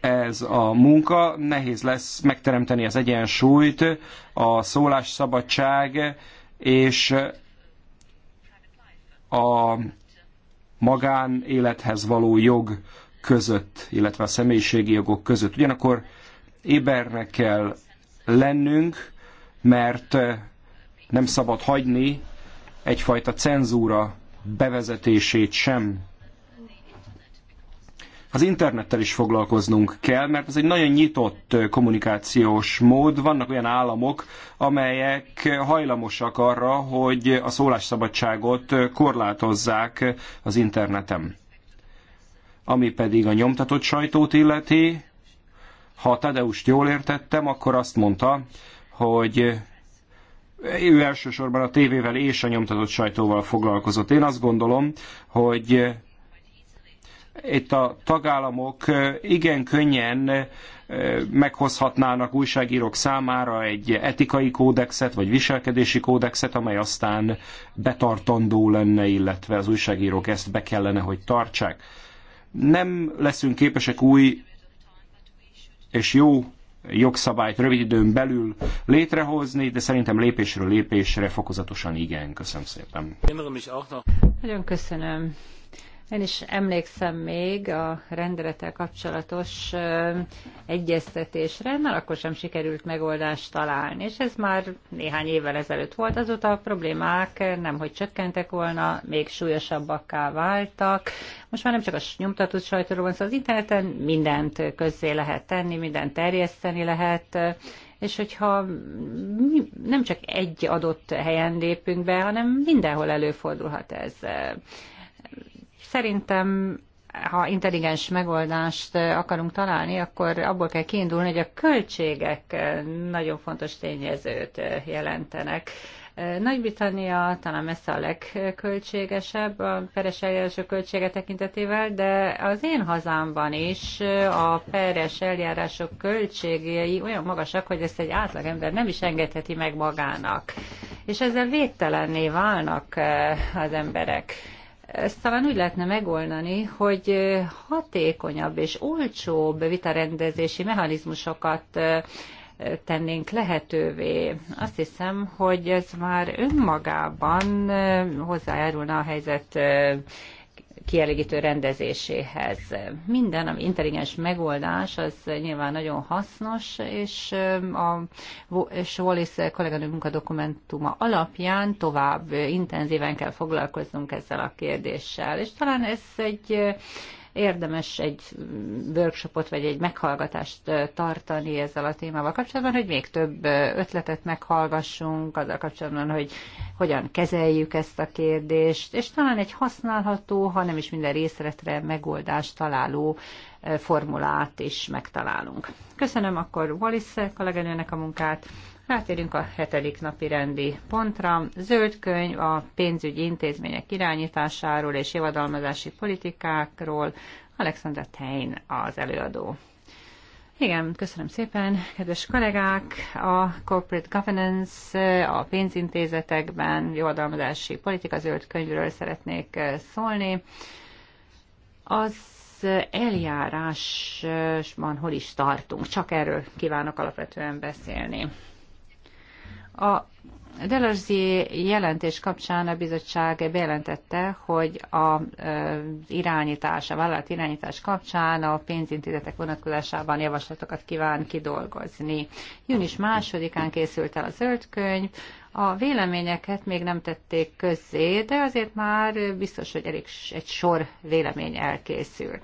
ez a munka, nehéz lesz megteremteni az egyensúlyt, a szólásszabadság és a magánélethez való jog között, illetve a személyiségi jogok között. Ugyanakkor ébernek kell lennünk, mert nem szabad hagyni, egyfajta cenzúra bevezetését sem. Az internettel is foglalkoznunk kell, mert ez egy nagyon nyitott kommunikációs mód. Vannak olyan államok, amelyek hajlamosak arra, hogy a szólásszabadságot korlátozzák az interneten. Ami pedig a nyomtatott sajtót illeti, ha Tadeust jól értettem, akkor azt mondta, hogy ő elsősorban a tévével és a nyomtatott sajtóval foglalkozott. Én azt gondolom, hogy itt a tagállamok igen könnyen meghozhatnának újságírók számára egy etikai kódexet, vagy viselkedési kódexet, amely aztán betartandó lenne, illetve az újságírók ezt be kellene, hogy tartsák. Nem leszünk képesek új és jó jogszabályt rövid időn belül létrehozni, de szerintem lépésről lépésre fokozatosan igen. Köszönöm szépen. Nagyon köszönöm. Én is emlékszem még a rendelettel kapcsolatos egyeztetésre, mert akkor sem sikerült megoldást találni, és ez már néhány évvel ezelőtt volt, azóta a problémák nem hogy csökkentek volna, még súlyosabbakká váltak. Most már nem csak a nyomtatott sajtóról van szó, szóval az interneten mindent közzé lehet tenni, mindent terjeszteni lehet, és hogyha nem csak egy adott helyen lépünk be, hanem mindenhol előfordulhat ez. Szerintem ha intelligens megoldást akarunk találni, akkor abból kell kiindulni, hogy a költségek nagyon fontos tényezőt jelentenek. Nagy-Britannia talán messze a legköltségesebb a peres eljárások költsége tekintetével, de az én hazámban is a peres eljárások költségei olyan magasak, hogy ezt egy átlagember nem is engedheti meg magának. És ezzel végtelenné válnak az emberek ezt talán úgy lehetne megoldani, hogy hatékonyabb és olcsóbb vitarendezési mechanizmusokat tennénk lehetővé. Azt hiszem, hogy ez már önmagában hozzájárulna a helyzet kielégítő rendezéséhez. Minden, ami intelligens megoldás, az nyilván nagyon hasznos, és a Wallis kolléganő munkadokumentuma alapján tovább intenzíven kell foglalkoznunk ezzel a kérdéssel. És talán ez egy érdemes egy workshopot vagy egy meghallgatást tartani ezzel a témával kapcsolatban, hogy még több ötletet meghallgassunk azzal kapcsolatban, hogy hogyan kezeljük ezt a kérdést, és talán egy használható, ha nem is minden részletre megoldást találó formulát is megtalálunk. Köszönöm akkor Wallis kolléganőnek a munkát. Rátérünk a hetedik napi rendi pontra. Zöld könyv a pénzügyi intézmények irányításáról és javadalmazási politikákról. Alexandra Tein az előadó. Igen, köszönöm szépen, kedves kollégák! A Corporate Governance a pénzintézetekben, javadalmazási politika zöld könyvről szeretnék szólni. Az eljárásban hol is tartunk, csak erről kívánok alapvetően beszélni. A Delorsi jelentés kapcsán a bizottság bejelentette, hogy a irányítás, a vállalat irányítás kapcsán a pénzintézetek vonatkozásában javaslatokat kíván kidolgozni. Június másodikán készült el a zöld könyv, a véleményeket még nem tették közzé, de azért már biztos, hogy elég egy sor vélemény elkészült.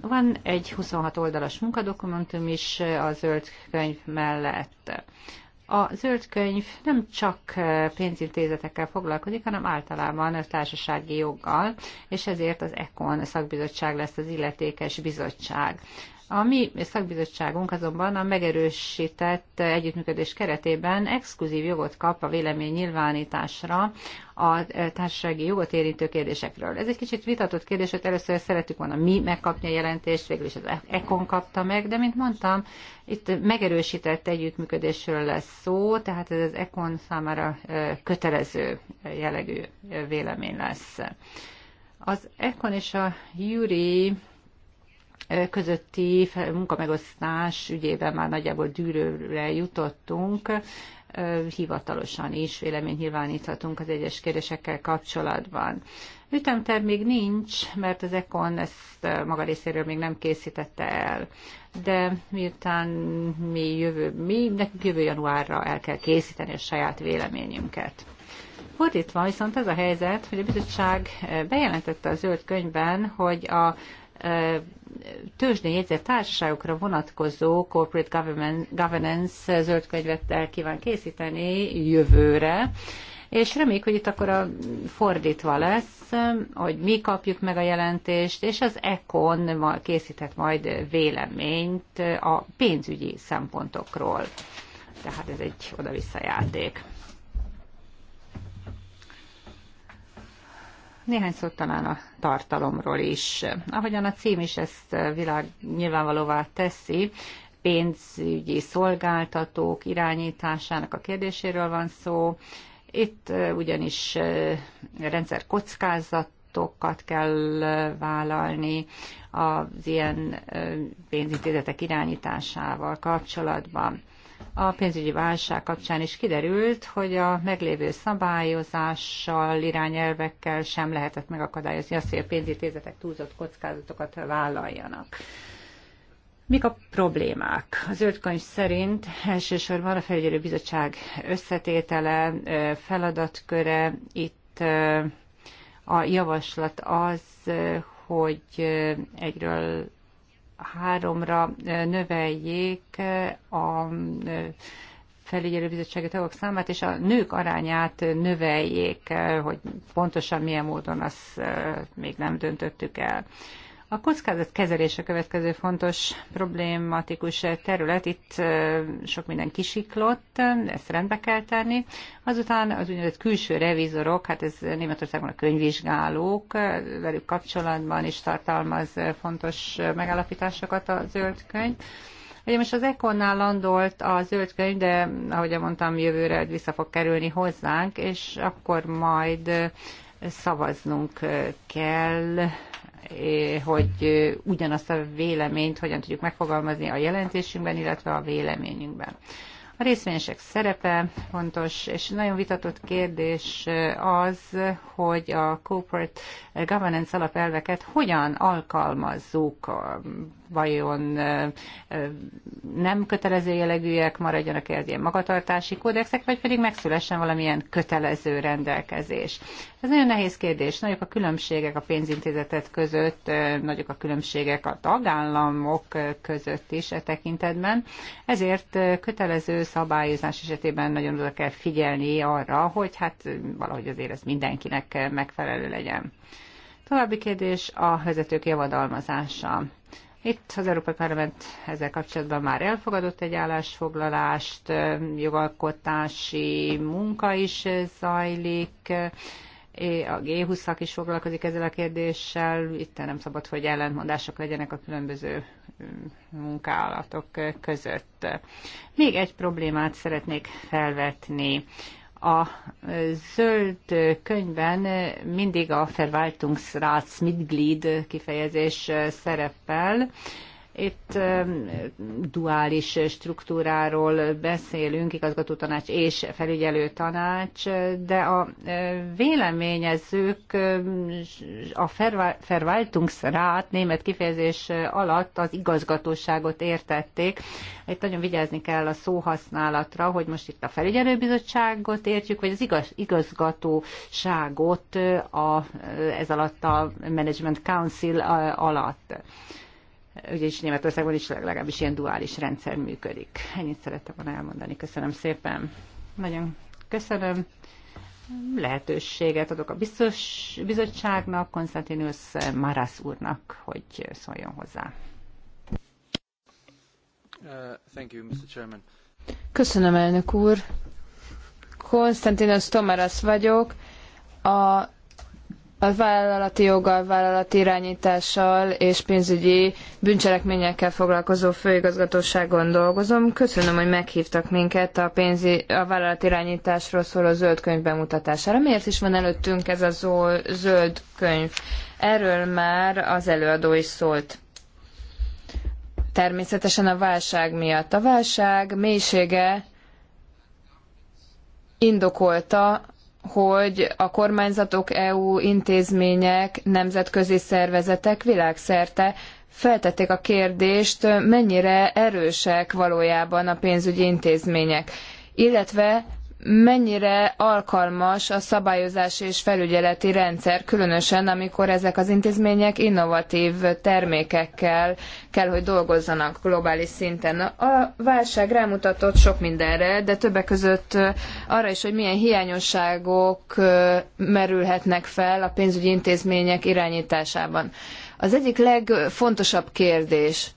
Van egy 26 oldalas munkadokumentum is a zöld könyv mellett. A zöld könyv nem csak eh, pénzintézetekkel foglalkozik, hanem általában a társasági joggal, és ezért az ECON szakbizottság lesz az illetékes bizottság. A mi szakbizottságunk azonban a megerősített együttműködés keretében exkluzív jogot kap a vélemény nyilvánításra a társasági jogot érintő kérdésekről. Ez egy kicsit vitatott kérdés, hogy először szeretük volna mi megkapni a jelentést, végül is az e- ECON kapta meg, de mint mondtam, itt megerősített együttműködésről lesz szó, tehát ez az ECON számára kötelező jellegű vélemény lesz. Az ECON és a Júri közötti munkamegosztás ügyében már nagyjából dűrőre jutottunk, hivatalosan is véleményt nyilváníthatunk az egyes kérdésekkel kapcsolatban. Ütemterv még nincs, mert az Econ ezt maga részéről még nem készítette el. De miután mi jövő, mi nekünk jövő januárra el kell készíteni a saját véleményünket. Fordítva viszont az a helyzet, hogy a bizottság bejelentette a zöld könyvben, hogy a tőzsdén jegyzett társaságokra vonatkozó corporate governance zöldkönyvet el kíván készíteni jövőre, és reméljük, hogy itt akkor a fordítva lesz, hogy mi kapjuk meg a jelentést, és az ECON készített majd véleményt a pénzügyi szempontokról. Tehát ez egy oda-vissza játék. Néhány szót talán a tartalomról is. Ahogyan a cím is ezt eh, világ nyilvánvalóvá teszi, pénzügyi szolgáltatók irányításának a kérdéséről van szó. Itt eh, ugyanis eh, rendszer kockázat kell vállalni az ilyen pénzintézetek irányításával kapcsolatban. A pénzügyi válság kapcsán is kiderült, hogy a meglévő szabályozással, irányelvekkel sem lehetett megakadályozni azt, hogy a pénzintézetek túlzott kockázatokat vállaljanak. Mik a problémák? A zöldkönyv szerint elsősorban a felügyelő bizottság összetétele, feladatköre, itt a javaslat az, hogy egyről háromra növeljék a felügyelőbizottsági tagok számát, és a nők arányát növeljék, hogy pontosan milyen módon azt még nem döntöttük el. A kezelés a következő fontos problématikus terület. Itt sok minden kisiklott, ezt rendbe kell tenni. Azután az úgynevezett külső revizorok, hát ez Németországban a könyvvizsgálók, velük kapcsolatban is tartalmaz fontos megállapításokat a zöld könyv. Ugye most az Econnál landolt a zöld könyv, de ahogy mondtam, jövőre vissza fog kerülni hozzánk, és akkor majd szavaznunk kell hogy ugyanazt a véleményt hogyan tudjuk megfogalmazni a jelentésünkben, illetve a véleményünkben. A részvényesek szerepe fontos, és nagyon vitatott kérdés az, hogy a corporate governance alapelveket hogyan alkalmazzuk vajon nem kötelező jellegűek maradjanak-e az ilyen magatartási kódexek, vagy pedig megszülessen valamilyen kötelező rendelkezés. Ez nagyon nehéz kérdés. Nagyok a különbségek a pénzintézetet között, nagyok a különbségek a tagállamok között is e tekintetben. Ezért kötelező szabályozás esetében nagyon oda kell figyelni arra, hogy hát valahogy azért ez mindenkinek megfelelő legyen. További kérdés a vezetők javadalmazása. Itt az Európai Parlament ezzel kapcsolatban már elfogadott egy állásfoglalást, jogalkotási munka is zajlik, a g 20 is foglalkozik ezzel a kérdéssel, itt nem szabad, hogy ellentmondások legyenek a különböző munkálatok között. Még egy problémát szeretnék felvetni. A zöld könyvben mindig a Verwaltungsrats Mitglied kifejezés szerepel, itt duális struktúráról beszélünk, tanács és felügyelő tanács, de a véleményezők a Verwaltungsrat német kifejezés alatt az igazgatóságot értették. Itt nagyon vigyázni kell a szóhasználatra, hogy most itt a felügyelőbizottságot értjük, vagy az igaz, igazgatóságot a, ez alatt a Management Council alatt. Ugyanis Németországban is legalábbis ilyen duális rendszer működik. Ennyit szerettem volna elmondani. Köszönöm szépen. Nagyon köszönöm. Lehetőséget adok a biztos, bizottságnak, Konstantinus Maras úrnak, hogy szóljon hozzá. Uh, thank you, Mr. Chairman. Köszönöm, elnök úr. Konstantinos Tomaras vagyok, a a vállalati joggal, vállalati irányítással és pénzügyi bűncselekményekkel foglalkozó főigazgatóságon dolgozom. Köszönöm, hogy meghívtak minket a, pénzi, a vállalati irányításról szóló zöld könyv bemutatására. Miért is van előttünk ez a zöld könyv? Erről már az előadó is szólt. Természetesen a válság miatt. A válság mélysége indokolta hogy a kormányzatok, EU intézmények, nemzetközi szervezetek világszerte feltették a kérdést, mennyire erősek valójában a pénzügyi intézmények, illetve mennyire alkalmas a szabályozási és felügyeleti rendszer, különösen amikor ezek az intézmények innovatív termékekkel kell, hogy dolgozzanak globális szinten. A válság rámutatott sok mindenre, de többek között arra is, hogy milyen hiányosságok merülhetnek fel a pénzügyi intézmények irányításában. Az egyik legfontosabb kérdés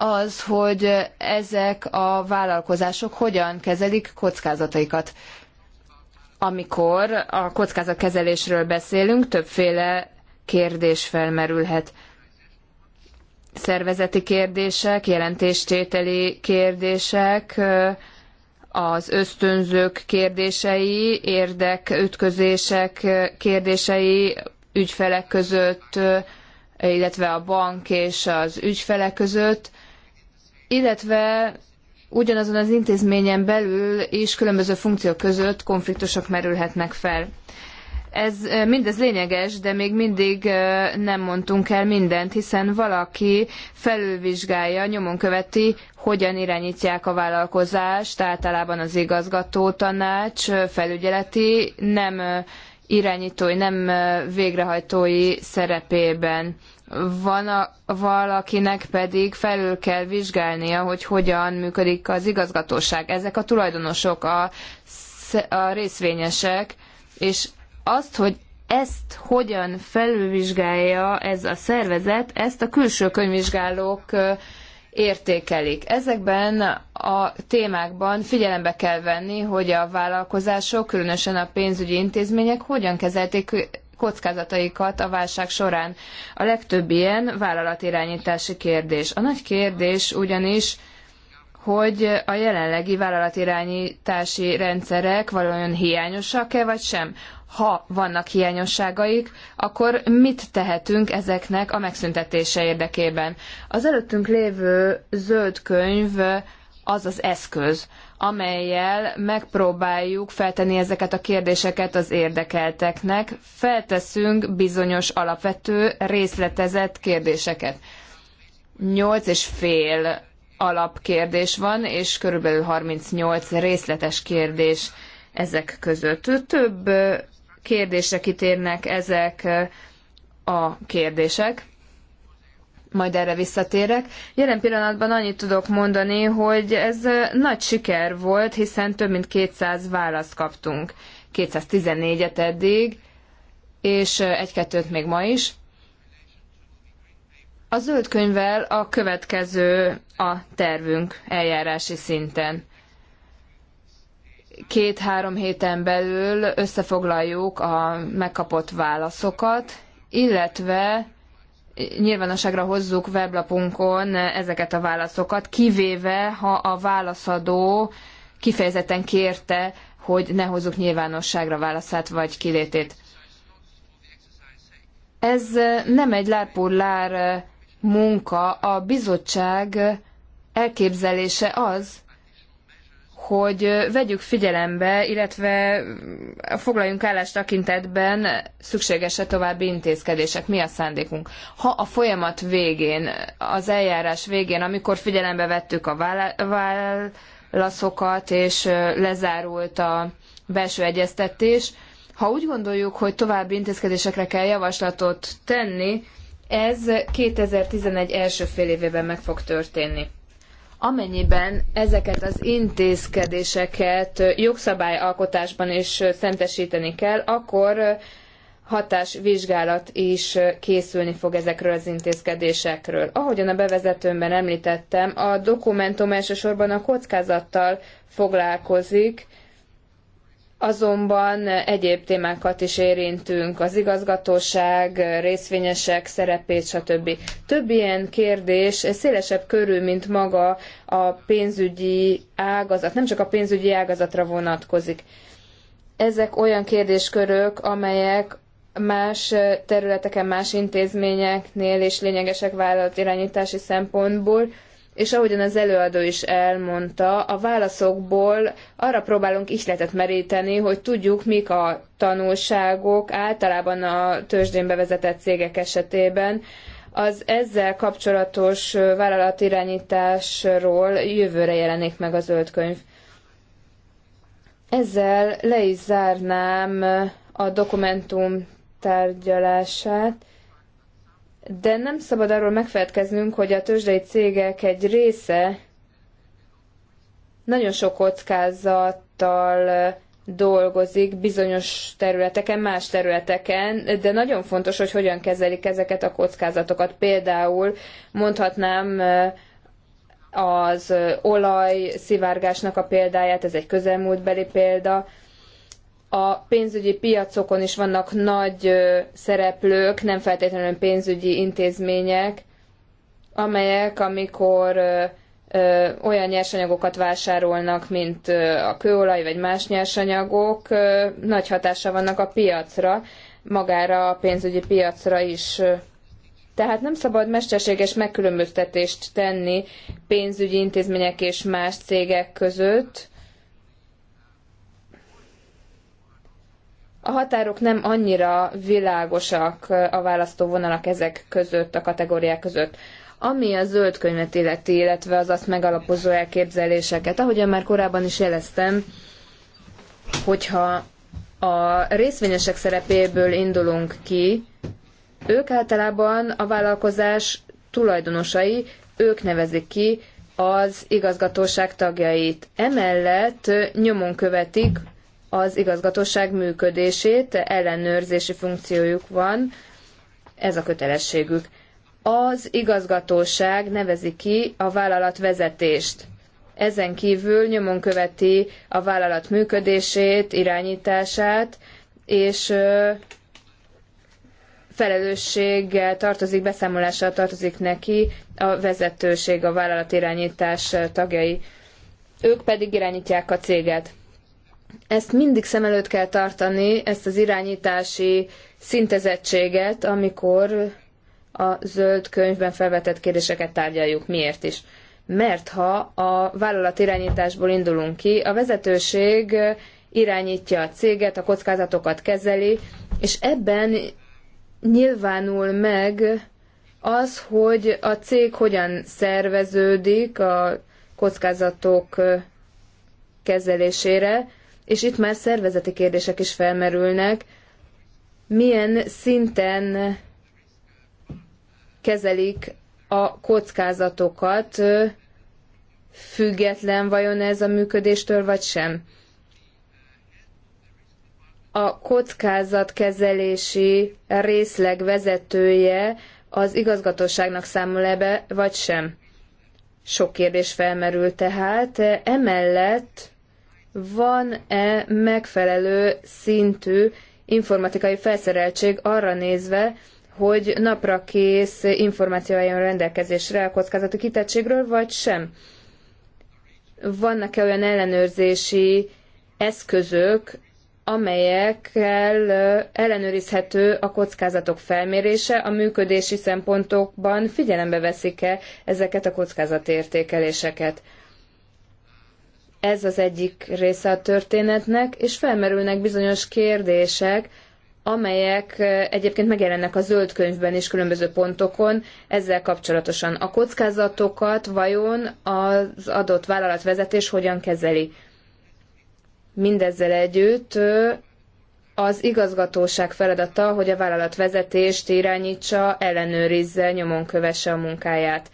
az, hogy ezek a vállalkozások hogyan kezelik kockázataikat. Amikor a kockázatkezelésről beszélünk, többféle kérdés felmerülhet. Szervezeti kérdések, jelentéstételi kérdések, az ösztönzők kérdései, érdekütközések kérdései ügyfelek között, illetve a bank és az ügyfelek között, illetve ugyanazon az intézményen belül is különböző funkciók között konfliktusok merülhetnek fel. Ez mindez lényeges, de még mindig nem mondtunk el mindent, hiszen valaki felülvizsgálja, nyomon követi, hogyan irányítják a vállalkozást, általában az igazgató tanács, felügyeleti, nem irányítói, nem végrehajtói szerepében van a, valakinek pedig felül kell vizsgálnia, hogy hogyan működik az igazgatóság. Ezek a tulajdonosok, a, a részvényesek, és azt, hogy ezt hogyan felülvizsgálja ez a szervezet, ezt a külső könyvvizsgálók értékelik. Ezekben a témákban figyelembe kell venni, hogy a vállalkozások, különösen a pénzügyi intézmények hogyan kezelték kockázataikat a válság során. A legtöbb ilyen vállalatirányítási kérdés. A nagy kérdés ugyanis, hogy a jelenlegi vállalatirányítási rendszerek valójában hiányosak-e vagy sem. Ha vannak hiányosságaik, akkor mit tehetünk ezeknek a megszüntetése érdekében? Az előttünk lévő zöld könyv az az eszköz, amelyel megpróbáljuk feltenni ezeket a kérdéseket az érdekelteknek. Felteszünk bizonyos alapvető részletezett kérdéseket. Nyolc és fél alapkérdés van, és körülbelül 38 részletes kérdés ezek között. Több kérdésre kitérnek ezek a kérdések majd erre visszatérek. Jelen pillanatban annyit tudok mondani, hogy ez nagy siker volt, hiszen több mint 200 választ kaptunk. 214-et eddig, és egy-kettőt még ma is. A zöld könyvvel a következő a tervünk eljárási szinten. Két-három héten belül összefoglaljuk a megkapott válaszokat, illetve nyilvánosságra hozzuk weblapunkon ezeket a válaszokat, kivéve ha a válaszadó kifejezetten kérte, hogy ne hozzuk nyilvánosságra válaszát vagy kilétét. Ez nem egy lárpullár munka, a bizottság elképzelése az, hogy vegyük figyelembe, illetve foglaljunk állást tekintetben szükséges-e további intézkedések, mi a szándékunk. Ha a folyamat végén, az eljárás végén, amikor figyelembe vettük a válaszokat, és lezárult a belső egyeztetés, ha úgy gondoljuk, hogy további intézkedésekre kell javaslatot tenni, ez 2011 első fél évében meg fog történni. Amennyiben ezeket az intézkedéseket jogszabályalkotásban is szentesíteni kell, akkor hatásvizsgálat is készülni fog ezekről az intézkedésekről. Ahogyan a bevezetőmben említettem, a dokumentum elsősorban a kockázattal foglalkozik, Azonban egyéb témákat is érintünk, az igazgatóság, részvényesek szerepét, stb. Több ilyen kérdés szélesebb körül, mint maga a pénzügyi ágazat, nem csak a pénzügyi ágazatra vonatkozik. Ezek olyan kérdéskörök, amelyek más területeken, más intézményeknél és lényegesek vállalatirányítási szempontból, és ahogyan az előadó is elmondta, a válaszokból arra próbálunk ihletet meríteni, hogy tudjuk, mik a tanulságok általában a tőzsdén bevezetett cégek esetében, az ezzel kapcsolatos vállalatirányításról jövőre jelenik meg a zöld könyv. Ezzel le is zárnám a dokumentum tárgyalását de nem szabad arról megfelelkeznünk, hogy a tőzsdei cégek egy része nagyon sok kockázattal dolgozik bizonyos területeken, más területeken, de nagyon fontos, hogy hogyan kezelik ezeket a kockázatokat. Például mondhatnám az olaj szivárgásnak a példáját, ez egy közelmúltbeli példa, a pénzügyi piacokon is vannak nagy szereplők, nem feltétlenül pénzügyi intézmények, amelyek, amikor olyan nyersanyagokat vásárolnak, mint a kőolaj vagy más nyersanyagok, nagy hatása vannak a piacra, magára a pénzügyi piacra is. Tehát nem szabad mesterséges megkülönböztetést tenni pénzügyi intézmények és más cégek között, a határok nem annyira világosak a választóvonalak ezek között, a kategóriák között. Ami a zöld könyvet illeti, illetve az azt megalapozó elképzeléseket, ahogyan már korábban is jeleztem, hogyha a részvényesek szerepéből indulunk ki, ők általában a vállalkozás tulajdonosai, ők nevezik ki az igazgatóság tagjait. Emellett nyomon követik az igazgatóság működését, ellenőrzési funkciójuk van, ez a kötelességük. Az igazgatóság nevezi ki a vállalat vezetést. Ezen kívül nyomon követi a vállalat működését, irányítását, és felelősséggel tartozik, beszámolással tartozik neki a vezetőség, a vállalat irányítás tagjai. Ők pedig irányítják a céget. Ezt mindig szem előtt kell tartani, ezt az irányítási szintezettséget, amikor a zöld könyvben felvetett kérdéseket tárgyaljuk. Miért is? Mert ha a vállalat irányításból indulunk ki, a vezetőség irányítja a céget, a kockázatokat kezeli, és ebben nyilvánul meg az, hogy a cég hogyan szerveződik a kockázatok kezelésére, és itt már szervezeti kérdések is felmerülnek. Milyen szinten kezelik a kockázatokat, független vajon ez a működéstől, vagy sem? A kockázatkezelési részleg vezetője az igazgatóságnak számol -e be, vagy sem? Sok kérdés felmerül tehát. Emellett van-e megfelelő szintű informatikai felszereltség arra nézve, hogy napra kész információ álljon rendelkezésre a kockázati kitettségről, vagy sem. Vannak-e olyan ellenőrzési eszközök, amelyekkel ellenőrizhető a kockázatok felmérése, a működési szempontokban figyelembe veszik-e ezeket a kockázatértékeléseket? Ez az egyik része a történetnek, és felmerülnek bizonyos kérdések, amelyek egyébként megjelennek a zöld könyvben is különböző pontokon, ezzel kapcsolatosan a kockázatokat vajon az adott vállalatvezetés hogyan kezeli. Mindezzel együtt az igazgatóság feladata, hogy a vállalatvezetést irányítsa, ellenőrizze, nyomon kövesse a munkáját.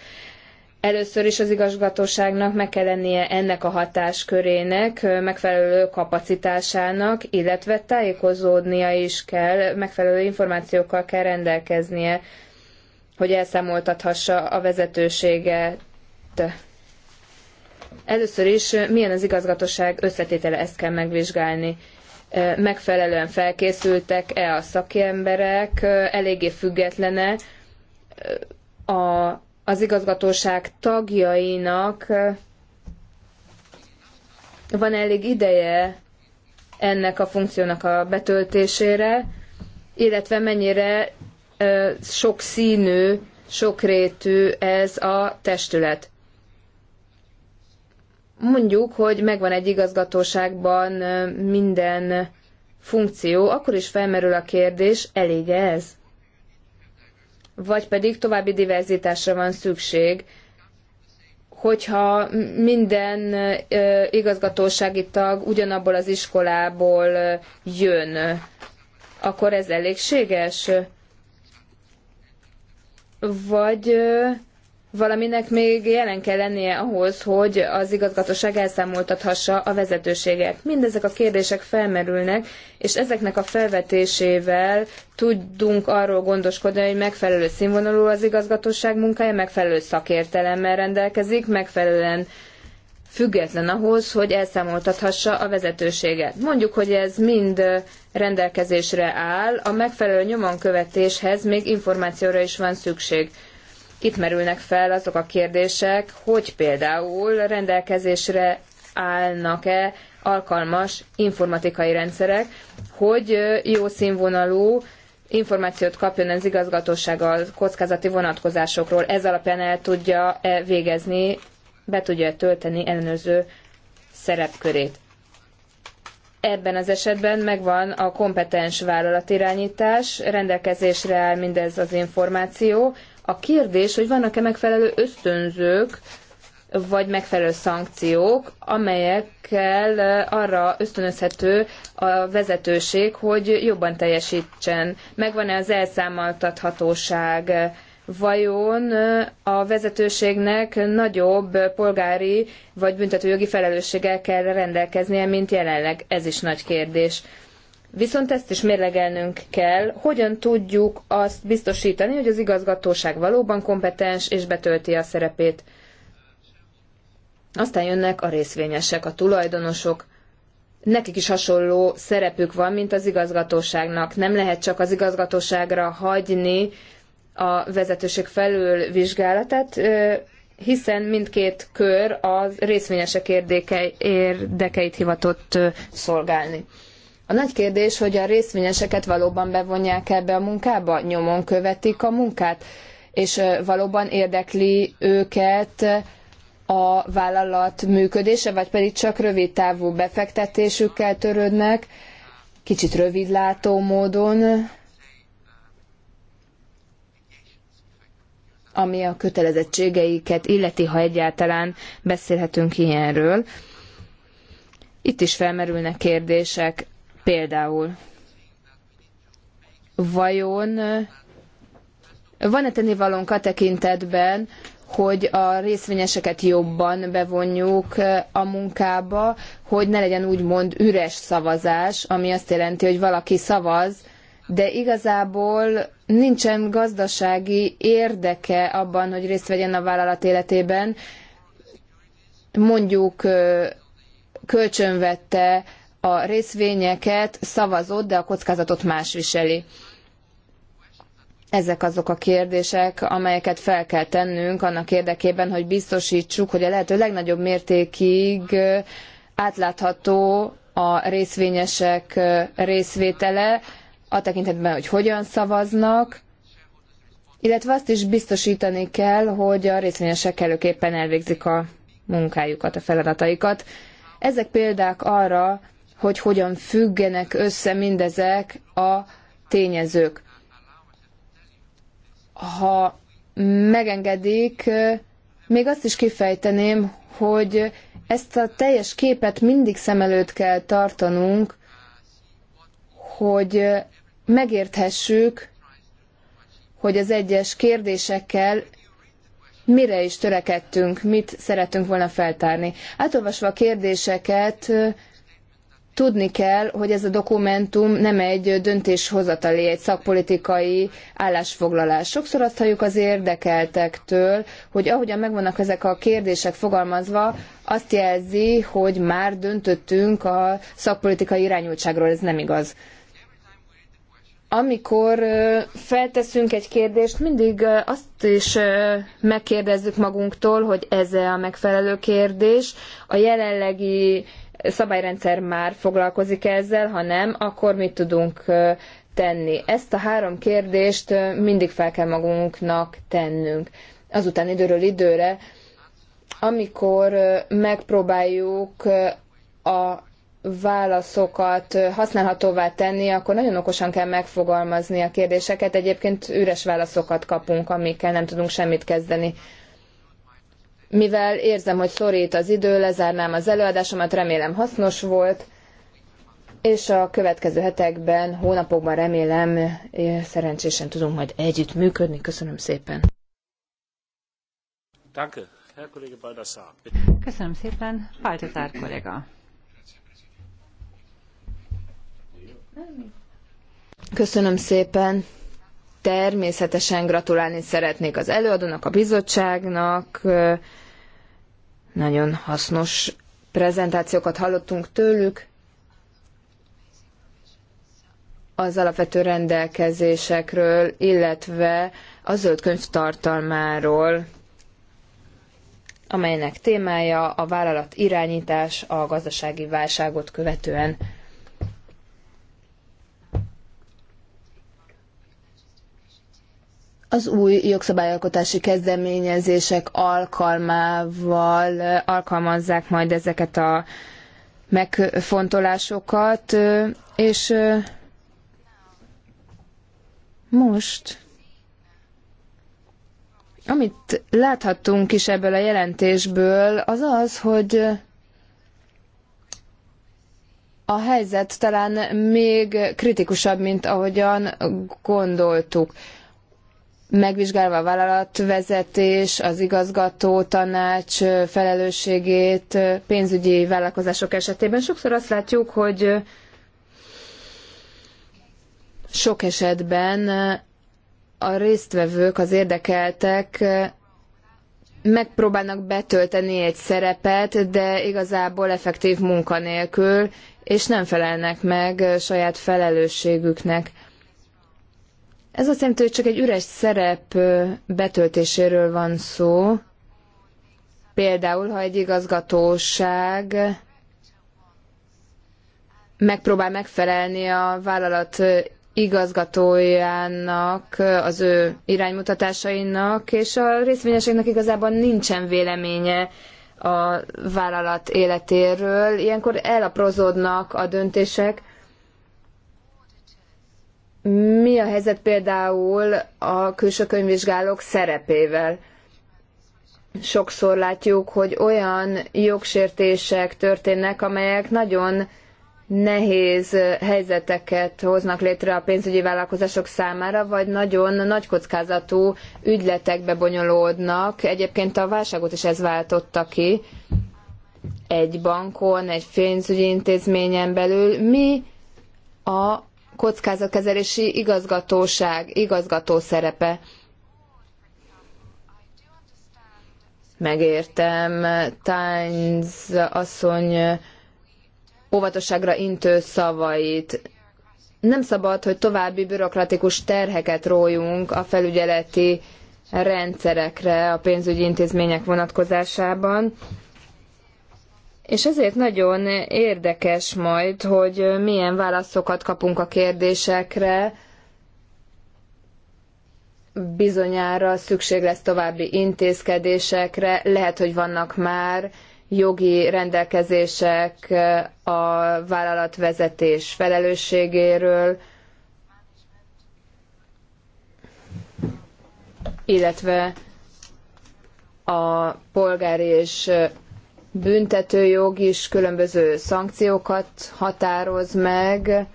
Először is az igazgatóságnak meg kell lennie ennek a hatáskörének, megfelelő kapacitásának, illetve tájékozódnia is kell, megfelelő információkkal kell rendelkeznie, hogy elszámoltathassa a vezetőséget. Először is milyen az igazgatóság összetétele, ezt kell megvizsgálni. Megfelelően felkészültek-e a szakemberek, eléggé függetlene a az igazgatóság tagjainak van elég ideje ennek a funkciónak a betöltésére, illetve mennyire sok színű, sokrétű ez a testület. Mondjuk, hogy megvan egy igazgatóságban minden funkció, akkor is felmerül a kérdés, elég -e ez? vagy pedig további diverzitásra van szükség, hogyha minden igazgatósági tag ugyanabból az iskolából jön, akkor ez elégséges? Vagy valaminek még jelen kell lennie ahhoz, hogy az igazgatóság elszámoltathassa a vezetőséget. Mindezek a kérdések felmerülnek, és ezeknek a felvetésével tudunk arról gondoskodni, hogy megfelelő színvonalú az igazgatóság munkája, megfelelő szakértelemmel rendelkezik, megfelelően független ahhoz, hogy elszámoltathassa a vezetőséget. Mondjuk, hogy ez mind rendelkezésre áll, a megfelelő nyomonkövetéshez még információra is van szükség itt merülnek fel azok a kérdések, hogy például rendelkezésre állnak-e alkalmas informatikai rendszerek, hogy jó színvonalú információt kapjon az igazgatóság a kockázati vonatkozásokról, ez alapján el tudja -e végezni, be tudja -e tölteni ellenőrző szerepkörét. Ebben az esetben megvan a kompetens vállalatirányítás, rendelkezésre áll mindez az információ, a kérdés, hogy vannak-e megfelelő ösztönzők, vagy megfelelő szankciók, amelyekkel eh, arra ösztönözhető a vezetőség, hogy jobban teljesítsen. Megvan-e az elszámoltathatóság? Vajon eh, a vezetőségnek nagyobb polgári vagy büntetőjogi felelősséggel kell rendelkeznie, mint jelenleg? Ez is nagy kérdés. Viszont ezt is mérlegelnünk kell, hogyan tudjuk azt biztosítani, hogy az igazgatóság valóban kompetens és betölti a szerepét. Aztán jönnek a részvényesek, a tulajdonosok. Nekik is hasonló szerepük van, mint az igazgatóságnak. Nem lehet csak az igazgatóságra hagyni a vezetőség felül vizsgálatát, hiszen mindkét kör a részvényesek érdekeit hivatott szolgálni. A nagy kérdés, hogy a részvényeseket valóban bevonják ebbe a munkába, nyomon követik a munkát, és valóban érdekli őket a vállalat működése, vagy pedig csak rövid távú befektetésükkel törődnek, kicsit rövidlátó módon, ami a kötelezettségeiket illeti, ha egyáltalán beszélhetünk ilyenről. Itt is felmerülnek kérdések. Például, vajon eh, van-e tennivalónk a tekintetben, hogy a részvényeseket jobban bevonjuk eh, a munkába, hogy ne legyen úgymond üres szavazás, ami azt jelenti, hogy valaki szavaz, de igazából nincsen gazdasági érdeke abban, hogy részt vegyen a vállalat életében. Mondjuk eh, kölcsönvette a részvényeket szavazott, de a kockázatot más viseli. Ezek azok a kérdések, amelyeket fel kell tennünk annak érdekében, hogy biztosítsuk, hogy a lehető legnagyobb mértékig átlátható a részvényesek részvétele, a tekintetben, hogy hogyan szavaznak, illetve azt is biztosítani kell, hogy a részvényesek előképpen elvégzik a munkájukat, a feladataikat. Ezek példák arra, hogy hogyan függenek össze mindezek a tényezők. Ha megengedik, még azt is kifejteném, hogy ezt a teljes képet mindig szem előtt kell tartanunk, hogy megérthessük, hogy az egyes kérdésekkel mire is törekedtünk, mit szeretünk volna feltárni. Átolvasva a kérdéseket, Tudni kell, hogy ez a dokumentum nem egy döntéshozatali, egy szakpolitikai állásfoglalás. Sokszor azt halljuk az érdekeltektől, hogy ahogyan megvannak ezek a kérdések fogalmazva, azt jelzi, hogy már döntöttünk a szakpolitikai irányultságról. Ez nem igaz amikor felteszünk egy kérdést, mindig azt is megkérdezzük magunktól, hogy ez -e a megfelelő kérdés. A jelenlegi szabályrendszer már foglalkozik ezzel, ha nem, akkor mit tudunk tenni? Ezt a három kérdést mindig fel kell magunknak tennünk. Azután időről időre, amikor megpróbáljuk a válaszokat használhatóvá tenni, akkor nagyon okosan kell megfogalmazni a kérdéseket. Egyébként üres válaszokat kapunk, amikkel nem tudunk semmit kezdeni. Mivel érzem, hogy szorít az idő, lezárnám az előadásomat, remélem hasznos volt, és a következő hetekben, hónapokban remélem eh, szerencsésen tudunk majd együtt működni. Köszönöm szépen! Köszönöm szépen, Páltatár kollega! Köszönöm szépen. Természetesen gratulálni szeretnék az előadónak, a bizottságnak, eh, nagyon hasznos prezentációkat hallottunk tőlük. Az alapvető rendelkezésekről, illetve a zöld könyv tartalmáról, amelynek témája a vállalat irányítás a gazdasági válságot követően. az új jogszabályalkotási kezdeményezések alkalmával alkalmazzák majd ezeket a megfontolásokat, és most, amit láthattunk is ebből a jelentésből, az az, hogy a helyzet talán még kritikusabb, mint ahogyan gondoltuk megvizsgálva a vállalatvezetés, az igazgató tanács felelősségét pénzügyi vállalkozások esetében. Sokszor azt látjuk, hogy sok esetben a résztvevők, az érdekeltek megpróbálnak betölteni egy szerepet, de igazából effektív munka nélkül, és nem felelnek meg saját felelősségüknek. Ez azt jelenti, hogy csak egy üres szerep betöltéséről van szó. Például, ha egy igazgatóság megpróbál megfelelni a vállalat igazgatójának, az ő iránymutatásainak, és a részvényeseknek igazából nincsen véleménye a vállalat életéről. Ilyenkor elaprozódnak a döntések, mi a helyzet például a külső könyvvizsgálók szerepével? Sokszor látjuk, hogy olyan jogsértések történnek, amelyek nagyon nehéz helyzeteket hoznak létre a pénzügyi vállalkozások számára, vagy nagyon nagy kockázatú ügyletekbe bonyolódnak. Egyébként a válságot is ez váltotta ki egy bankon, egy pénzügyi intézményen belül. Mi a kockázatkezelési igazgatóság, igazgató szerepe. Megértem, Tynes asszony óvatosságra intő szavait. Nem szabad, hogy további bürokratikus terheket rójunk a felügyeleti rendszerekre a pénzügyi intézmények vonatkozásában. És ezért nagyon érdekes majd, hogy milyen válaszokat kapunk a kérdésekre. Bizonyára szükség lesz további intézkedésekre, lehet, hogy vannak már jogi rendelkezések a vállalatvezetés felelősségéről, illetve a polgári és büntetőjog is különböző szankciókat határoz meg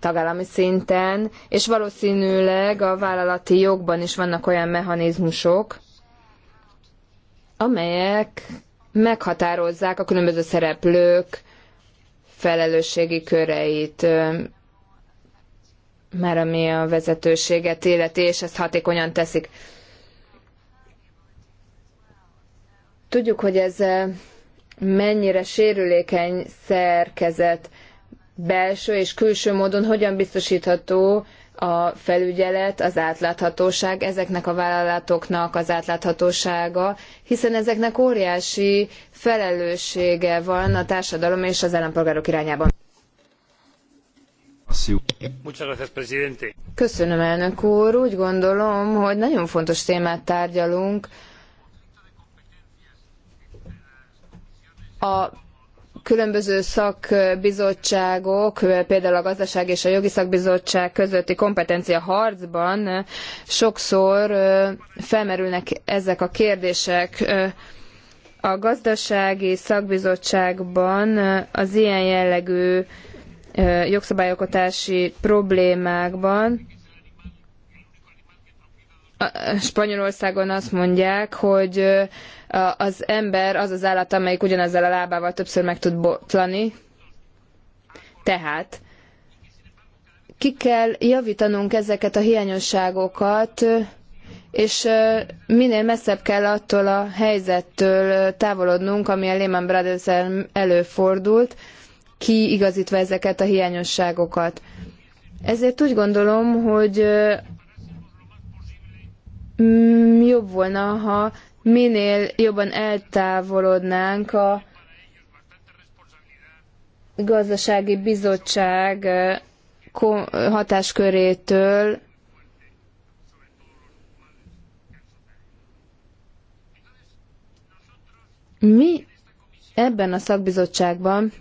tagállami szinten, és valószínűleg a vállalati jogban is vannak olyan mechanizmusok, amelyek meghatározzák a különböző szereplők felelősségi köreit, már ami a vezetőséget illeti, és ezt hatékonyan teszik. Tudjuk, hogy ez eh, mennyire sérülékeny szerkezet belső és külső módon hogyan biztosítható a felügyelet, az átláthatóság, ezeknek a vállalatoknak az átláthatósága, hiszen ezeknek óriási felelőssége van a társadalom és az állampolgárok irányában. Köszönöm, elnök úr. Úgy gondolom, hogy nagyon fontos témát tárgyalunk, a különböző szakbizottságok, például a gazdaság és a jogi szakbizottság közötti kompetencia harcban sokszor felmerülnek ezek a kérdések. A gazdasági szakbizottságban az ilyen jellegű jogszabályokotási problémákban Spanyolországon azt mondják, hogy az ember az az állat, amelyik ugyanezzel a lábával többször meg tud botlani. Tehát ki kell javítanunk ezeket a hiányosságokat, és minél messzebb kell attól a helyzettől távolodnunk, ami a Lehman brothers előfordult, kiigazítva ezeket a hiányosságokat. Ezért úgy gondolom, hogy Mm, jobb volna, ha minél jobban eltávolodnánk a gazdasági bizottság eh, hatáskörétől, mi ebben a szakbizottságban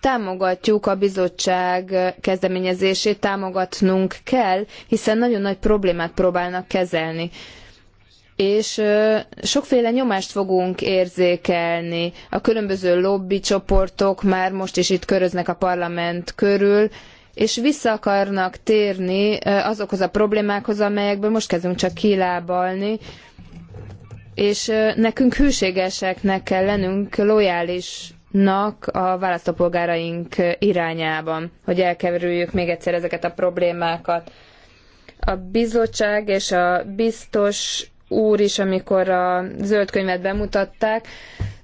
támogatjuk a bizottság kezdeményezését, támogatnunk kell, hiszen nagyon nagy problémát próbálnak kezelni. És sokféle nyomást fogunk érzékelni. A különböző lobby csoportok már most is itt köröznek a parlament körül, és vissza akarnak térni azokhoz a problémákhoz, amelyekből most kezdünk csak kilábalni, és nekünk hűségeseknek kell lennünk, lojális nak a választópolgáraink irányában, hogy elkerüljük még egyszer ezeket a problémákat. A bizottság és a biztos úr is, amikor a zöld könyvet bemutatták,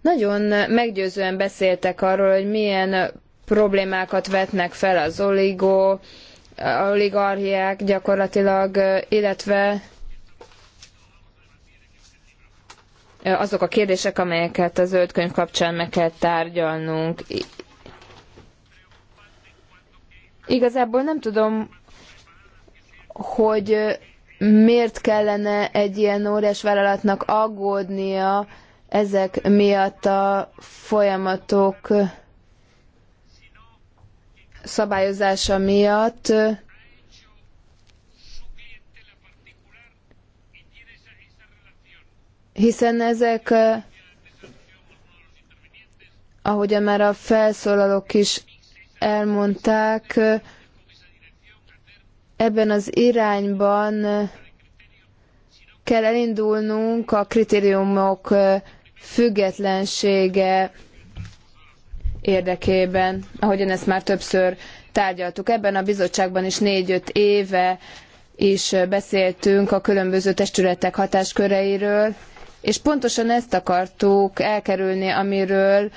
nagyon meggyőzően beszéltek arról, hogy milyen problémákat vetnek fel az oligó, oligarchiák gyakorlatilag, illetve azok a kérdések, amelyeket a zöld könyv kapcsán meg kell tárgyalnunk. Igazából nem tudom, hogy miért kellene egy ilyen óriás vállalatnak aggódnia ezek miatt a folyamatok szabályozása miatt hiszen ezek, eh, ahogyan már a felszólalók is elmondták, eh, ebben az irányban eh, kell elindulnunk a kritériumok függetlensége érdekében, ahogyan ezt már többször tárgyaltuk. Ebben a bizottságban is négy-öt éve is beszéltünk a különböző testületek hatásköreiről, és pontosan ezt akartuk elkerülni, amiről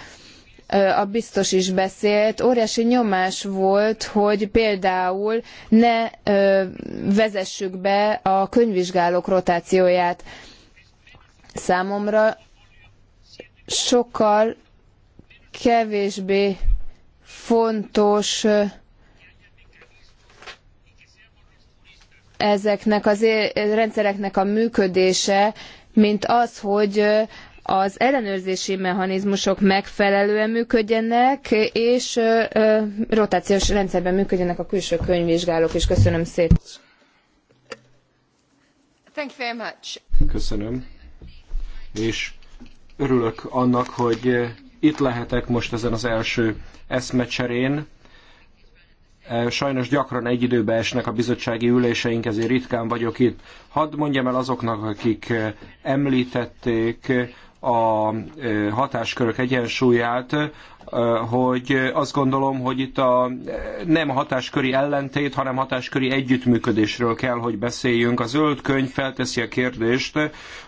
a biztos is beszélt, óriási nyomás volt, hogy például ne vezessük be a könyvvizsgálók rotációját. Számomra sokkal kevésbé fontos ezeknek az rendszereknek a működése, mint az, hogy az ellenőrzési mechanizmusok megfelelően működjenek, és rotációs rendszerben működjenek a külső könyvvizsgálók is. Köszönöm szépen. Köszönöm. És örülök annak, hogy itt lehetek most ezen az első eszmecserén. Eh, sajnos gyakran egy időbe esnek a bizottsági üléseink, ezért ritkán vagyok itt. Hadd mondjam el azoknak, akik eh, említették eh, a hatáskörök egyensúlyát, hogy azt gondolom, hogy itt a nem hatásköri ellentét, hanem hatásköri együttműködésről kell, hogy beszéljünk. A zöld könyv felteszi a kérdést,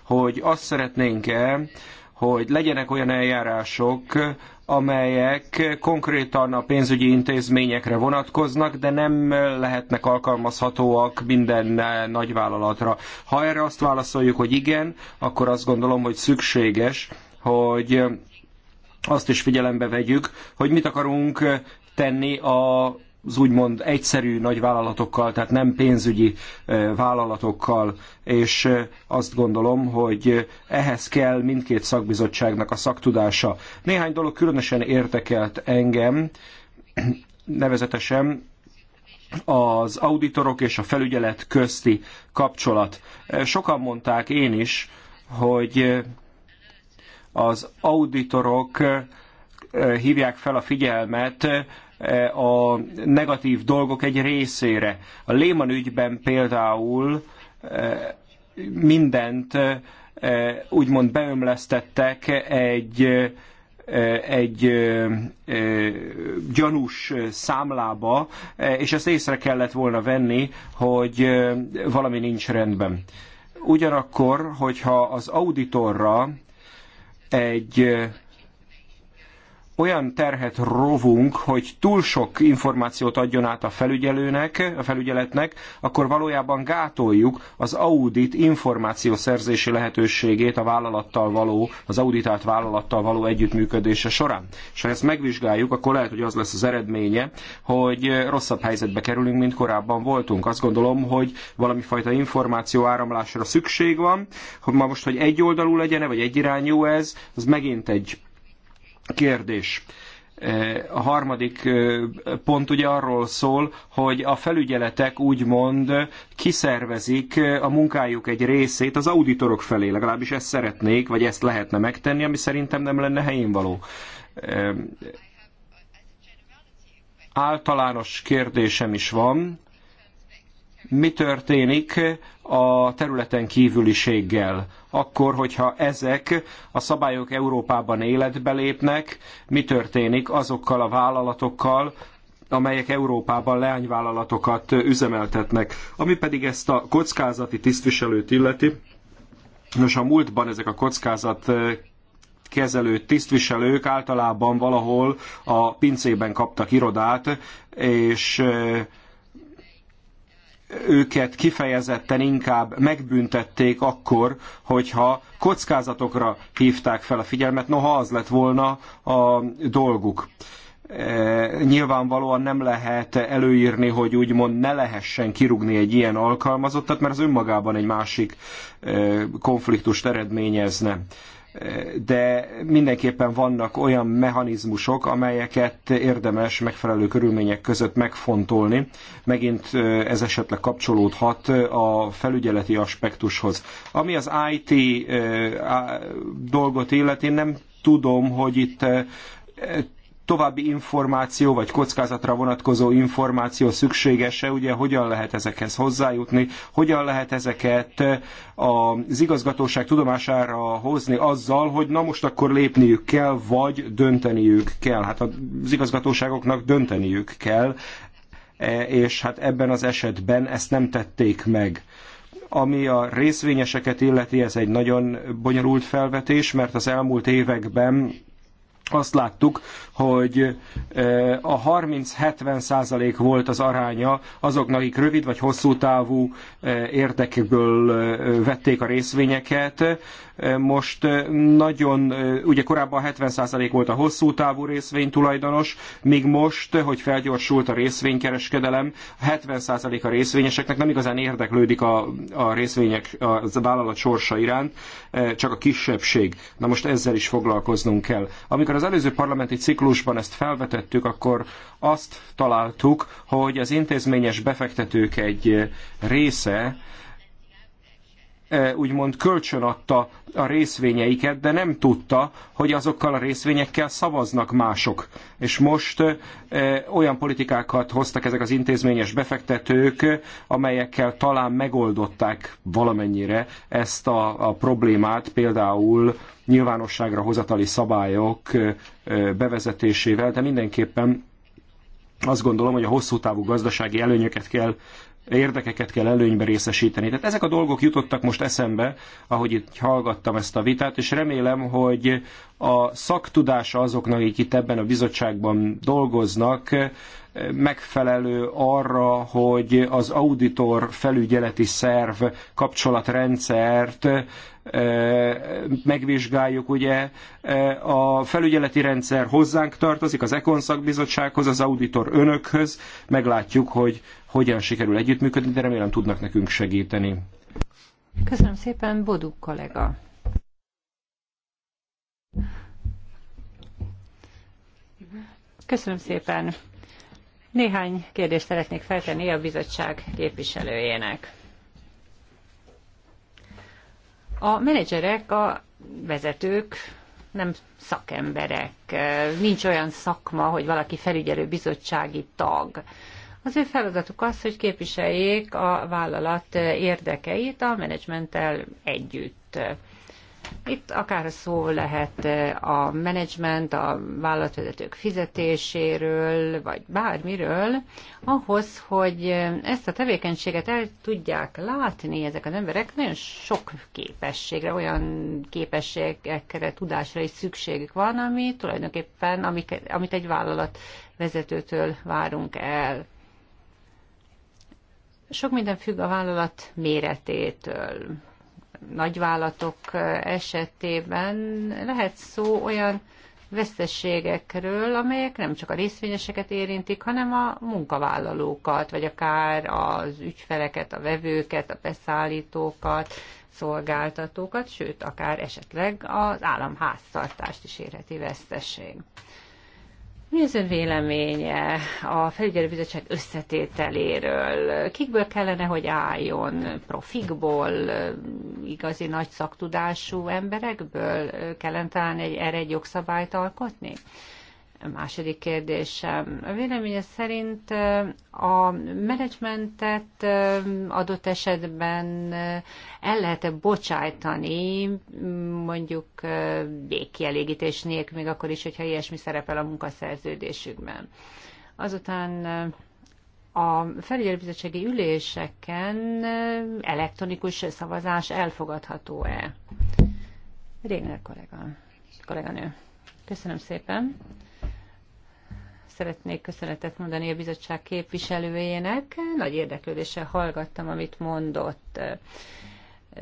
hogy azt szeretnénk-e, hogy legyenek olyan eljárások, amelyek konkrétan a pénzügyi intézményekre vonatkoznak, de nem lehetnek alkalmazhatóak minden nagyvállalatra. Ha erre azt válaszoljuk, hogy igen, akkor azt gondolom, hogy szükséges, hogy azt is figyelembe vegyük, hogy mit akarunk tenni a az úgymond egyszerű nagy vállalatokkal, tehát nem pénzügyi vállalatokkal, és azt gondolom, hogy ehhez kell mindkét szakbizottságnak a szaktudása. Néhány dolog különösen értekelt engem, nevezetesen az auditorok és a felügyelet közti kapcsolat. Sokan mondták, én is, hogy az auditorok hívják fel a figyelmet E, a negatív dolgok egy részére. A Lehman ügyben például e, mindent e, úgymond beömlesztettek egy egy gyanús számlába, és ezt észre kellett volna venni, hogy valami nincs rendben. Ugyanakkor, hogyha az auditorra egy olyan terhet rovunk, hogy túl sok információt adjon át a felügyelőnek, a felügyeletnek, akkor valójában gátoljuk az audit információszerzési lehetőségét a vállalattal való, az auditált vállalattal való együttműködése során. És ha ezt megvizsgáljuk, akkor lehet, hogy az lesz az eredménye, hogy rosszabb helyzetbe kerülünk, mint korábban voltunk. Azt gondolom, hogy valami fajta információ áramlásra szükség van, hogy ma most, hogy egyoldalú legyen, vagy egyirányú ez, az megint egy kérdés. E, a harmadik e, pont ugye arról szól, hogy a felügyeletek úgymond kiszervezik e, a munkájuk egy részét az auditorok felé, legalábbis ezt szeretnék, vagy ezt lehetne megtenni, ami szerintem nem lenne helyén való általános kérdésem is van mi történik a területen kívüliséggel. Akkor, hogyha ezek a szabályok Európában életbe lépnek, mi történik azokkal a vállalatokkal, amelyek Európában leányvállalatokat üzemeltetnek. Ami pedig ezt a kockázati tisztviselőt illeti, nos a múltban ezek a kockázat kezelő tisztviselők általában valahol a pincében kaptak irodát, és őket kifejezetten inkább megbüntették akkor, hogyha kockázatokra hívták fel a figyelmet, noha az lett volna a dolguk e, nyilvánvalóan nem lehet előírni, hogy úgymond ne lehessen kirúgni egy ilyen alkalmazottat, mert az önmagában egy másik e, konfliktust eredményezne de mindenképpen vannak olyan mechanizmusok, amelyeket érdemes megfelelő körülmények között megfontolni. Megint ez esetleg kapcsolódhat a felügyeleti aspektushoz. Ami az IT dolgot illeti, nem tudom, hogy itt további információ vagy kockázatra vonatkozó információ szükséges-e, ugye hogyan lehet ezekhez hozzájutni, hogyan lehet ezeket eh, az igazgatóság tudomására hozni azzal, hogy na most akkor lépniük kell, vagy dönteniük kell. Hát az igazgatóságoknak dönteniük kell, eh, és hát ebben az esetben ezt nem tették meg. Ami a részvényeseket illeti, ez egy nagyon bonyolult felvetés, mert az elmúlt években azt láttuk, hogy a 30-70 százalék volt az aránya azoknak, akik rövid vagy hosszú távú érdekből vették a részvényeket. Most nagyon, ugye korábban 70 százalék volt a hosszú távú részvénytulajdonos, míg most, hogy felgyorsult a részvénykereskedelem, 70 százalék a részvényeseknek nem igazán érdeklődik a, a részvények, a vállalat sorsa iránt, csak a kisebbség. Na most ezzel is foglalkoznunk kell. Amikor az előző parlamenti ciklusban ezt felvetettük, akkor azt találtuk, hogy az intézményes befektetők egy része úgymond kölcsönadta a részvényeiket, de nem tudta, hogy azokkal a részvényekkel szavaznak mások. És most olyan politikákat hoztak ezek az intézményes befektetők, amelyekkel talán megoldották valamennyire ezt a, a problémát, például nyilvánosságra hozatali szabályok bevezetésével, de mindenképpen azt gondolom, hogy a hosszú távú gazdasági előnyöket kell érdekeket kell előnybe részesíteni. Tehát ezek a dolgok jutottak most eszembe, ahogy itt hallgattam ezt a vitát, és remélem, hogy a szaktudása azoknak, akik itt ebben a bizottságban dolgoznak, megfelelő arra, hogy az auditor felügyeleti szerv kapcsolatrendszert megvizsgáljuk, ugye a felügyeleti rendszer hozzánk tartozik, az Econ szakbizottsághoz, az auditor önökhöz, meglátjuk, hogy hogyan sikerül együttműködni, de remélem tudnak nekünk segíteni. Köszönöm szépen, Boduk kollega. Köszönöm szépen. Néhány kérdést szeretnék feltenni a bizottság képviselőjének. A menedzserek, a vezetők nem szakemberek. Nincs olyan szakma, hogy valaki felügyelő bizottsági tag. Az ő feladatuk az, hogy képviseljék a vállalat érdekeit a menedzsmenttel együtt. Itt akár szó lehet eh, a menedzsment, a vállalatvezetők fizetéséről, vagy bármiről, ahhoz, hogy eh, ezt a tevékenységet el tudják látni ezek az emberek, nagyon sok képességre, olyan képességekre, tudásra is szükségük van, ami tulajdonképpen, amit egy vállalat vezetőtől várunk el. Sok minden függ a vállalat méretétől nagyvállalatok esetében lehet szó olyan veszteségekről, amelyek nem csak a részvényeseket érintik, hanem a munkavállalókat, vagy akár az ügyfeleket, a vevőket, a beszállítókat, szolgáltatókat, sőt, akár esetleg az államháztartást is érheti veszteség. Mi az ön véleménye a felügyelőbizottság összetételéről? Kikből kellene, hogy álljon? Profikból, igazi nagy szaktudású emberekből kellene talán egy, erre egy jogszabályt alkotni? A második kérdés. A véleménye szerint a menedzsmentet adott esetben el lehet-e bocsájtani, mondjuk végkielégítés nélkül, még akkor is, hogyha ilyesmi szerepel a munkaszerződésükben. Azután a felügyelőbizottsági üléseken elektronikus szavazás elfogadható-e? Régner kollega, kolléganő. Köszönöm szépen szeretnék köszönetet mondani a bizottság képviselőjének. Nagy érdeklődéssel hallgattam, amit mondott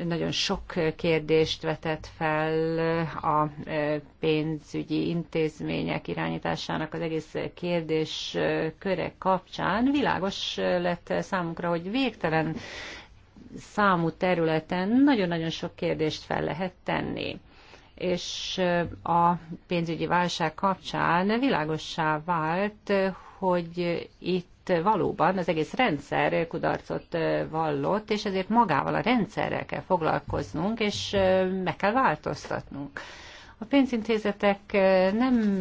nagyon sok kérdést vetett fel a pénzügyi intézmények irányításának az egész kérdés köre kapcsán. Világos lett számunkra, hogy végtelen számú területen nagyon-nagyon sok kérdést fel lehet tenni és a pénzügyi válság kapcsán világossá vált, hogy itt valóban az egész rendszer kudarcot vallott, és ezért magával a rendszerrel kell foglalkoznunk, és meg kell változtatnunk. A pénzintézetek nem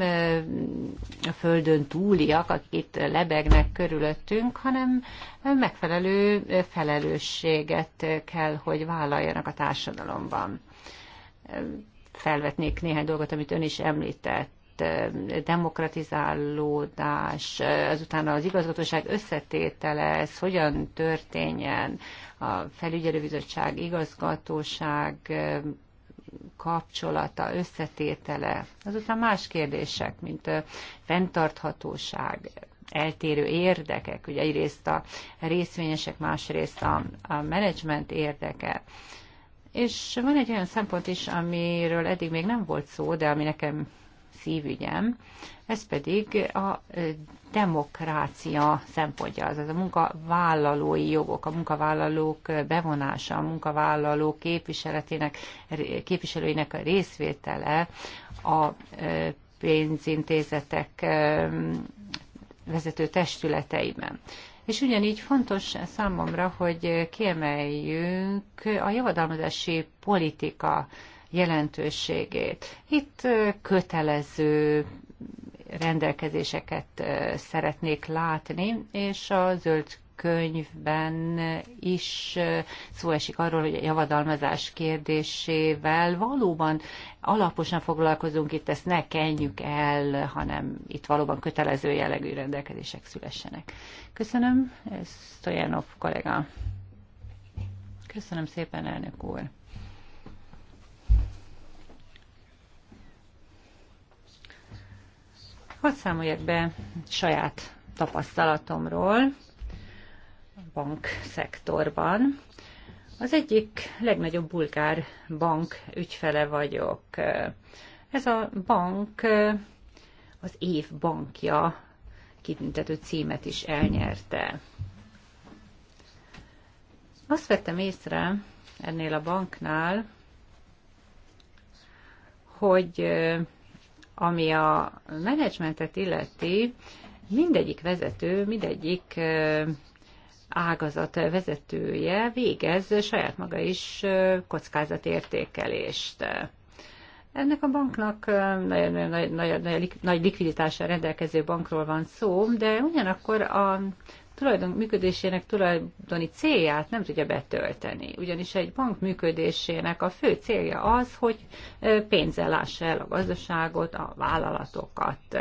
a földön túliak, akik itt lebegnek körülöttünk, hanem megfelelő felelősséget kell, hogy vállaljanak a társadalomban felvetnék néhány dolgot, amit ön is említett demokratizálódás, azután az igazgatóság összetétele, ez hogyan történjen, a felügyelőbizottság, igazgatóság eh, kapcsolata, összetétele, azután más kérdések, mint a eh, fenntarthatóság, eltérő érdekek, ugye egyrészt a részvényesek, másrészt a, a menedzsment érdeke. És van egy olyan szempont is, amiről eddig még nem volt szó, de ami nekem szívügyem, ez pedig a demokrácia szempontja, azaz a munkavállalói jogok, a munkavállalók bevonása, a munkavállalók képviseletének, képviselőinek a részvétele a pénzintézetek vezető testületeiben. És ugyanígy fontos számomra, hogy kiemeljünk a javadalmazási politika jelentőségét. Itt kötelező rendelkezéseket szeretnék látni, és a zöld könyvben is szó esik arról, hogy a javadalmazás kérdésével valóban alaposan foglalkozunk itt, ezt ne kenjük el, hanem itt valóban kötelező jellegű rendelkezések szülessenek. Köszönöm, Stojanov kollega. Köszönöm szépen, elnök úr. Hadd számoljak be saját tapasztalatomról bankszektorban. Az egyik legnagyobb bulgár bank ügyfele vagyok. Ez a bank az év bankja kitüntető címet is elnyerte. Azt vettem észre ennél a banknál, hogy ami a menedzsmentet illeti, mindegyik vezető, mindegyik ágazat vezetője végez saját maga is kockázatértékelést. Ennek a banknak nagyon, nagyon, nagyon, nagyon nagy likviditással rendelkező bankról van szó, de ugyanakkor a tulajdon, működésének tulajdoni célját nem tudja betölteni. Ugyanis egy bank működésének a fő célja az, hogy pénzzel lássa el a gazdaságot, a vállalatokat,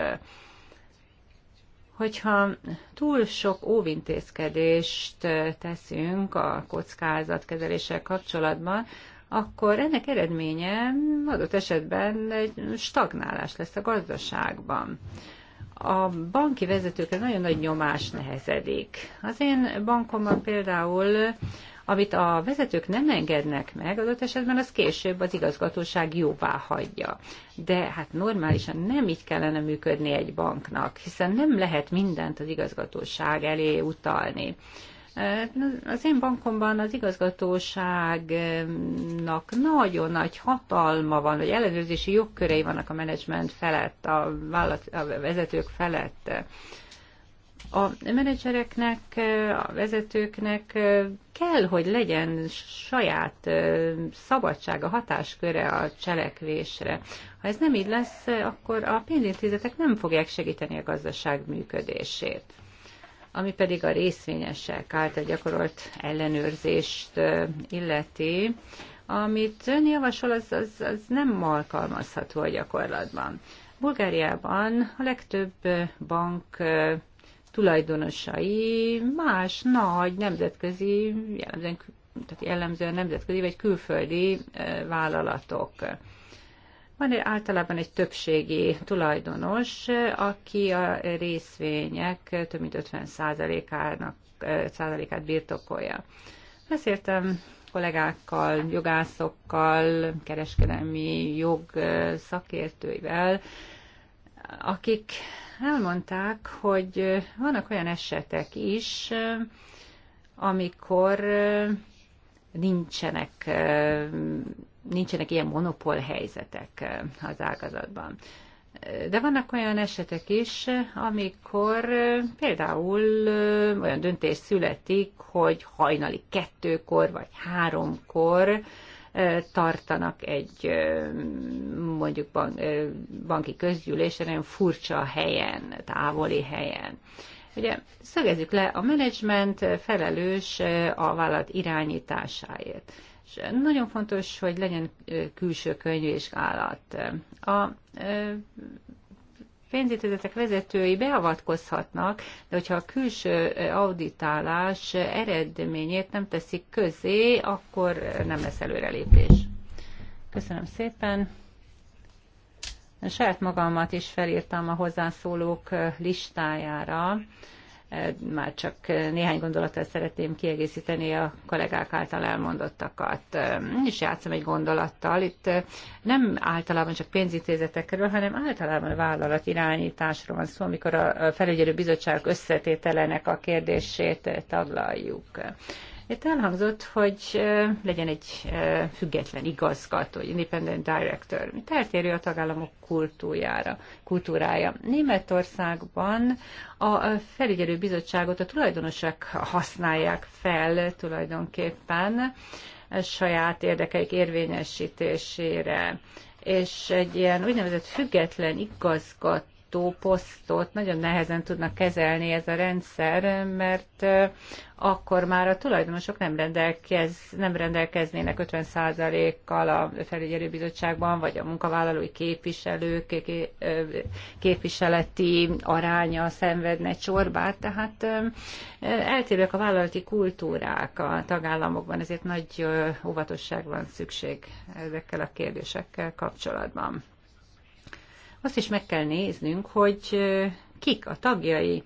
hogyha túl sok óvintézkedést eh, teszünk a kockázatkezeléssel kapcsolatban, akkor ennek eredménye adott esetben egy stagnálás lesz a gazdaságban. A banki vezetőkre nagyon nagy nyomás nehezedik. Az én bankomban például amit a vezetők nem engednek meg, adott esetben az később az igazgatóság jóvá hagyja. De hát normálisan nem így kellene működni egy banknak, hiszen nem lehet mindent az igazgatóság elé utalni. Az én bankomban az igazgatóságnak nagyon nagy hatalma van, vagy ellenőrzési jogkörei vannak a menedzsment felett, a, vállat, a vezetők felett a menedzsereknek, a vezetőknek kell, hogy legyen saját szabadsága, hatásköre a cselekvésre. Ha ez nem így lesz, akkor a pénzintézetek nem fogják segíteni a gazdaság működését ami pedig a részvényesek által gyakorolt ellenőrzést illeti, amit ön javasol, az, az, az nem alkalmazható a gyakorlatban. Bulgáriában a legtöbb bank tulajdonosai más nagy nemzetközi, jellemzően, tehát jellemzően nemzetközi vagy külföldi vállalatok. Van egy általában egy többségi tulajdonos, aki a részvények több mint 50 át birtokolja. Beszéltem kollégákkal, jogászokkal, kereskedelmi jog szakértőivel, akik elmondták, hogy vannak olyan esetek is, amikor nincsenek, nincsenek ilyen monopól helyzetek az ágazatban. De vannak olyan esetek is, amikor például olyan döntés születik, hogy hajnali kettőkor vagy háromkor tartanak egy mondjuk banki közgyűlésen nagyon furcsa helyen, távoli helyen. Ugye szögezzük le, a menedzsment felelős a vállalat irányításáért. És nagyon fontos, hogy legyen külső könyvvizsgálat. A pénzintézetek vezetői beavatkozhatnak, de hogyha a külső auditálás eredményét nem teszik közé, akkor nem lesz előrelépés. Köszönöm szépen. Saját magamat is felírtam a hozzászólók listájára Eh, már csak néhány gondolattal szeretném kiegészíteni a kollégák által elmondottakat. Eh, És játszom egy gondolattal. Itt eh, nem általában csak pénzintézetekről, hanem általában a vállalat irányításról van szó, amikor a felügyelő bizottság összetételenek a kérdését taglaljuk. Itt elhangzott, hogy legyen egy független igazgató, egy independent director, mint eltérő a tagállamok kultúrájára, kultúrája. Németországban a felügyelő bizottságot a tulajdonosok használják fel tulajdonképpen saját érdekeik érvényesítésére és egy ilyen úgynevezett független igazgató irányító posztot nagyon nehezen tudnak kezelni ez a rendszer, mert akkor már a tulajdonosok nem, rendelkez, nem rendelkeznének 50%-kal a felügyelőbizottságban, vagy a munkavállalói képviselők képviseleti aránya szenvedne csorbát, tehát eltérők a vállalati kultúrák a tagállamokban, ezért nagy óvatosság van szükség ezekkel a kérdésekkel kapcsolatban. Azt is meg kell néznünk, hogy kik a tagjai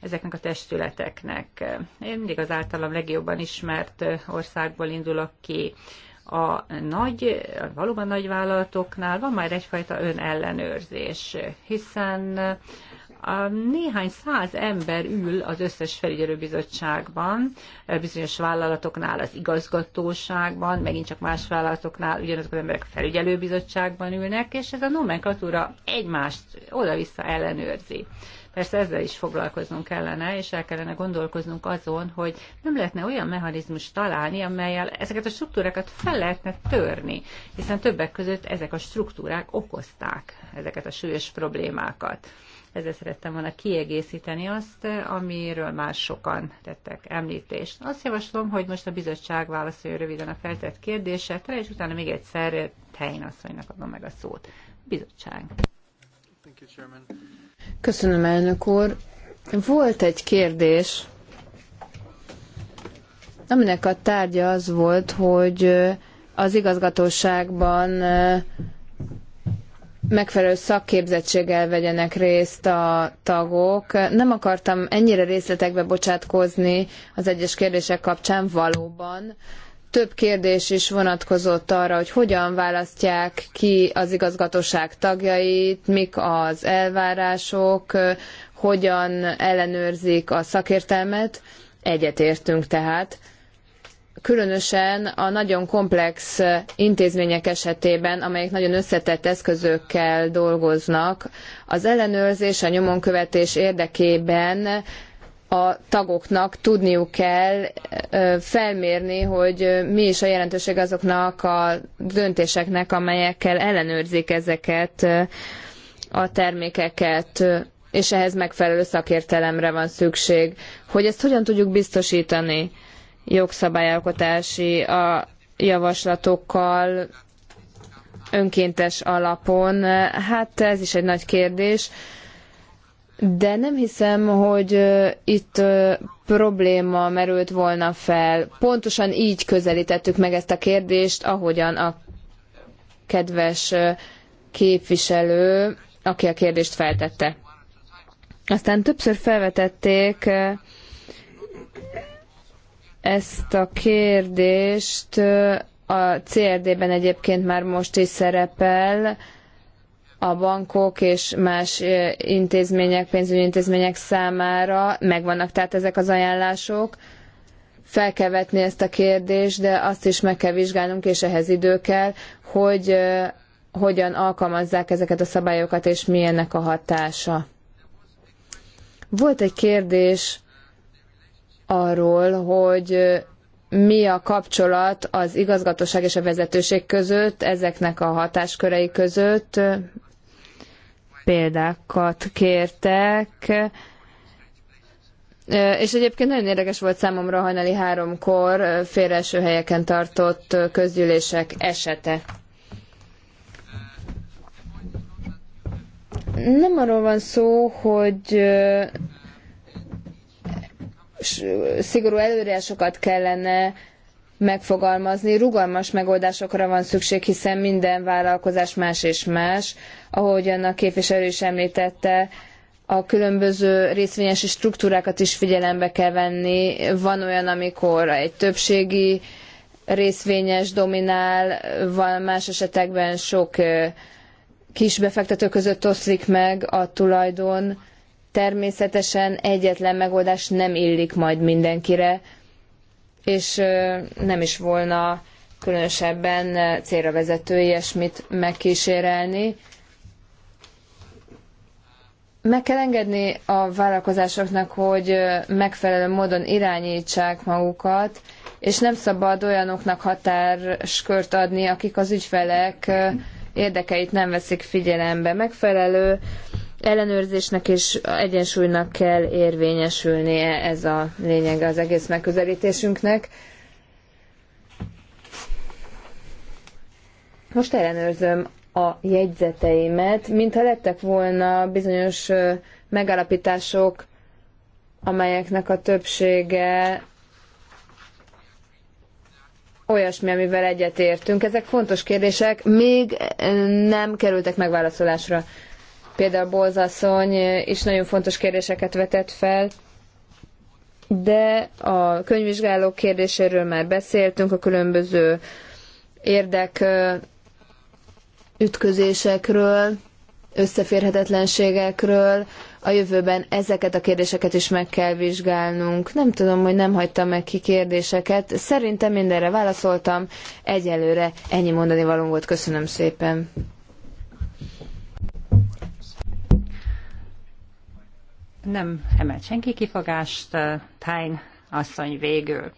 ezeknek a testületeknek. Én mindig az általam legjobban ismert országból indulok ki. A nagy, a valóban nagy vállalatoknál van már egyfajta önellenőrzés, hiszen néhány száz ember ül az összes felügyelőbizottságban, eh, bizonyos vállalatoknál, az igazgatóságban, megint csak más vállalatoknál ugyanazok az emberek felügyelőbizottságban ülnek, és ez a nomenklatúra egymást oda-vissza ellenőrzi. Persze ezzel is foglalkoznunk kellene, és el kellene gondolkoznunk azon, hogy nem lehetne olyan mechanizmus találni, amelyel ezeket a struktúrákat fel lehetne törni, hiszen többek között ezek a struktúrák okozták ezeket a súlyos problémákat. Ezzel szerettem volna kiegészíteni azt, amiről már sokan tettek említést. Azt javaslom, hogy most a bizottság válaszolja röviden a feltett kérdésekre, és utána még egyszer Tein asszonynak adom meg a szót. Bizottság. Köszönöm, elnök úr. Volt egy kérdés, aminek a tárgya az volt, hogy az igazgatóságban megfelelő szakképzettséggel vegyenek részt a tagok. Nem akartam ennyire részletekbe bocsátkozni az egyes kérdések kapcsán valóban. Több kérdés is vonatkozott arra, hogy hogyan választják ki az igazgatóság tagjait, mik az elvárások, hogyan ellenőrzik a szakértelmet. Egyetértünk tehát különösen a nagyon komplex intézmények esetében, amelyek nagyon összetett eszközökkel dolgoznak, az ellenőrzés, a nyomonkövetés érdekében a tagoknak tudniuk kell felmérni, hogy mi is a jelentőség azoknak a döntéseknek, amelyekkel ellenőrzik ezeket a termékeket, és ehhez megfelelő szakértelemre van szükség. Hogy ezt hogyan tudjuk biztosítani? jogszabályalkotási a javaslatokkal önkéntes alapon. Hát ez is egy nagy kérdés. De nem hiszem, hogy itt probléma merült volna fel. Pontosan így közelítettük meg ezt a kérdést, ahogyan a kedves képviselő, aki a kérdést feltette. Aztán többször felvetették ezt a kérdést a CRD-ben egyébként már most is szerepel, a bankok és más intézmények, pénzügyi intézmények számára megvannak tehát ezek az ajánlások. Fel kell vetni ezt a kérdést, de azt is meg kell vizsgálnunk, és ehhez idő kell, hogy hogyan alkalmazzák ezeket a szabályokat, és mi ennek a hatása. Volt egy kérdés arról, hogy mi a kapcsolat az igazgatóság és a vezetőség között, ezeknek a hatáskörei között. Példákat kértek. És egyébként nagyon érdekes volt számomra hajnali háromkor félreeső helyeken tartott közgyűlések esete. Nem arról van szó, hogy szigorú előírásokat kellene megfogalmazni. Rugalmas megoldásokra van szükség, hiszen minden vállalkozás más és más. Ahogyan a képviselő is említette, a különböző részvényesi struktúrákat is figyelembe kell venni. Van olyan, amikor egy többségi részvényes dominál, van más esetekben sok kis befektető között oszlik meg a tulajdon Természetesen egyetlen megoldás nem illik majd mindenkire, és nem is volna különösebben célra vezető ilyesmit megkísérelni. Meg kell engedni a vállalkozásoknak, hogy megfelelő módon irányítsák magukat, és nem szabad olyanoknak hatáskört adni, akik az ügyfelek érdekeit nem veszik figyelembe. Megfelelő ellenőrzésnek és egyensúlynak kell érvényesülnie, ez a lényege az egész megközelítésünknek. Most ellenőrzöm a jegyzeteimet, mintha lettek volna bizonyos megállapítások, amelyeknek a többsége olyasmi, amivel egyetértünk. Ezek fontos kérdések, még nem kerültek megválaszolásra. Például Bolzasszony is nagyon fontos kérdéseket vetett fel, de a könyvvizsgálók kérdéséről már beszéltünk, a különböző érdek ütközésekről, összeférhetetlenségekről, a jövőben ezeket a kérdéseket is meg kell vizsgálnunk. Nem tudom, hogy nem hagytam meg ki kérdéseket. Szerintem mindenre válaszoltam. Egyelőre ennyi mondani való volt. Köszönöm szépen. Nem emelt senki kifogást, uh, Tájn asszony végül.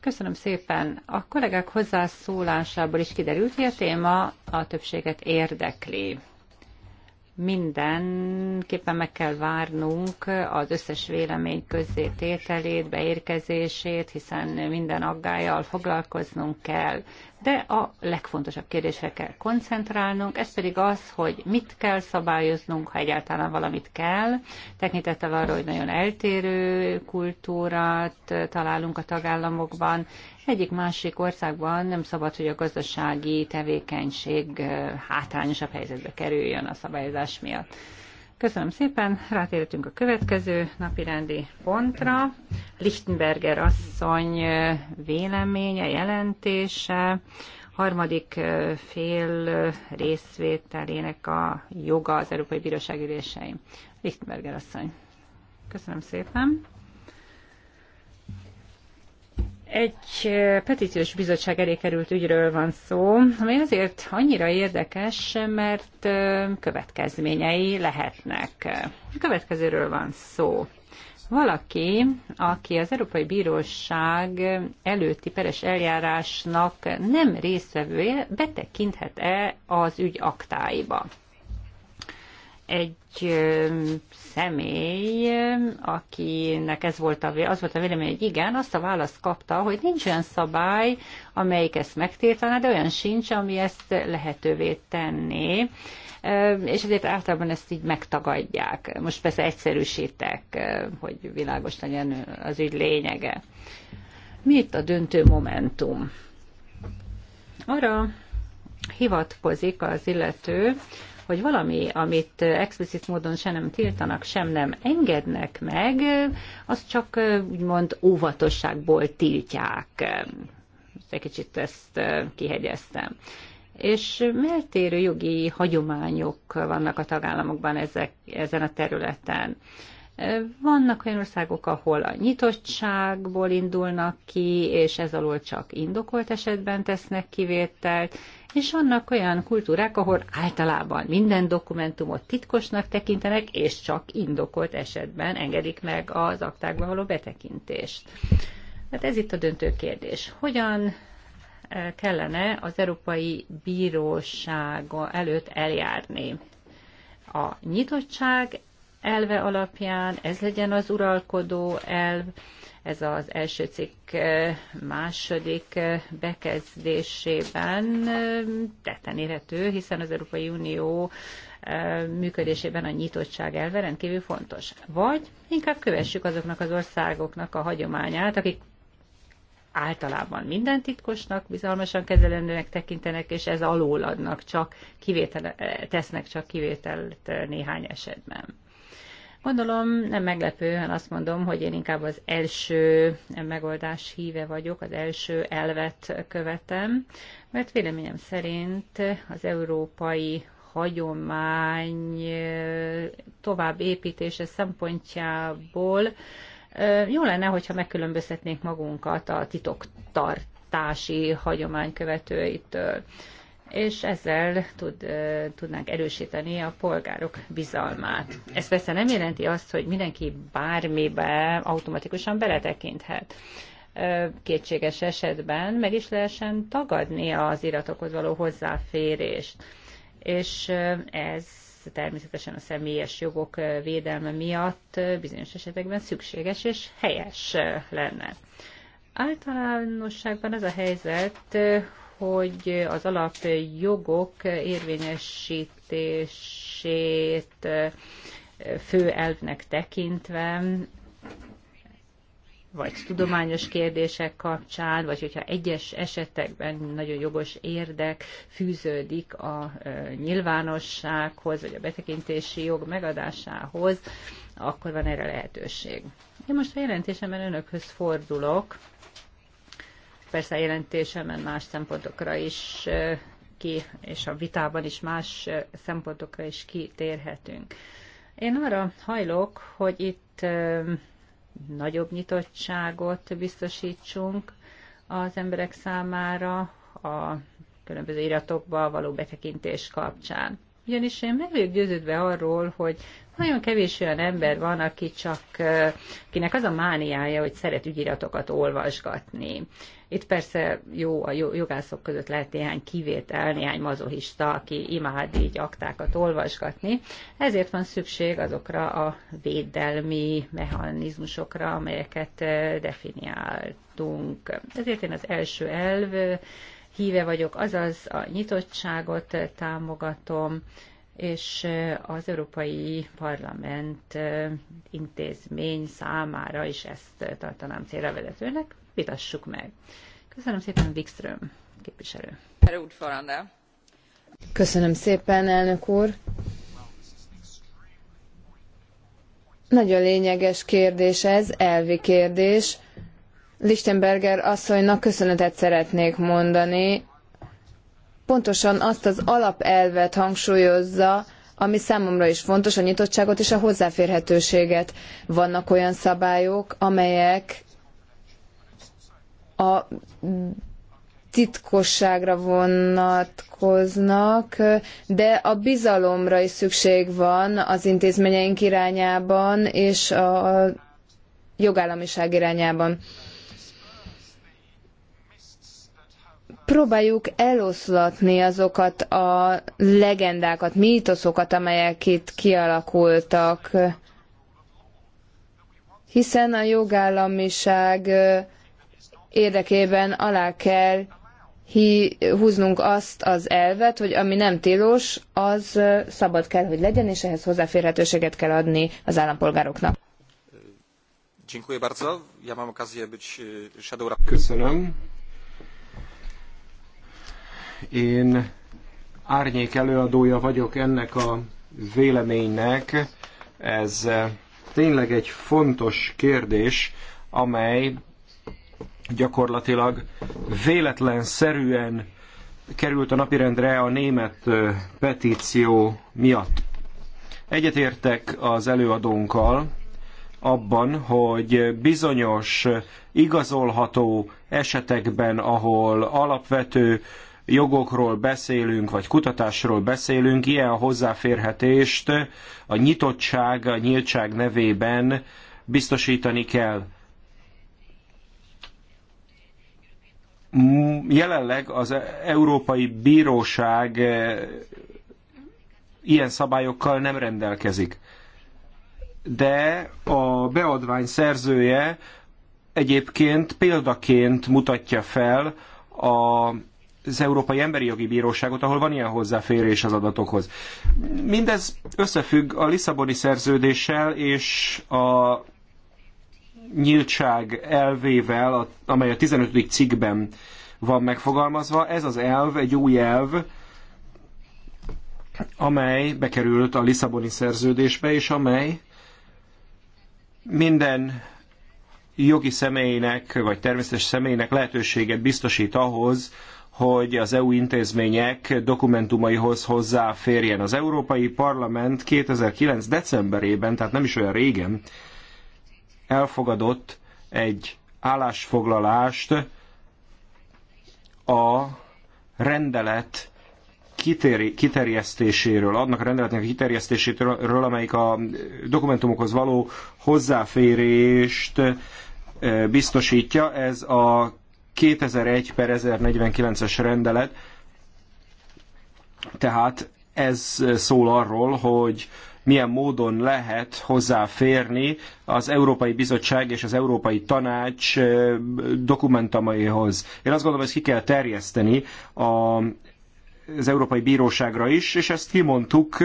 Köszönöm szépen. A kollégák hozzászólásából is kiderült, hogy a téma a többséget érdekli mindenképpen meg kell várnunk az összes vélemény közzétételét, beérkezését, hiszen minden aggájjal foglalkoznunk kell. De a legfontosabb kérdésre kell koncentrálnunk, ez pedig az, hogy mit kell szabályoznunk, ha egyáltalán valamit kell. Tekintettel arra, hogy nagyon eltérő kultúrát találunk a tagállamokban, egyik másik országban nem szabad, hogy a gazdasági tevékenység hátrányosabb helyzetbe kerüljön a szabályozás miatt. Köszönöm szépen, rátérhetünk a következő napirendi pontra. Lichtenberger asszony véleménye, jelentése, harmadik fél részvételének a joga az Európai Bíróság ülésein. Lichtenberger asszony. Köszönöm szépen. Egy petíciós bizottság elé került ügyről van szó, ami azért annyira érdekes, mert következményei lehetnek. A következőről van szó. Valaki, aki az Európai Bíróság előtti peres eljárásnak nem résztvevője, betekinthet-e az ügy aktáiba? egy személy, akinek ez volt a, az volt a vélemény, hogy igen, azt a választ kapta, hogy nincs olyan szabály, amelyik ezt megtiltaná, de olyan sincs, ami ezt lehetővé tenné és ezért általában ezt így megtagadják. Most persze egyszerűsítek, hogy világos legyen az ügy lényege. Mi itt a döntő momentum? Arra hivatkozik az illető, hogy valami, amit explicit módon se nem tiltanak, sem nem engednek meg, azt csak úgymond óvatosságból tiltják. Egy kicsit ezt kihegyeztem és eltérő jogi hagyományok vannak a tagállamokban ezek, ezen a területen. Vannak olyan országok, ahol a nyitottságból indulnak ki, és ez alól csak indokolt esetben tesznek kivételt, és vannak olyan kultúrák, ahol általában minden dokumentumot titkosnak tekintenek, és csak indokolt esetben engedik meg az aktákba való betekintést. Hát ez itt a döntő kérdés. Hogyan e, kellene az Európai Bíróság előtt eljárni? A nyitottság elve alapján, ez legyen az uralkodó elv, ez az első cikk eh, második eh, bekezdésében eh, tetten érhető, hiszen az Európai Unió működésében a nyitottság elve rendkívül fontos. Vagy inkább kövessük azoknak az országoknak a hagyományát, akik általában minden titkosnak, bizalmasan kezelendőnek tekintenek, és ez alól adnak csak, kivétel, tesznek csak kivételt néhány esetben. Gondolom nem ha azt mondom, hogy én inkább az első megoldás híve vagyok, az első elvet követem, mert véleményem szerint az európai hagyomány eh, tovább építése szempontjából eh, jó lenne, hogyha megkülönböztetnénk magunkat a titoktartási hagyomány követőitől és ezzel tud, tudnánk erősíteni a polgárok bizalmát. Ez persze nem jelenti azt, hogy mindenki bármibe automatikusan beletekinthet kétséges esetben meg is lehessen tagadni az iratokhoz való hozzáférést. És ez természetesen a személyes jogok védelme miatt bizonyos esetekben szükséges és helyes lenne. Általánosságban az a helyzet, hogy az alapjogok érvényesítését fő elvnek tekintve, vagy tudományos kérdések kapcsán, vagy hogyha egyes esetekben nagyon jogos érdek fűződik a nyilvánossághoz, vagy a betekintési jog megadásához, akkor van erre lehetőség. Én most a jelentésemben önökhöz fordulok, Persze a jelentésemen más szempontokra is ki, és a vitában is más szempontokra is kitérhetünk. Én arra hajlok, hogy itt nagyobb nyitottságot biztosítsunk az emberek számára a különböző iratokba való betekintés kapcsán. Ugyanis én meg vagyok győződve arról, hogy nagyon kevés olyan ember van, aki csak, akinek az a mániája, hogy szeret ügyiratokat olvasgatni. Itt persze jó, a jogászok között lehet néhány kivétel, néhány mazohista, aki imád így aktákat olvasgatni. Ezért van szükség azokra a védelmi mechanizmusokra, amelyeket definiáltunk. Ezért én az első elv híve vagyok, azaz a nyitottságot támogatom, és az Európai Parlament intézmény számára is ezt tartanám célra vezetőnek. Vitassuk meg. Köszönöm szépen, Wikström képviselő. Köszönöm szépen, elnök úr. Nagyon lényeges kérdés ez, elvi kérdés. Lichtenberger asszonynak köszönetet szeretnék mondani. Pontosan azt az alapelvet hangsúlyozza, ami számomra is fontos, a nyitottságot és a hozzáférhetőséget. Vannak olyan szabályok, amelyek a titkosságra vonatkoznak, de a bizalomra is szükség van az intézményeink irányában és a jogállamiság irányában. próbáljuk eloszlatni azokat a legendákat, mítoszokat, amelyek itt kialakultak. Hiszen a jogállamiság érdekében alá kell húznunk azt az elvet, hogy ami nem tilos, az szabad kell, hogy legyen, és ehhez hozzáférhetőséget kell adni az állampolgároknak. Köszönöm. Én árnyék előadója vagyok ennek a véleménynek. Ez eh, tényleg egy fontos kérdés, amely gyakorlatilag véletlenszerűen került a napirendre a német eh, petíció miatt. Egyetértek az előadónkkal abban, hogy bizonyos igazolható esetekben, ahol alapvető jogokról beszélünk, vagy kutatásról beszélünk, ilyen a hozzáférhetést a nyitottság, a nyíltság nevében biztosítani kell. Jelenleg az Európai Bíróság eh, ilyen szabályokkal nem rendelkezik. De a beadvány szerzője egyébként példaként mutatja fel a az Európai Emberi Jogi Bíróságot, ahol van ilyen hozzáférés az adatokhoz. Mindez összefügg a Lisszaboni szerződéssel és a nyíltság elvével, amely a 15. cikkben van megfogalmazva. Ez az elv egy új elv, amely bekerült a Lisszaboni szerződésbe, és amely minden jogi személynek, vagy természetes személynek lehetőséget biztosít ahhoz, hogy az EU intézmények dokumentumaihoz hozzáférjen. Az Európai Parlament 2009. decemberében, tehát nem is olyan régen, elfogadott egy állásfoglalást a rendelet kiterjesztéséről, annak a rendeletnek a kiterjesztéséről, amelyik a dokumentumokhoz való hozzáférést eh, biztosítja. Ez a 2001 per 1049-es rendelet, tehát ez szól arról, hogy milyen módon lehet hozzáférni az Európai Bizottság és az Európai Tanács eh, dokumentumaihoz. Én azt gondolom, hogy ezt ki kell terjeszteni a az Európai Bíróságra is, és ezt kimondtuk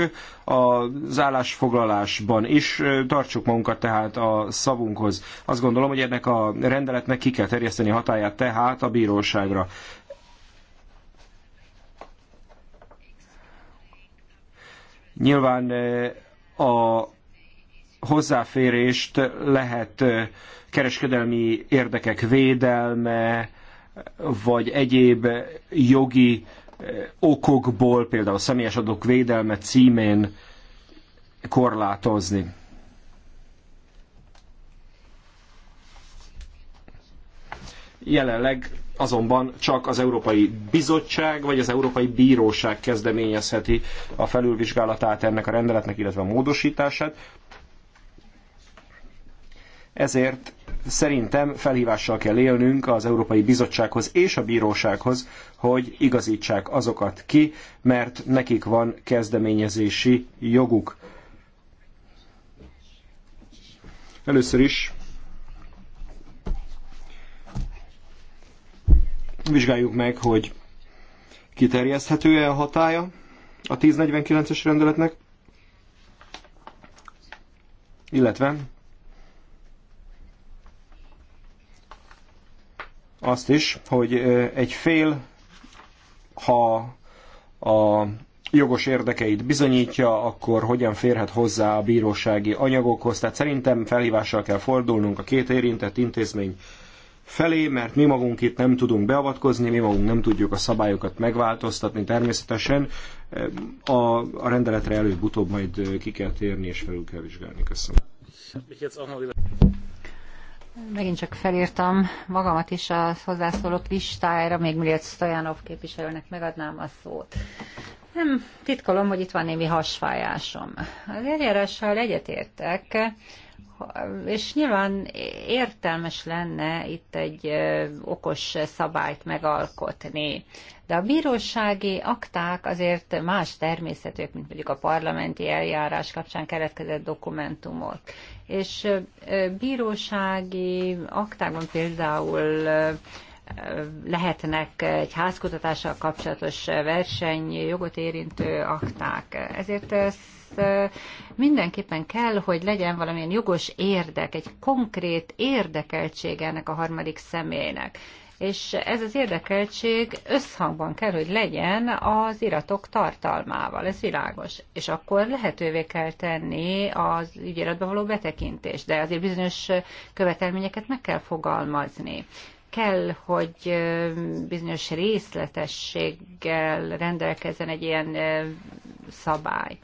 az állásfoglalásban is. Tartsuk magunkat tehát a szavunkhoz. Azt gondolom, hogy ennek a rendeletnek ki kell terjeszteni hatáját tehát a bíróságra. Nyilván eh, a hozzáférést lehet eh, kereskedelmi érdekek védelme, vagy egyéb jogi okokból, például a személyes adók védelme címén korlátozni. Jelenleg azonban csak az Európai Bizottság vagy az Európai Bíróság kezdeményezheti a felülvizsgálatát ennek a rendeletnek, illetve a módosítását. Ezért szerintem felhívással kell élnünk az Európai Bizottsághoz és a bírósághoz, hogy igazítsák azokat ki, mert nekik van kezdeményezési joguk. Először is vizsgáljuk meg, hogy kiterjeszthető-e a hatája a 1049-es rendeletnek, illetve azt is, hogy egy fél, ha a jogos érdekeit bizonyítja, akkor hogyan férhet hozzá a bírósági anyagokhoz. Tehát szerintem felhívással kell fordulnunk a két érintett intézmény felé, mert mi magunk itt nem tudunk beavatkozni, mi magunk nem tudjuk a szabályokat megváltoztatni természetesen. A, a rendeletre előbb-utóbb majd ki kell térni és felül kell vizsgálni. Köszönöm. Megint csak felírtam magamat is a hozzászólók listájára, még mielőtt Stojanov képviselőnek megadnám a szót. Nem titkolom, hogy itt van némi hasfájásom. Az eljárással egyetértek, és nyilván értelmes lenne itt egy okos szabályt megalkotni. De a bírósági akták azért más természetűek, mint mondjuk a parlamenti eljárás kapcsán keletkezett dokumentumok. És bírósági aktákban például lehetnek egy házkutatással kapcsolatos verseny, jogot érintő akták. Ezért mindenképpen kell, hogy legyen valamilyen jogos érdek, egy konkrét érdekeltség ennek a harmadik személynek és ez az érdekeltség összhangban kell, hogy legyen az iratok tartalmával, ez világos. És akkor lehetővé kell tenni az ügyiratba való betekintést, de azért bizonyos követelményeket meg kell fogalmazni. Kell, hogy bizonyos részletességgel rendelkezzen egy ilyen szabály.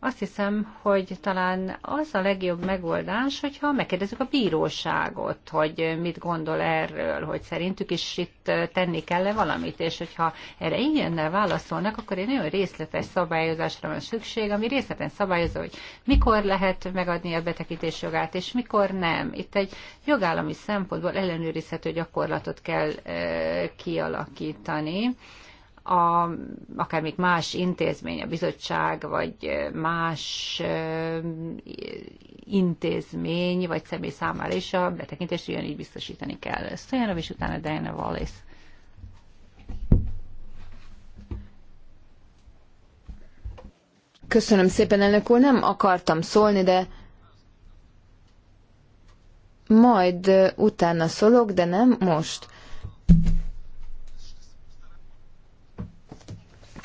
Azt hiszem, hogy talán az a legjobb megoldás, hogyha megkérdezzük a bíróságot, hogy mit gondol erről, hogy szerintük is itt tenni kell-e valamit, és hogyha erre ilyennel válaszolnak, akkor egy nagyon részletes szabályozásra van szükség, ami részleten szabályozza, hogy mikor lehet megadni a betekintés jogát, és mikor nem. Itt egy jogállami szempontból ellenőrizhető gyakorlatot kell kialakítani a, akár még más intézmény, a bizottság, vagy más intézmény, vagy személy számára is a betekintést ugyanígy biztosítani kell. Szóval és utána Diana Wallace. Köszönöm szépen, elnök úr. Nem akartam szólni, de majd utána szólok, de nem most.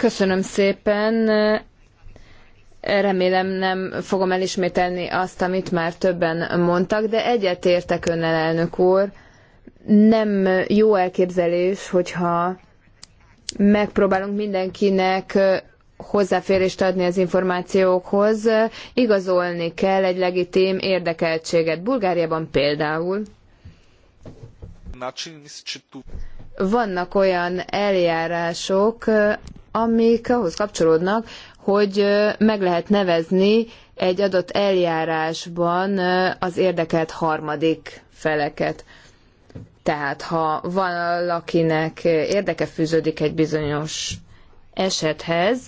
Köszönöm szépen. Remélem nem fogom elismételni azt, amit már többen mondtak, de egyetértek önnel, elnök úr. Nem jó elképzelés, hogyha megpróbálunk mindenkinek hozzáférést adni az információkhoz, igazolni kell egy legitim érdekeltséget. Bulgáriában például vannak olyan eljárások, amik ahhoz kapcsolódnak, hogy meg lehet nevezni egy adott eljárásban az érdekelt harmadik feleket. Tehát ha valakinek érdeke fűződik egy bizonyos esethez,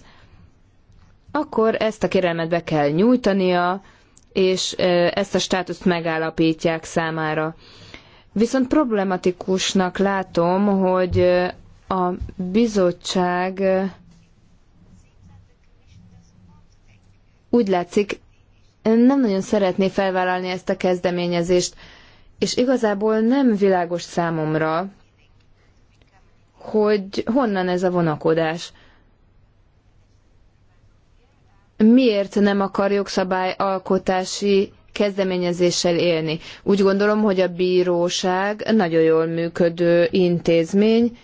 akkor ezt a kérelmet be kell nyújtania, és ezt a státuszt megállapítják számára. Viszont problematikusnak látom, hogy a bizottság úgy látszik, nem nagyon szeretné felvállalni ezt a kezdeményezést, és igazából nem világos számomra, hogy honnan ez a vonakodás. Miért nem akar jogszabályalkotási kezdeményezéssel élni? Úgy gondolom, hogy a bíróság nagyon jól működő intézmény,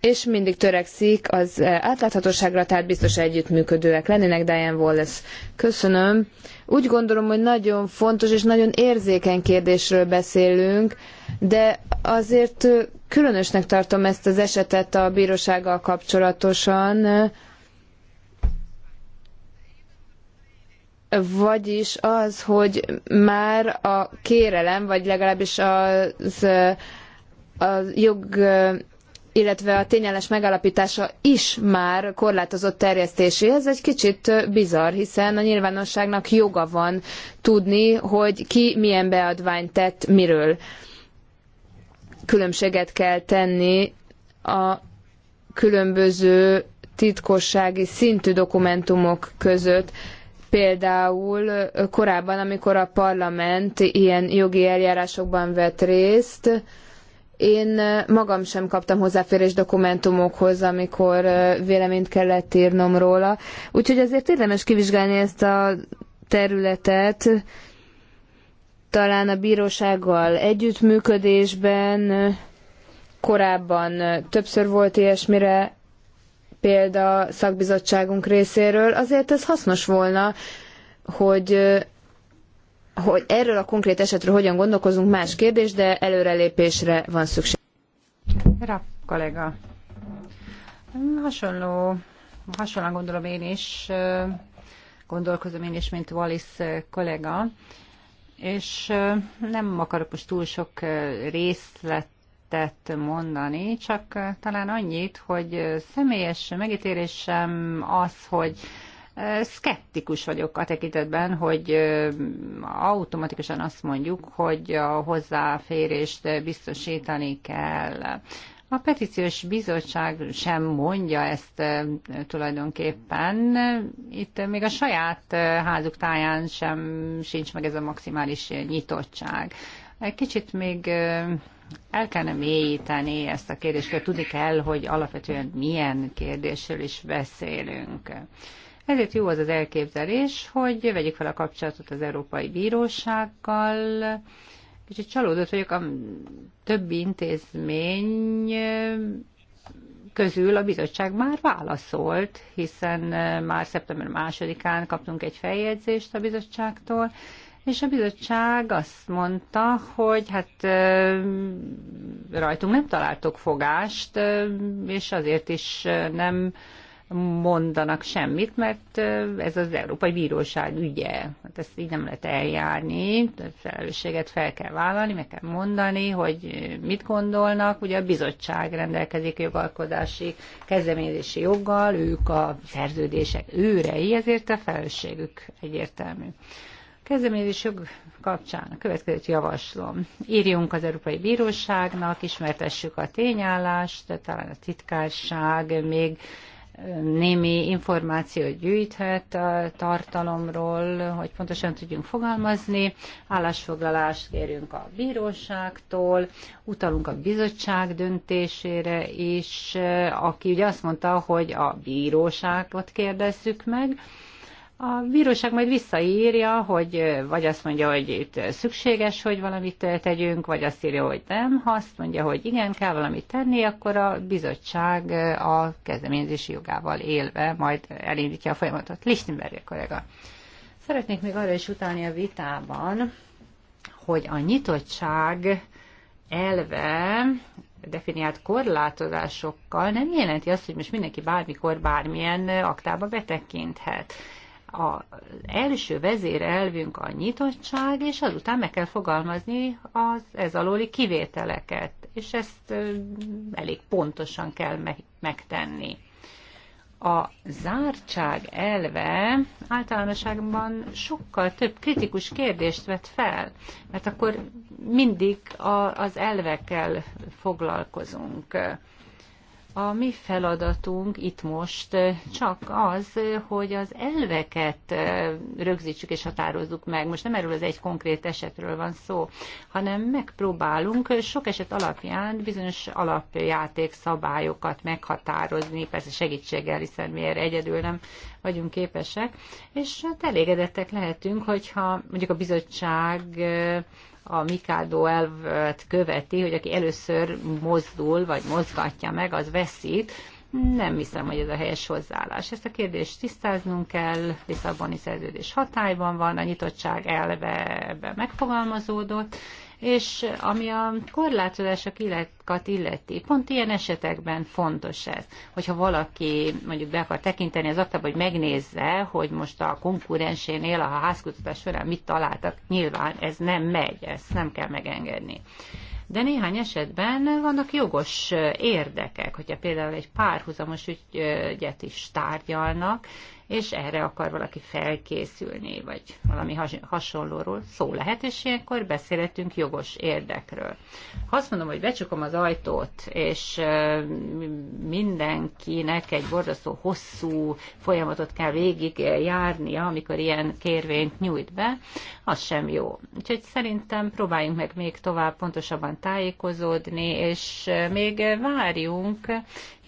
és mindig törekszik az eh, átláthatóságra, tehát biztos együttműködőek lennének, Diane Wallace. Köszönöm. Úgy gondolom, hogy nagyon fontos és nagyon érzékeny kérdésről beszélünk, de azért eh, különösnek tartom ezt az esetet a bírósággal kapcsolatosan, vagyis az, hogy már a kérelem, vagy legalábbis az eh, a jog illetve a tényleges megalapítása is már korlátozott terjesztéséhez egy kicsit bizarr, hiszen a nyilvánosságnak joga van tudni, hogy ki milyen beadványt tett, miről. Különbséget kell tenni a különböző titkossági szintű dokumentumok között. Például korábban, amikor a parlament ilyen jogi eljárásokban vett részt, én magam sem kaptam hozzáférés dokumentumokhoz, amikor véleményt kellett írnom róla. Úgyhogy azért érdemes kivizsgálni ezt a területet, talán a bírósággal együttműködésben, korábban többször volt ilyesmire példa szakbizottságunk részéről, azért ez hasznos volna, hogy hogy erről a konkrét esetről hogyan gondolkozunk, más kérdés, de előrelépésre van szükség. Rá, kollega. Hasonló, hasonlóan gondolom én is, gondolkozom én is, mint Wallis kollega, és nem akarok most túl sok részletet mondani, csak talán annyit, hogy személyes megítélésem az, hogy Szkeptikus vagyok a tekintetben, hogy automatikusan azt mondjuk, hogy a hozzáférést biztosítani kell. A petíciós bizottság sem mondja ezt tulajdonképpen. Itt még a saját házuk táján sem sincs meg ez a maximális nyitottság. Kicsit még el kellene mélyíteni ezt a kérdést, tudni kell, hogy alapvetően milyen kérdésről is beszélünk. Ezért jó az az elképzelés, hogy vegyük fel a kapcsolatot az Európai Bírósággal, Kicsit csalódott vagyok, a többi intézmény közül a bizottság már válaszolt, hiszen már szeptember másodikán kaptunk egy feljegyzést a bizottságtól, és a bizottság azt mondta, hogy hát rajtunk nem találtok fogást, és azért is nem mondanak semmit, mert ez az Európai Bíróság ügye. Hát ezt így nem lehet eljárni, felelősséget fel kell vállalni, meg kell mondani, hogy mit gondolnak. Ugye a bizottság rendelkezik jogalkodási kezdeményezési joggal, ők a szerződések őrei, ezért a felelősségük egyértelmű. kezdeményezés jog kapcsán a következőt javaslom. Írjunk az Európai Bíróságnak, ismertessük a tényállást, talán a titkárság még némi információt gyűjthet a tartalomról, hogy pontosan tudjunk fogalmazni. Állásfoglalást kérünk a bíróságtól, utalunk a bizottság döntésére is, aki ugye azt mondta, hogy a bíróságot kérdezzük meg, a bíróság majd visszaírja, hogy vagy azt mondja, hogy itt szükséges, hogy valamit tegyünk, vagy azt írja, hogy nem. Ha azt mondja, hogy igen, kell valamit tenni, akkor a bizottság a kezdeményezési jogával élve majd elindítja a folyamatot. Lichtenberg kollega. Szeretnék még arra is utalni a vitában, hogy a nyitottság elve definiált korlátozásokkal nem jelenti azt, hogy most mindenki bármikor bármilyen aktába betekinthet az első vezérelvünk a nyitottság, és azután meg kell fogalmazni az ez alóli kivételeket, és ezt elég pontosan kell megtenni. A zártság elve általánosságban sokkal több kritikus kérdést vet fel, mert akkor mindig a, az elvekkel foglalkozunk a mi feladatunk itt most csak az, hogy az elveket rögzítsük és határozzuk meg. Most nem erről az egy konkrét esetről van szó, hanem megpróbálunk sok eset alapján bizonyos alapjáték szabályokat meghatározni, persze segítséggel, hiszen miért egyedül nem vagyunk képesek, és hát elégedettek lehetünk, hogyha mondjuk a bizottság a Mikado elvet követi, hogy aki először mozdul, vagy mozgatja meg, az veszít. Nem hiszem, hogy ez a helyes hozzáállás. Ezt a kérdést tisztáznunk kell, Lisszaboni szerződés hatályban van, a nyitottság elve ebben megfogalmazódott, és ami a korlátozások illetkat illeti, pont ilyen esetekben fontos ez, hogyha valaki mondjuk be akar tekinteni az aktába, hogy megnézze, hogy most a konkurensénél a házkutatás során mit találtak, nyilván ez nem megy, ezt nem kell megengedni de néhány esetben vannak jogos érdekek, hogyha például egy párhuzamos ügyet is tárgyalnak, és erre akar valaki felkészülni, vagy valami hasonlóról szó lehet, és ilyenkor beszélhetünk jogos érdekről. Ha azt mondom, hogy becsukom az ajtót, és mindenkinek egy borzasztó hosszú folyamatot kell végig járnia, amikor ilyen kérvényt nyújt be, az sem jó. Úgyhogy szerintem próbáljunk meg még tovább pontosabban tájékozódni, és még várjunk,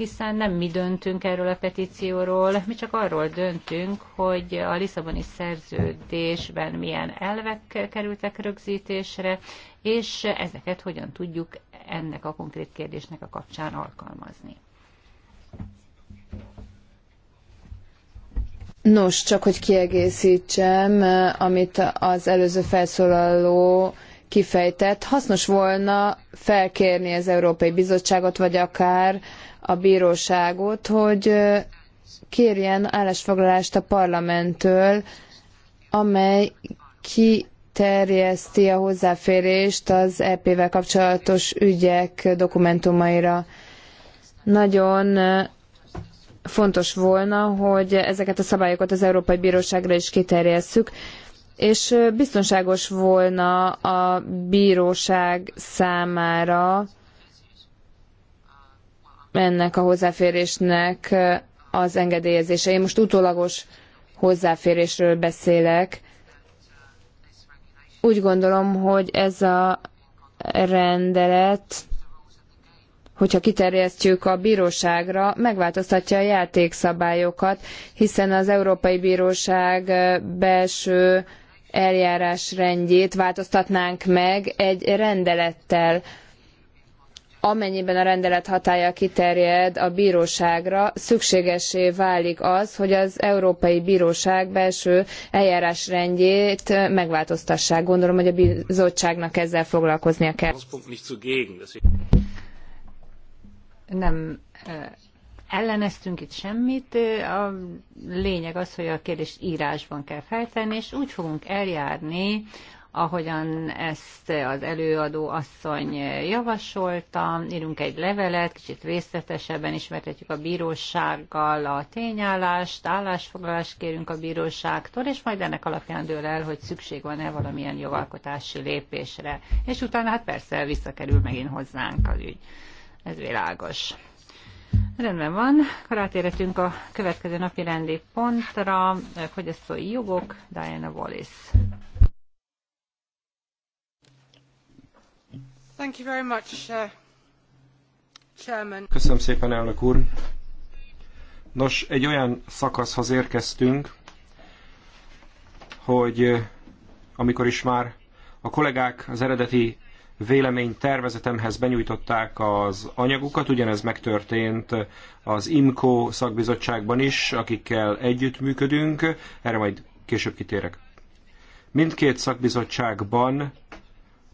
hiszen nem mi döntünk erről a petícióról, mi csak arról döntünk, hogy a Lisszaboni szerződésben milyen elvek kerültek rögzítésre, és ezeket hogyan tudjuk ennek a konkrét kérdésnek a kapcsán alkalmazni. Nos, csak hogy kiegészítsem, amit az előző felszólaló kifejtett, hasznos volna felkérni az Európai Bizottságot, vagy akár a bíróságot, hogy kérjen állásfoglalást a parlamenttől, amely kiterjeszti a hozzáférést az EP-vel kapcsolatos ügyek dokumentumaira. Nagyon fontos volna, hogy ezeket a szabályokat az Európai Bíróságra is kiterjesszük, és biztonságos volna a bíróság számára, ennek a hozzáférésnek az engedélyezése. Én most utólagos hozzáférésről beszélek. Úgy gondolom, hogy ez a rendelet, hogyha kiterjesztjük a bíróságra, megváltoztatja a játékszabályokat, hiszen az Európai Bíróság belső eljárásrendjét változtatnánk meg egy rendelettel amennyiben a rendelet hatálya kiterjed a bíróságra, szükségesé válik az, hogy az Európai Bíróság belső eljárásrendjét megváltoztassák. Gondolom, hogy a bizottságnak ezzel foglalkoznia kell. Nem elleneztünk itt semmit, a lényeg az, hogy a kérdést írásban kell feltenni, és úgy fogunk eljárni, ahogyan ezt az előadó asszony javasolta. Írunk egy levelet, kicsit részletesebben ismertetjük a bírósággal a tényállást, állásfoglalást kérünk a bíróságtól, és majd ennek alapján dől el, hogy szükség van-e valamilyen jogalkotási lépésre. És utána hát persze visszakerül megint hozzánk az ügy. Ez világos. Rendben van, átérhetünk a következő napi rendi pontra, fogyasztói jogok, Diana Wallace. Uh, Köszönöm szépen, elnök úr. Nos, egy olyan szakaszhoz érkeztünk, hogy uh, amikor is már a kollégák az eredeti vélemény tervezetemhez benyújtották az anyagukat, ugyanez megtörtént az IMCO szakbizottságban is, akikkel együttműködünk, erre majd később kitérek. Mindkét szakbizottságban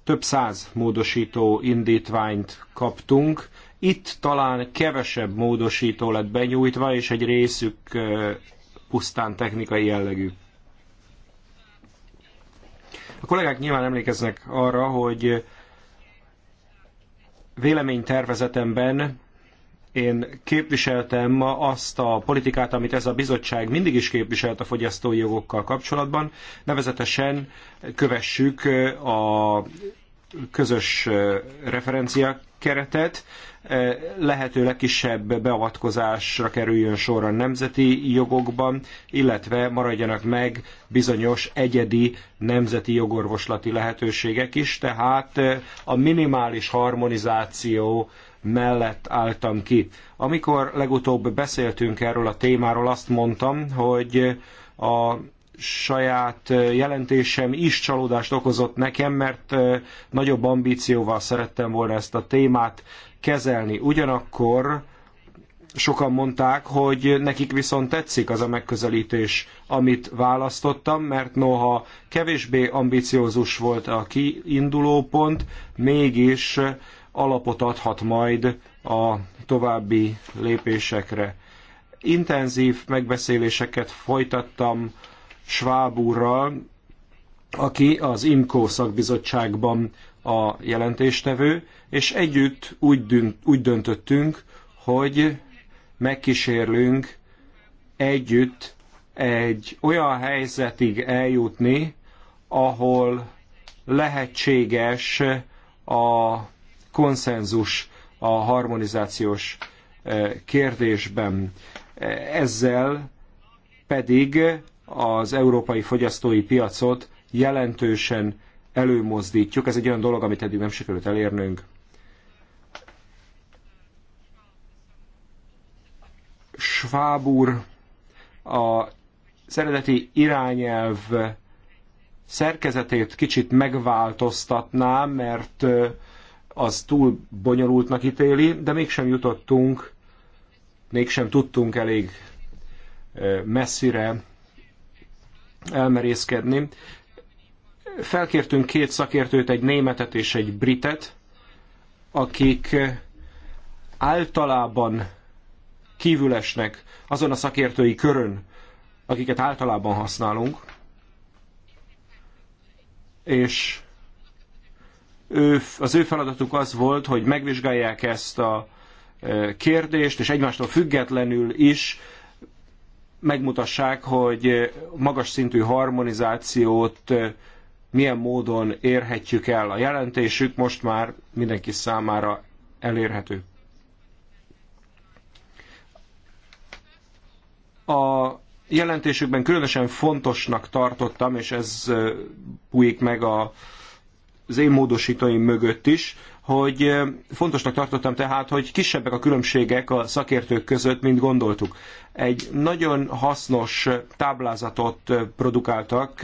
több száz módosító indítványt kaptunk. Itt talán kevesebb módosító lett benyújtva, és egy részük pusztán technikai jellegű. A kollégák nyilván emlékeznek arra, hogy véleménytervezetemben én képviseltem azt a politikát, amit ez a bizottság mindig is képviselt a fogyasztói jogokkal kapcsolatban, nevezetesen kövessük a közös referencia keretet, lehető legkisebb beavatkozásra kerüljön sor a nemzeti jogokban, illetve maradjanak meg bizonyos egyedi nemzeti jogorvoslati lehetőségek is, tehát a minimális harmonizáció mellett álltam ki. Amikor legutóbb beszéltünk erről a témáról, azt mondtam, hogy a saját jelentésem is csalódást okozott nekem, mert nagyobb ambícióval szerettem volna ezt a témát kezelni. Ugyanakkor sokan mondták, hogy nekik viszont tetszik az a megközelítés, amit választottam, mert noha kevésbé ambiciózus volt a kiinduló pont, mégis alapot adhat majd a további lépésekre. Intenzív megbeszéléseket folytattam Schwab úrral, aki az IMCO szakbizottságban a jelentéstevő, és együtt úgy, úgy döntöttünk, hogy megkísérlünk együtt egy olyan helyzetig eljutni, ahol lehetséges a konszenzus a harmonizációs e, kérdésben. E, ezzel pedig az európai fogyasztói piacot jelentősen előmozdítjuk. Ez egy olyan dolog, amit eddig nem sikerült elérnünk. Schwabur a eredeti irányelv szerkezetét kicsit megváltoztatná, mert az túl bonyolultnak ítéli, de mégsem jutottunk, mégsem tudtunk elég messzire elmerészkedni. Felkértünk két szakértőt, egy németet és egy britet, akik általában kívülesnek azon a szakértői körön, akiket általában használunk, és ő, az ő feladatuk az volt, hogy megvizsgálják ezt a e, kérdést, és egymástól függetlenül is megmutassák, hogy magas szintű harmonizációt e, milyen módon érhetjük el. A jelentésük most már mindenki számára elérhető. A jelentésükben különösen fontosnak tartottam, és ez e, bújik meg a az én módosítóim mögött is, hogy eh, fontosnak tartottam tehát, hogy kisebbek a különbségek a szakértők között, mint gondoltuk. Egy nagyon hasznos táblázatot eh, produkáltak,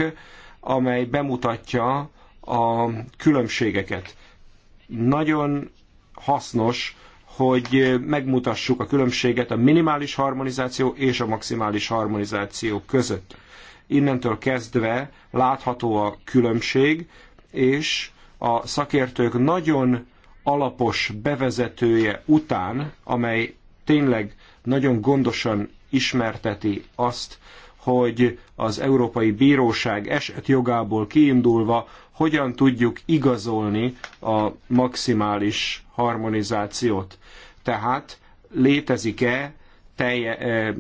amely bemutatja a különbségeket. Nagyon hasznos, hogy eh, megmutassuk a különbséget a minimális harmonizáció és a maximális harmonizáció között. Innentől kezdve látható a különbség, és a szakértők nagyon alapos bevezetője után, amely tényleg nagyon gondosan ismerteti azt, hogy az Európai Bíróság esetjogából kiindulva hogyan tudjuk igazolni a maximális harmonizációt. Tehát létezik-e telje, e,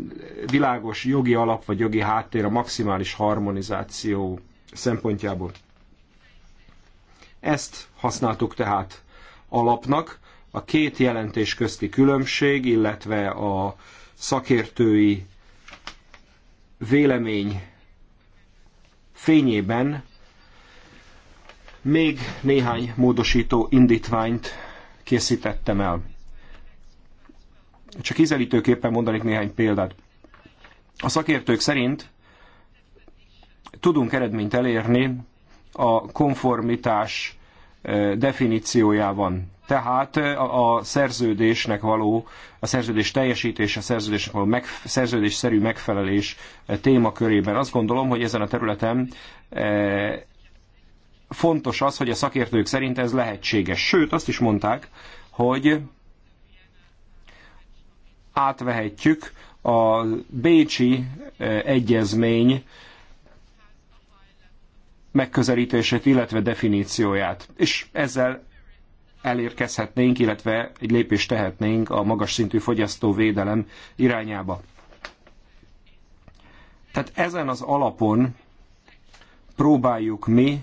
világos jogi alap vagy jogi háttér a maximális harmonizáció szempontjából. Ezt használtuk tehát alapnak. A két jelentés közti különbség, illetve a szakértői vélemény fényében még néhány módosító indítványt készítettem el. Csak ízelítőképpen mondanék néhány példát. A szakértők szerint tudunk eredményt elérni a konformitás eh, definíciójában. Tehát eh, a szerződésnek való, a szerződés teljesítése, a szerződésnek való meg, szerződésszerű megfelelés eh, témakörében. Azt gondolom, hogy ezen a területen fontos az, hogy a szakértők szerint ez lehetséges. Sőt, azt is mondták, hogy átvehetjük a Bécsi egyezmény megközelítését, illetve definícióját. És ezzel elérkezhetnénk, illetve egy lépést tehetnénk a magas szintű fogyasztóvédelem irányába. Tehát ezen az alapon próbáljuk mi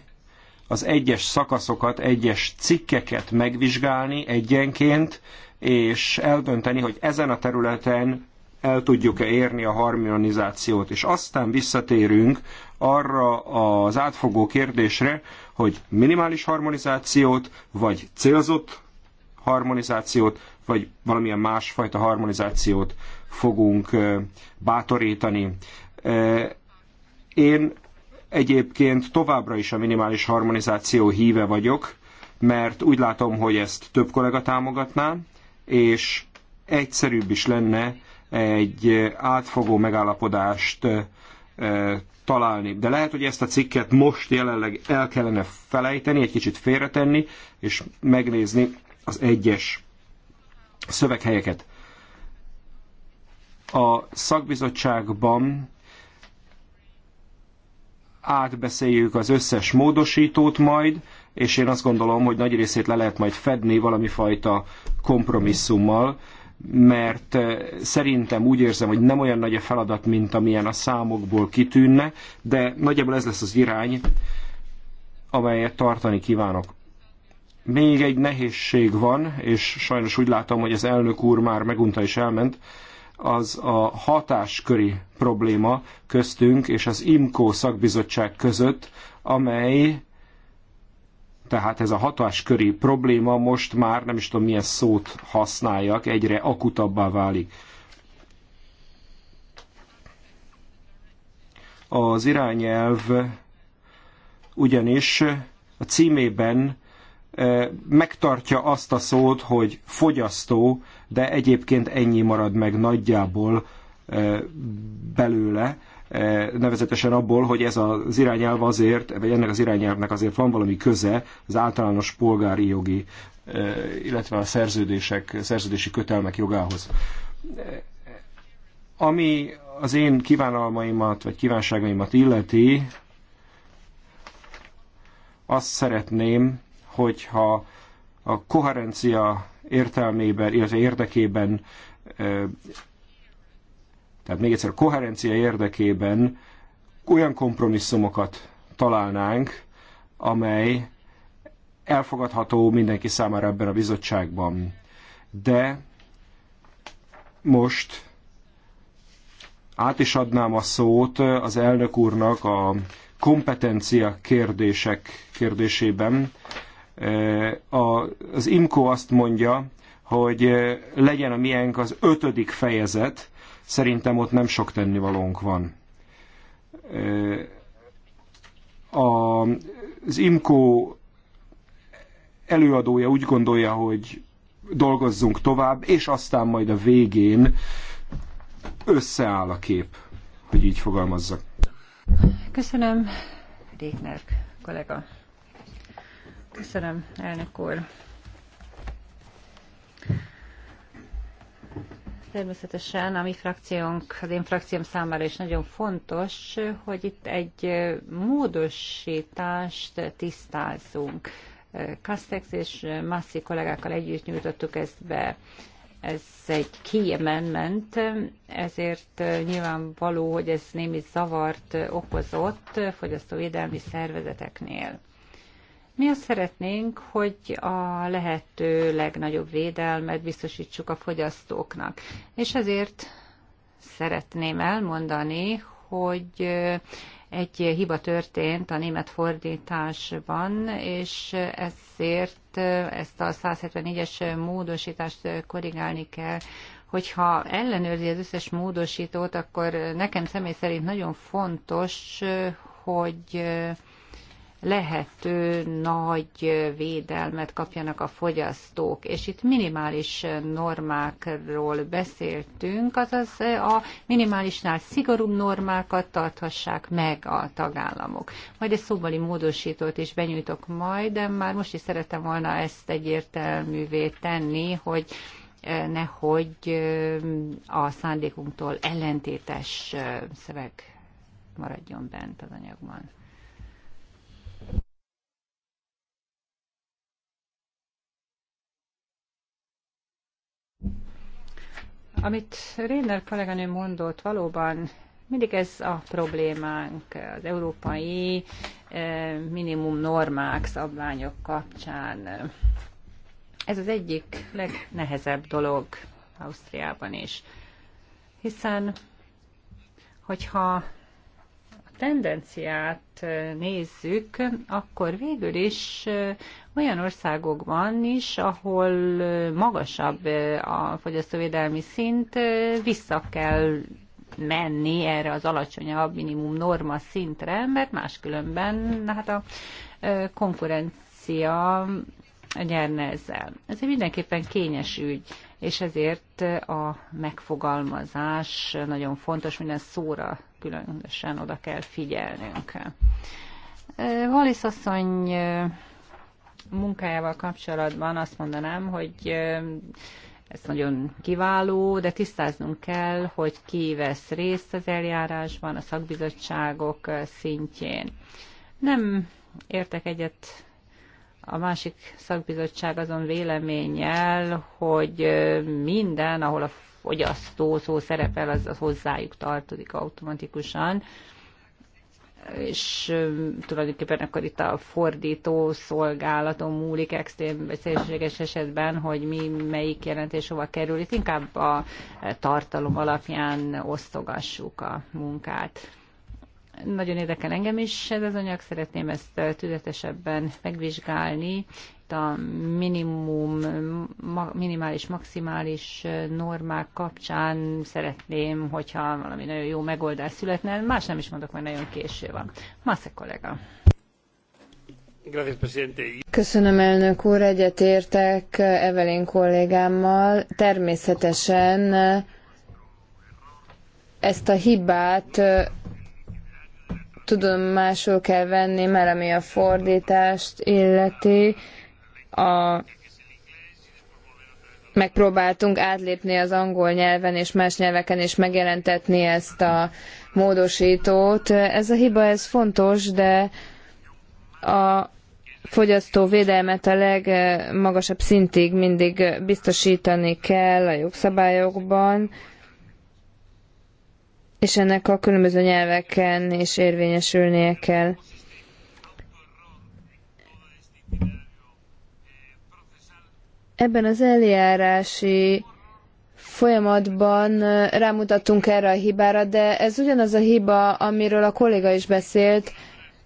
az egyes szakaszokat, egyes cikkeket megvizsgálni egyenként, és eldönteni, hogy ezen a területen el tudjuk-e érni a harmonizációt, és aztán visszatérünk arra az átfogó kérdésre, hogy minimális harmonizációt, vagy célzott harmonizációt, vagy valamilyen másfajta harmonizációt fogunk bátorítani. Én egyébként továbbra is a minimális harmonizáció híve vagyok, mert úgy látom, hogy ezt több kollega támogatná, és egyszerűbb is lenne egy átfogó megállapodást találni. De lehet, hogy ezt a cikket most jelenleg el kellene felejteni, egy kicsit félretenni, és megnézni az egyes szöveghelyeket. A szakbizottságban átbeszéljük az összes módosítót majd, és én azt gondolom, hogy nagy részét le lehet majd fedni valami fajta kompromisszummal, mert eh, szerintem úgy érzem, hogy nem olyan nagy a feladat, mint amilyen a számokból kitűnne, de nagyjából ez lesz az irány, amelyet tartani kívánok. Még egy nehézség van, és sajnos úgy látom, hogy az elnök úr már megunta is elment, az a hatásköri probléma köztünk és az IMCO szakbizottság között, amely tehát ez a hatásköri probléma most már, nem is tudom milyen szót használjak, egyre akutabbá válik. Az irányelv ugyanis a címében e, megtartja azt a szót, hogy fogyasztó, de egyébként ennyi marad meg nagyjából e, belőle. Eh, nevezetesen abból, hogy ez az irányelv azért, vagy ennek az irányelvnek azért van valami köze az általános polgári jogi, eh, illetve a szerződések, szerződési kötelmek jogához. Eh, ami az én kívánalmaimat, vagy kívánságaimat illeti, azt szeretném, hogyha a koherencia értelmében, illetve érdekében tehát még egyszer, koherencia érdekében olyan kompromisszumokat találnánk, amely elfogadható mindenki számára ebben a bizottságban. De most át is adnám a szót az elnök úrnak a kompetencia kérdések kérdésében. Az IMCO azt mondja, hogy legyen a miénk az ötödik fejezet, Szerintem ott nem sok tennivalónk van. A, az IMCO előadója úgy gondolja, hogy dolgozzunk tovább, és aztán majd a végén összeáll a kép, hogy így fogalmazzak. Köszönöm, Rékner kollega. Köszönöm, elnök úr. Természetesen a mi frakciónk, az én frakcióm számára is nagyon fontos, hogy itt egy módosítást tisztázzunk. Kastex és Masszi kollégákkal együtt nyújtottuk ezt be. Ez egy key amendment, ezért nyilvánvaló, hogy ez némi zavart okozott fogyasztóvédelmi szervezeteknél. Mi azt szeretnénk, hogy a lehető legnagyobb védelmet biztosítsuk a fogyasztóknak. És ezért szeretném elmondani, hogy egy hiba történt a német fordításban, és ezért ezt a 174-es módosítást korrigálni kell, hogyha ellenőrzi az összes módosítót, akkor nekem személy szerint nagyon fontos, hogy lehető nagy védelmet kapjanak a fogyasztók. És itt minimális normákról beszéltünk, azaz a minimálisnál szigorúbb normákat tarthassák meg a tagállamok. Majd egy szóbali módosítót is benyújtok majd, de már most is szeretem volna ezt egyértelművé tenni, hogy eh, nehogy eh, a szándékunktól ellentétes eh, szöveg maradjon bent az anyagban. Amit Réner kolléganő mondott, valóban mindig ez a problémánk az európai eh, minimum normák, szabványok kapcsán. Ez az egyik legnehezebb dolog Ausztriában is. Hiszen, hogyha a tendenciát eh, nézzük, akkor végül is eh, olyan országokban is, ahol magasabb a fogyasztóvédelmi szint, vissza kell menni erre az alacsonyabb minimum norma szintre, mert máskülönben hát a konkurencia nyerne ezzel. Ez egy mindenképpen kényes ügy, és ezért a megfogalmazás nagyon fontos, minden szóra különösen oda kell figyelnünk. Valisz asszony munkájával kapcsolatban azt mondanám, hogy ez nagyon kiváló, de tisztáznunk kell, hogy ki vesz részt az eljárásban a szakbizottságok szintjén. Nem értek egyet a másik szakbizottság azon véleménnyel, hogy minden, ahol a fogyasztó szó szerepel, az, az hozzájuk tartozik automatikusan és tulajdonképpen akkor itt a fordító szolgálaton múlik extrém vagy szélsőséges esetben, hogy mi melyik jelentés hova kerül. Itt inkább a tartalom alapján osztogassuk a munkát. Nagyon érdekel engem is ez az anyag, szeretném ezt tüzetesebben megvizsgálni, a minimum, minimális, maximális normák kapcsán szeretném, hogyha valami nagyon jó megoldás születne. Más nem is mondok, mert nagyon késő van. Masze kollega. Köszönöm, elnök úr, egyetértek Evelyn kollégámmal. Természetesen ezt a hibát tudomásul kell venni, mert ami a fordítást illeti, a megpróbáltunk átlépni az angol nyelven és más nyelveken és megjelentetni ezt a módosítót. Ez a hiba, ez fontos, de a fogyasztóvédelmet a legmagasabb szintig mindig biztosítani kell a jogszabályokban, és ennek a különböző nyelveken is érvényesülnie kell. Ebben az eljárási folyamatban rámutattunk erre a hibára, de ez ugyanaz a hiba, amiről a kolléga is beszélt,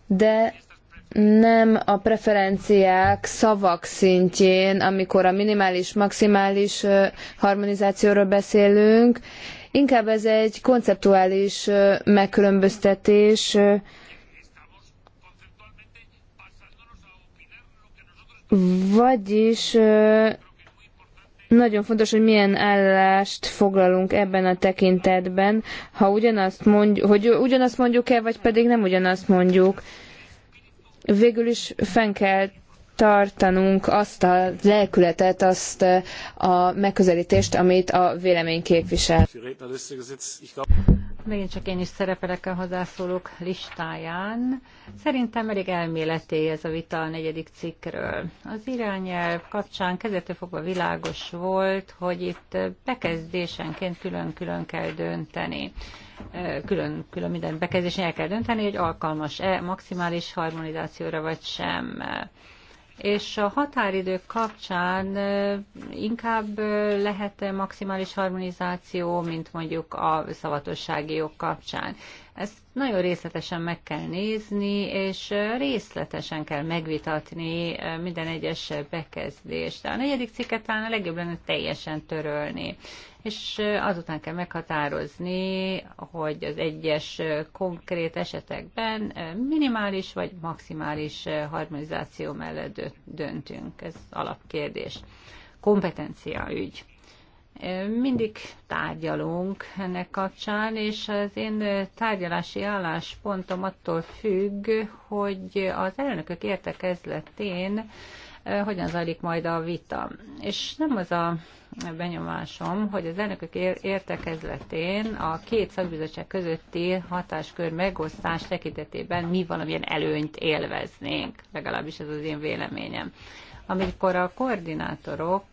de nem a preferenciák szavak szintjén, amikor a minimális-maximális harmonizációról beszélünk, inkább ez egy konceptuális megkülönböztetés, Vagyis nagyon fontos, hogy milyen állást foglalunk ebben a tekintetben, ha ugyanazt mondjuk, hogy ugyanazt mondjuk-e, vagy pedig nem ugyanazt mondjuk. Végül is fenn kell tartanunk azt a lelkületet, azt a megközelítést, amit a vélemény képvisel. Megint csak én is szerepelek a hozzászólók listáján. Szerintem elég elméleté ez a vita a negyedik cikkről. Az irányelv kapcsán kezdetől fogva világos volt, hogy itt bekezdésenként külön-külön kell dönteni. Külön-külön minden bekezdésen el kell dönteni, hogy alkalmas-e maximális harmonizációra vagy sem és a határidők kapcsán inkább lehet maximális harmonizáció, mint mondjuk a szavatossági jog kapcsán. Ezt nagyon részletesen meg kell nézni, és részletesen kell megvitatni minden egyes bekezdést. De a negyedik cikket talán a legjobb lenne teljesen törölni. És azután kell meghatározni, hogy az egyes konkrét esetekben minimális vagy maximális harmonizáció mellett döntünk. Ez alapkérdés. Kompetencia ügy. Mindig tárgyalunk ennek kapcsán, és az én tárgyalási álláspontom attól függ, hogy az elnökök értekezletén eh, hogyan zajlik majd a vita. És nem az a benyomásom, hogy az elnökök értekezletén a két szakbizottság közötti hatáskör megosztás tekintetében mi valamilyen előnyt élveznénk, legalábbis ez az én véleményem amikor a koordinátorok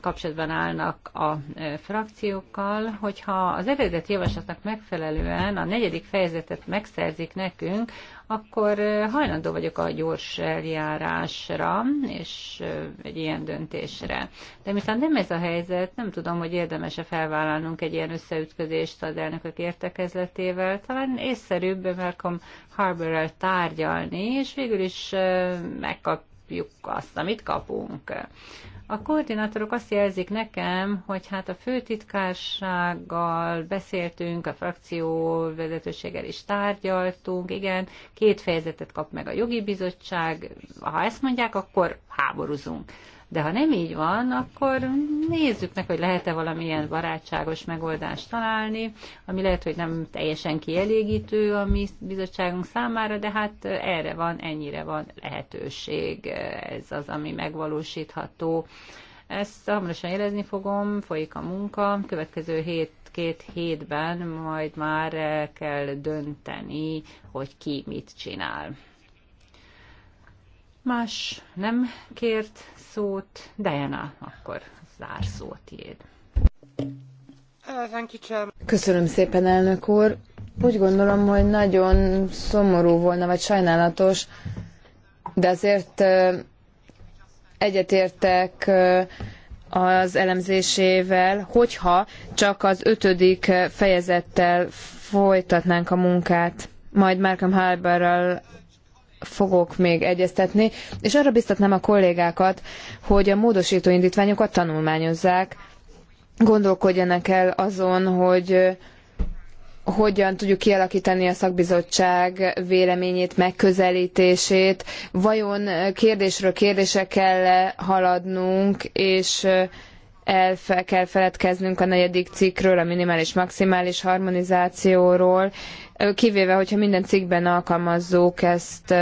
kapcsolatban állnak a frakciókkal, hogyha az eredeti javaslatnak megfelelően a negyedik fejezetet megszerzik nekünk, akkor hajlandó vagyok a gyors eljárásra és egy ilyen döntésre. De miután nem ez a helyzet, nem tudom, hogy érdemese felvállalnunk egy ilyen összeütközést az elnökök értekezletével. Talán észszerűbb Malcolm harbour tárgyalni, és végül is megkapjuk azt, amit kapunk. A koordinátorok azt jelzik nekem, hogy hát a főtitkársággal beszéltünk, a frakció vezetőséggel is tárgyaltunk, igen, két fejezetet kap meg a jogi bizottság, ha ezt mondják, akkor háborúzunk. De ha nem így van, akkor nézzük meg, hogy lehet-e valamilyen barátságos megoldást találni, ami lehet, hogy nem teljesen kielégítő a mi bizottságunk számára, de hát erre van, ennyire van lehetőség. Ez az, ami megvalósítható. Ezt hamarosan jelezni fogom, folyik a munka. Következő hét két hétben majd már kell dönteni, hogy ki mit csinál. Más nem kért szót. Diana, akkor zárszó tiéd. Uh, Köszönöm szépen, elnök úr. Úgy gondolom, hogy nagyon szomorú volna, vagy sajnálatos, de azért uh, egyetértek uh, az elemzésével, hogyha csak az ötödik fejezettel folytatnánk a munkát. Majd Malcolm Harberrel fogok még egyeztetni, és arra biztatnám a kollégákat, hogy a módosító indítványokat tanulmányozzák, gondolkodjanak el azon, hogy hogyan tudjuk kialakítani a szakbizottság véleményét, megközelítését, vajon kérdésről kérdésre kell -e haladnunk, és el kell feledkeznünk a negyedik cikkről, a minimális maximális harmonizációról, kivéve, hogyha minden cikkben alkalmazzuk ezt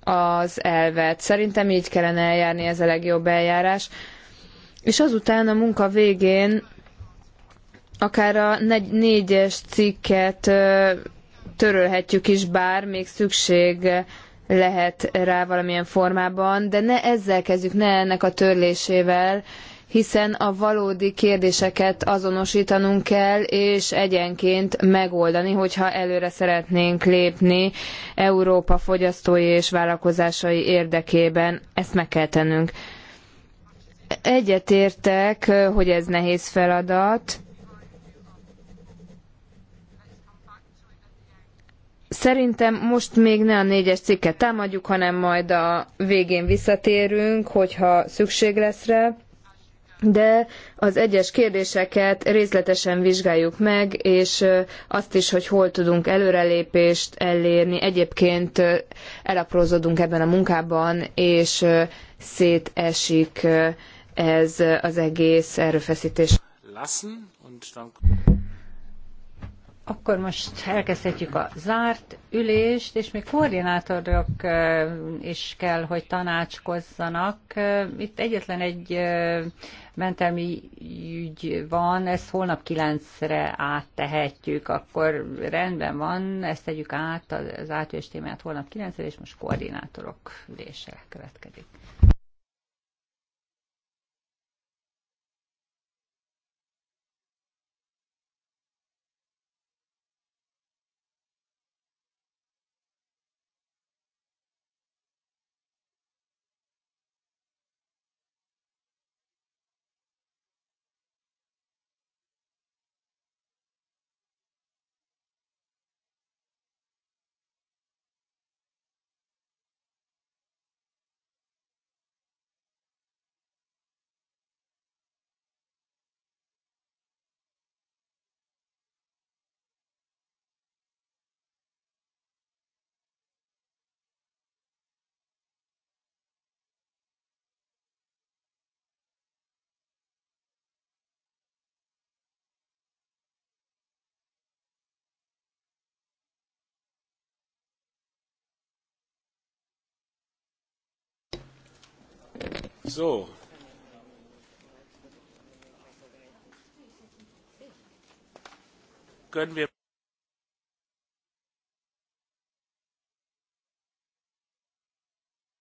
az elvet. Szerintem így kellene eljárni, ez a legjobb eljárás. És azután a munka végén akár a negy, négyes cikket törölhetjük is, bár még szükség lehet rá valamilyen formában, de ne ezzel kezdjük, ne ennek a törlésével, hiszen a valódi kérdéseket azonosítanunk kell, és egyenként megoldani, hogyha előre szeretnénk lépni Európa fogyasztói és vállalkozásai érdekében. Ezt meg kell tennünk. Egyetértek, hogy ez nehéz feladat. Szerintem most még ne a négyes cikket támadjuk, hanem majd a végén visszatérünk, hogyha szükség lesz rá de az egyes kérdéseket részletesen vizsgáljuk meg, és azt is, hogy hol tudunk előrelépést elérni. Egyébként elaprózódunk ebben a munkában, és szétesik ez az egész erőfeszítés. Akkor most elkezdhetjük a zárt ülést, és még koordinátorok is kell, hogy tanácskozzanak. Itt egyetlen egy mentelmi ügy van, ezt holnap kilencre áttehetjük, akkor rendben van, ezt tegyük át, az átvés témát holnap kilencre és most koordinátorok ülése következik. So. Können wir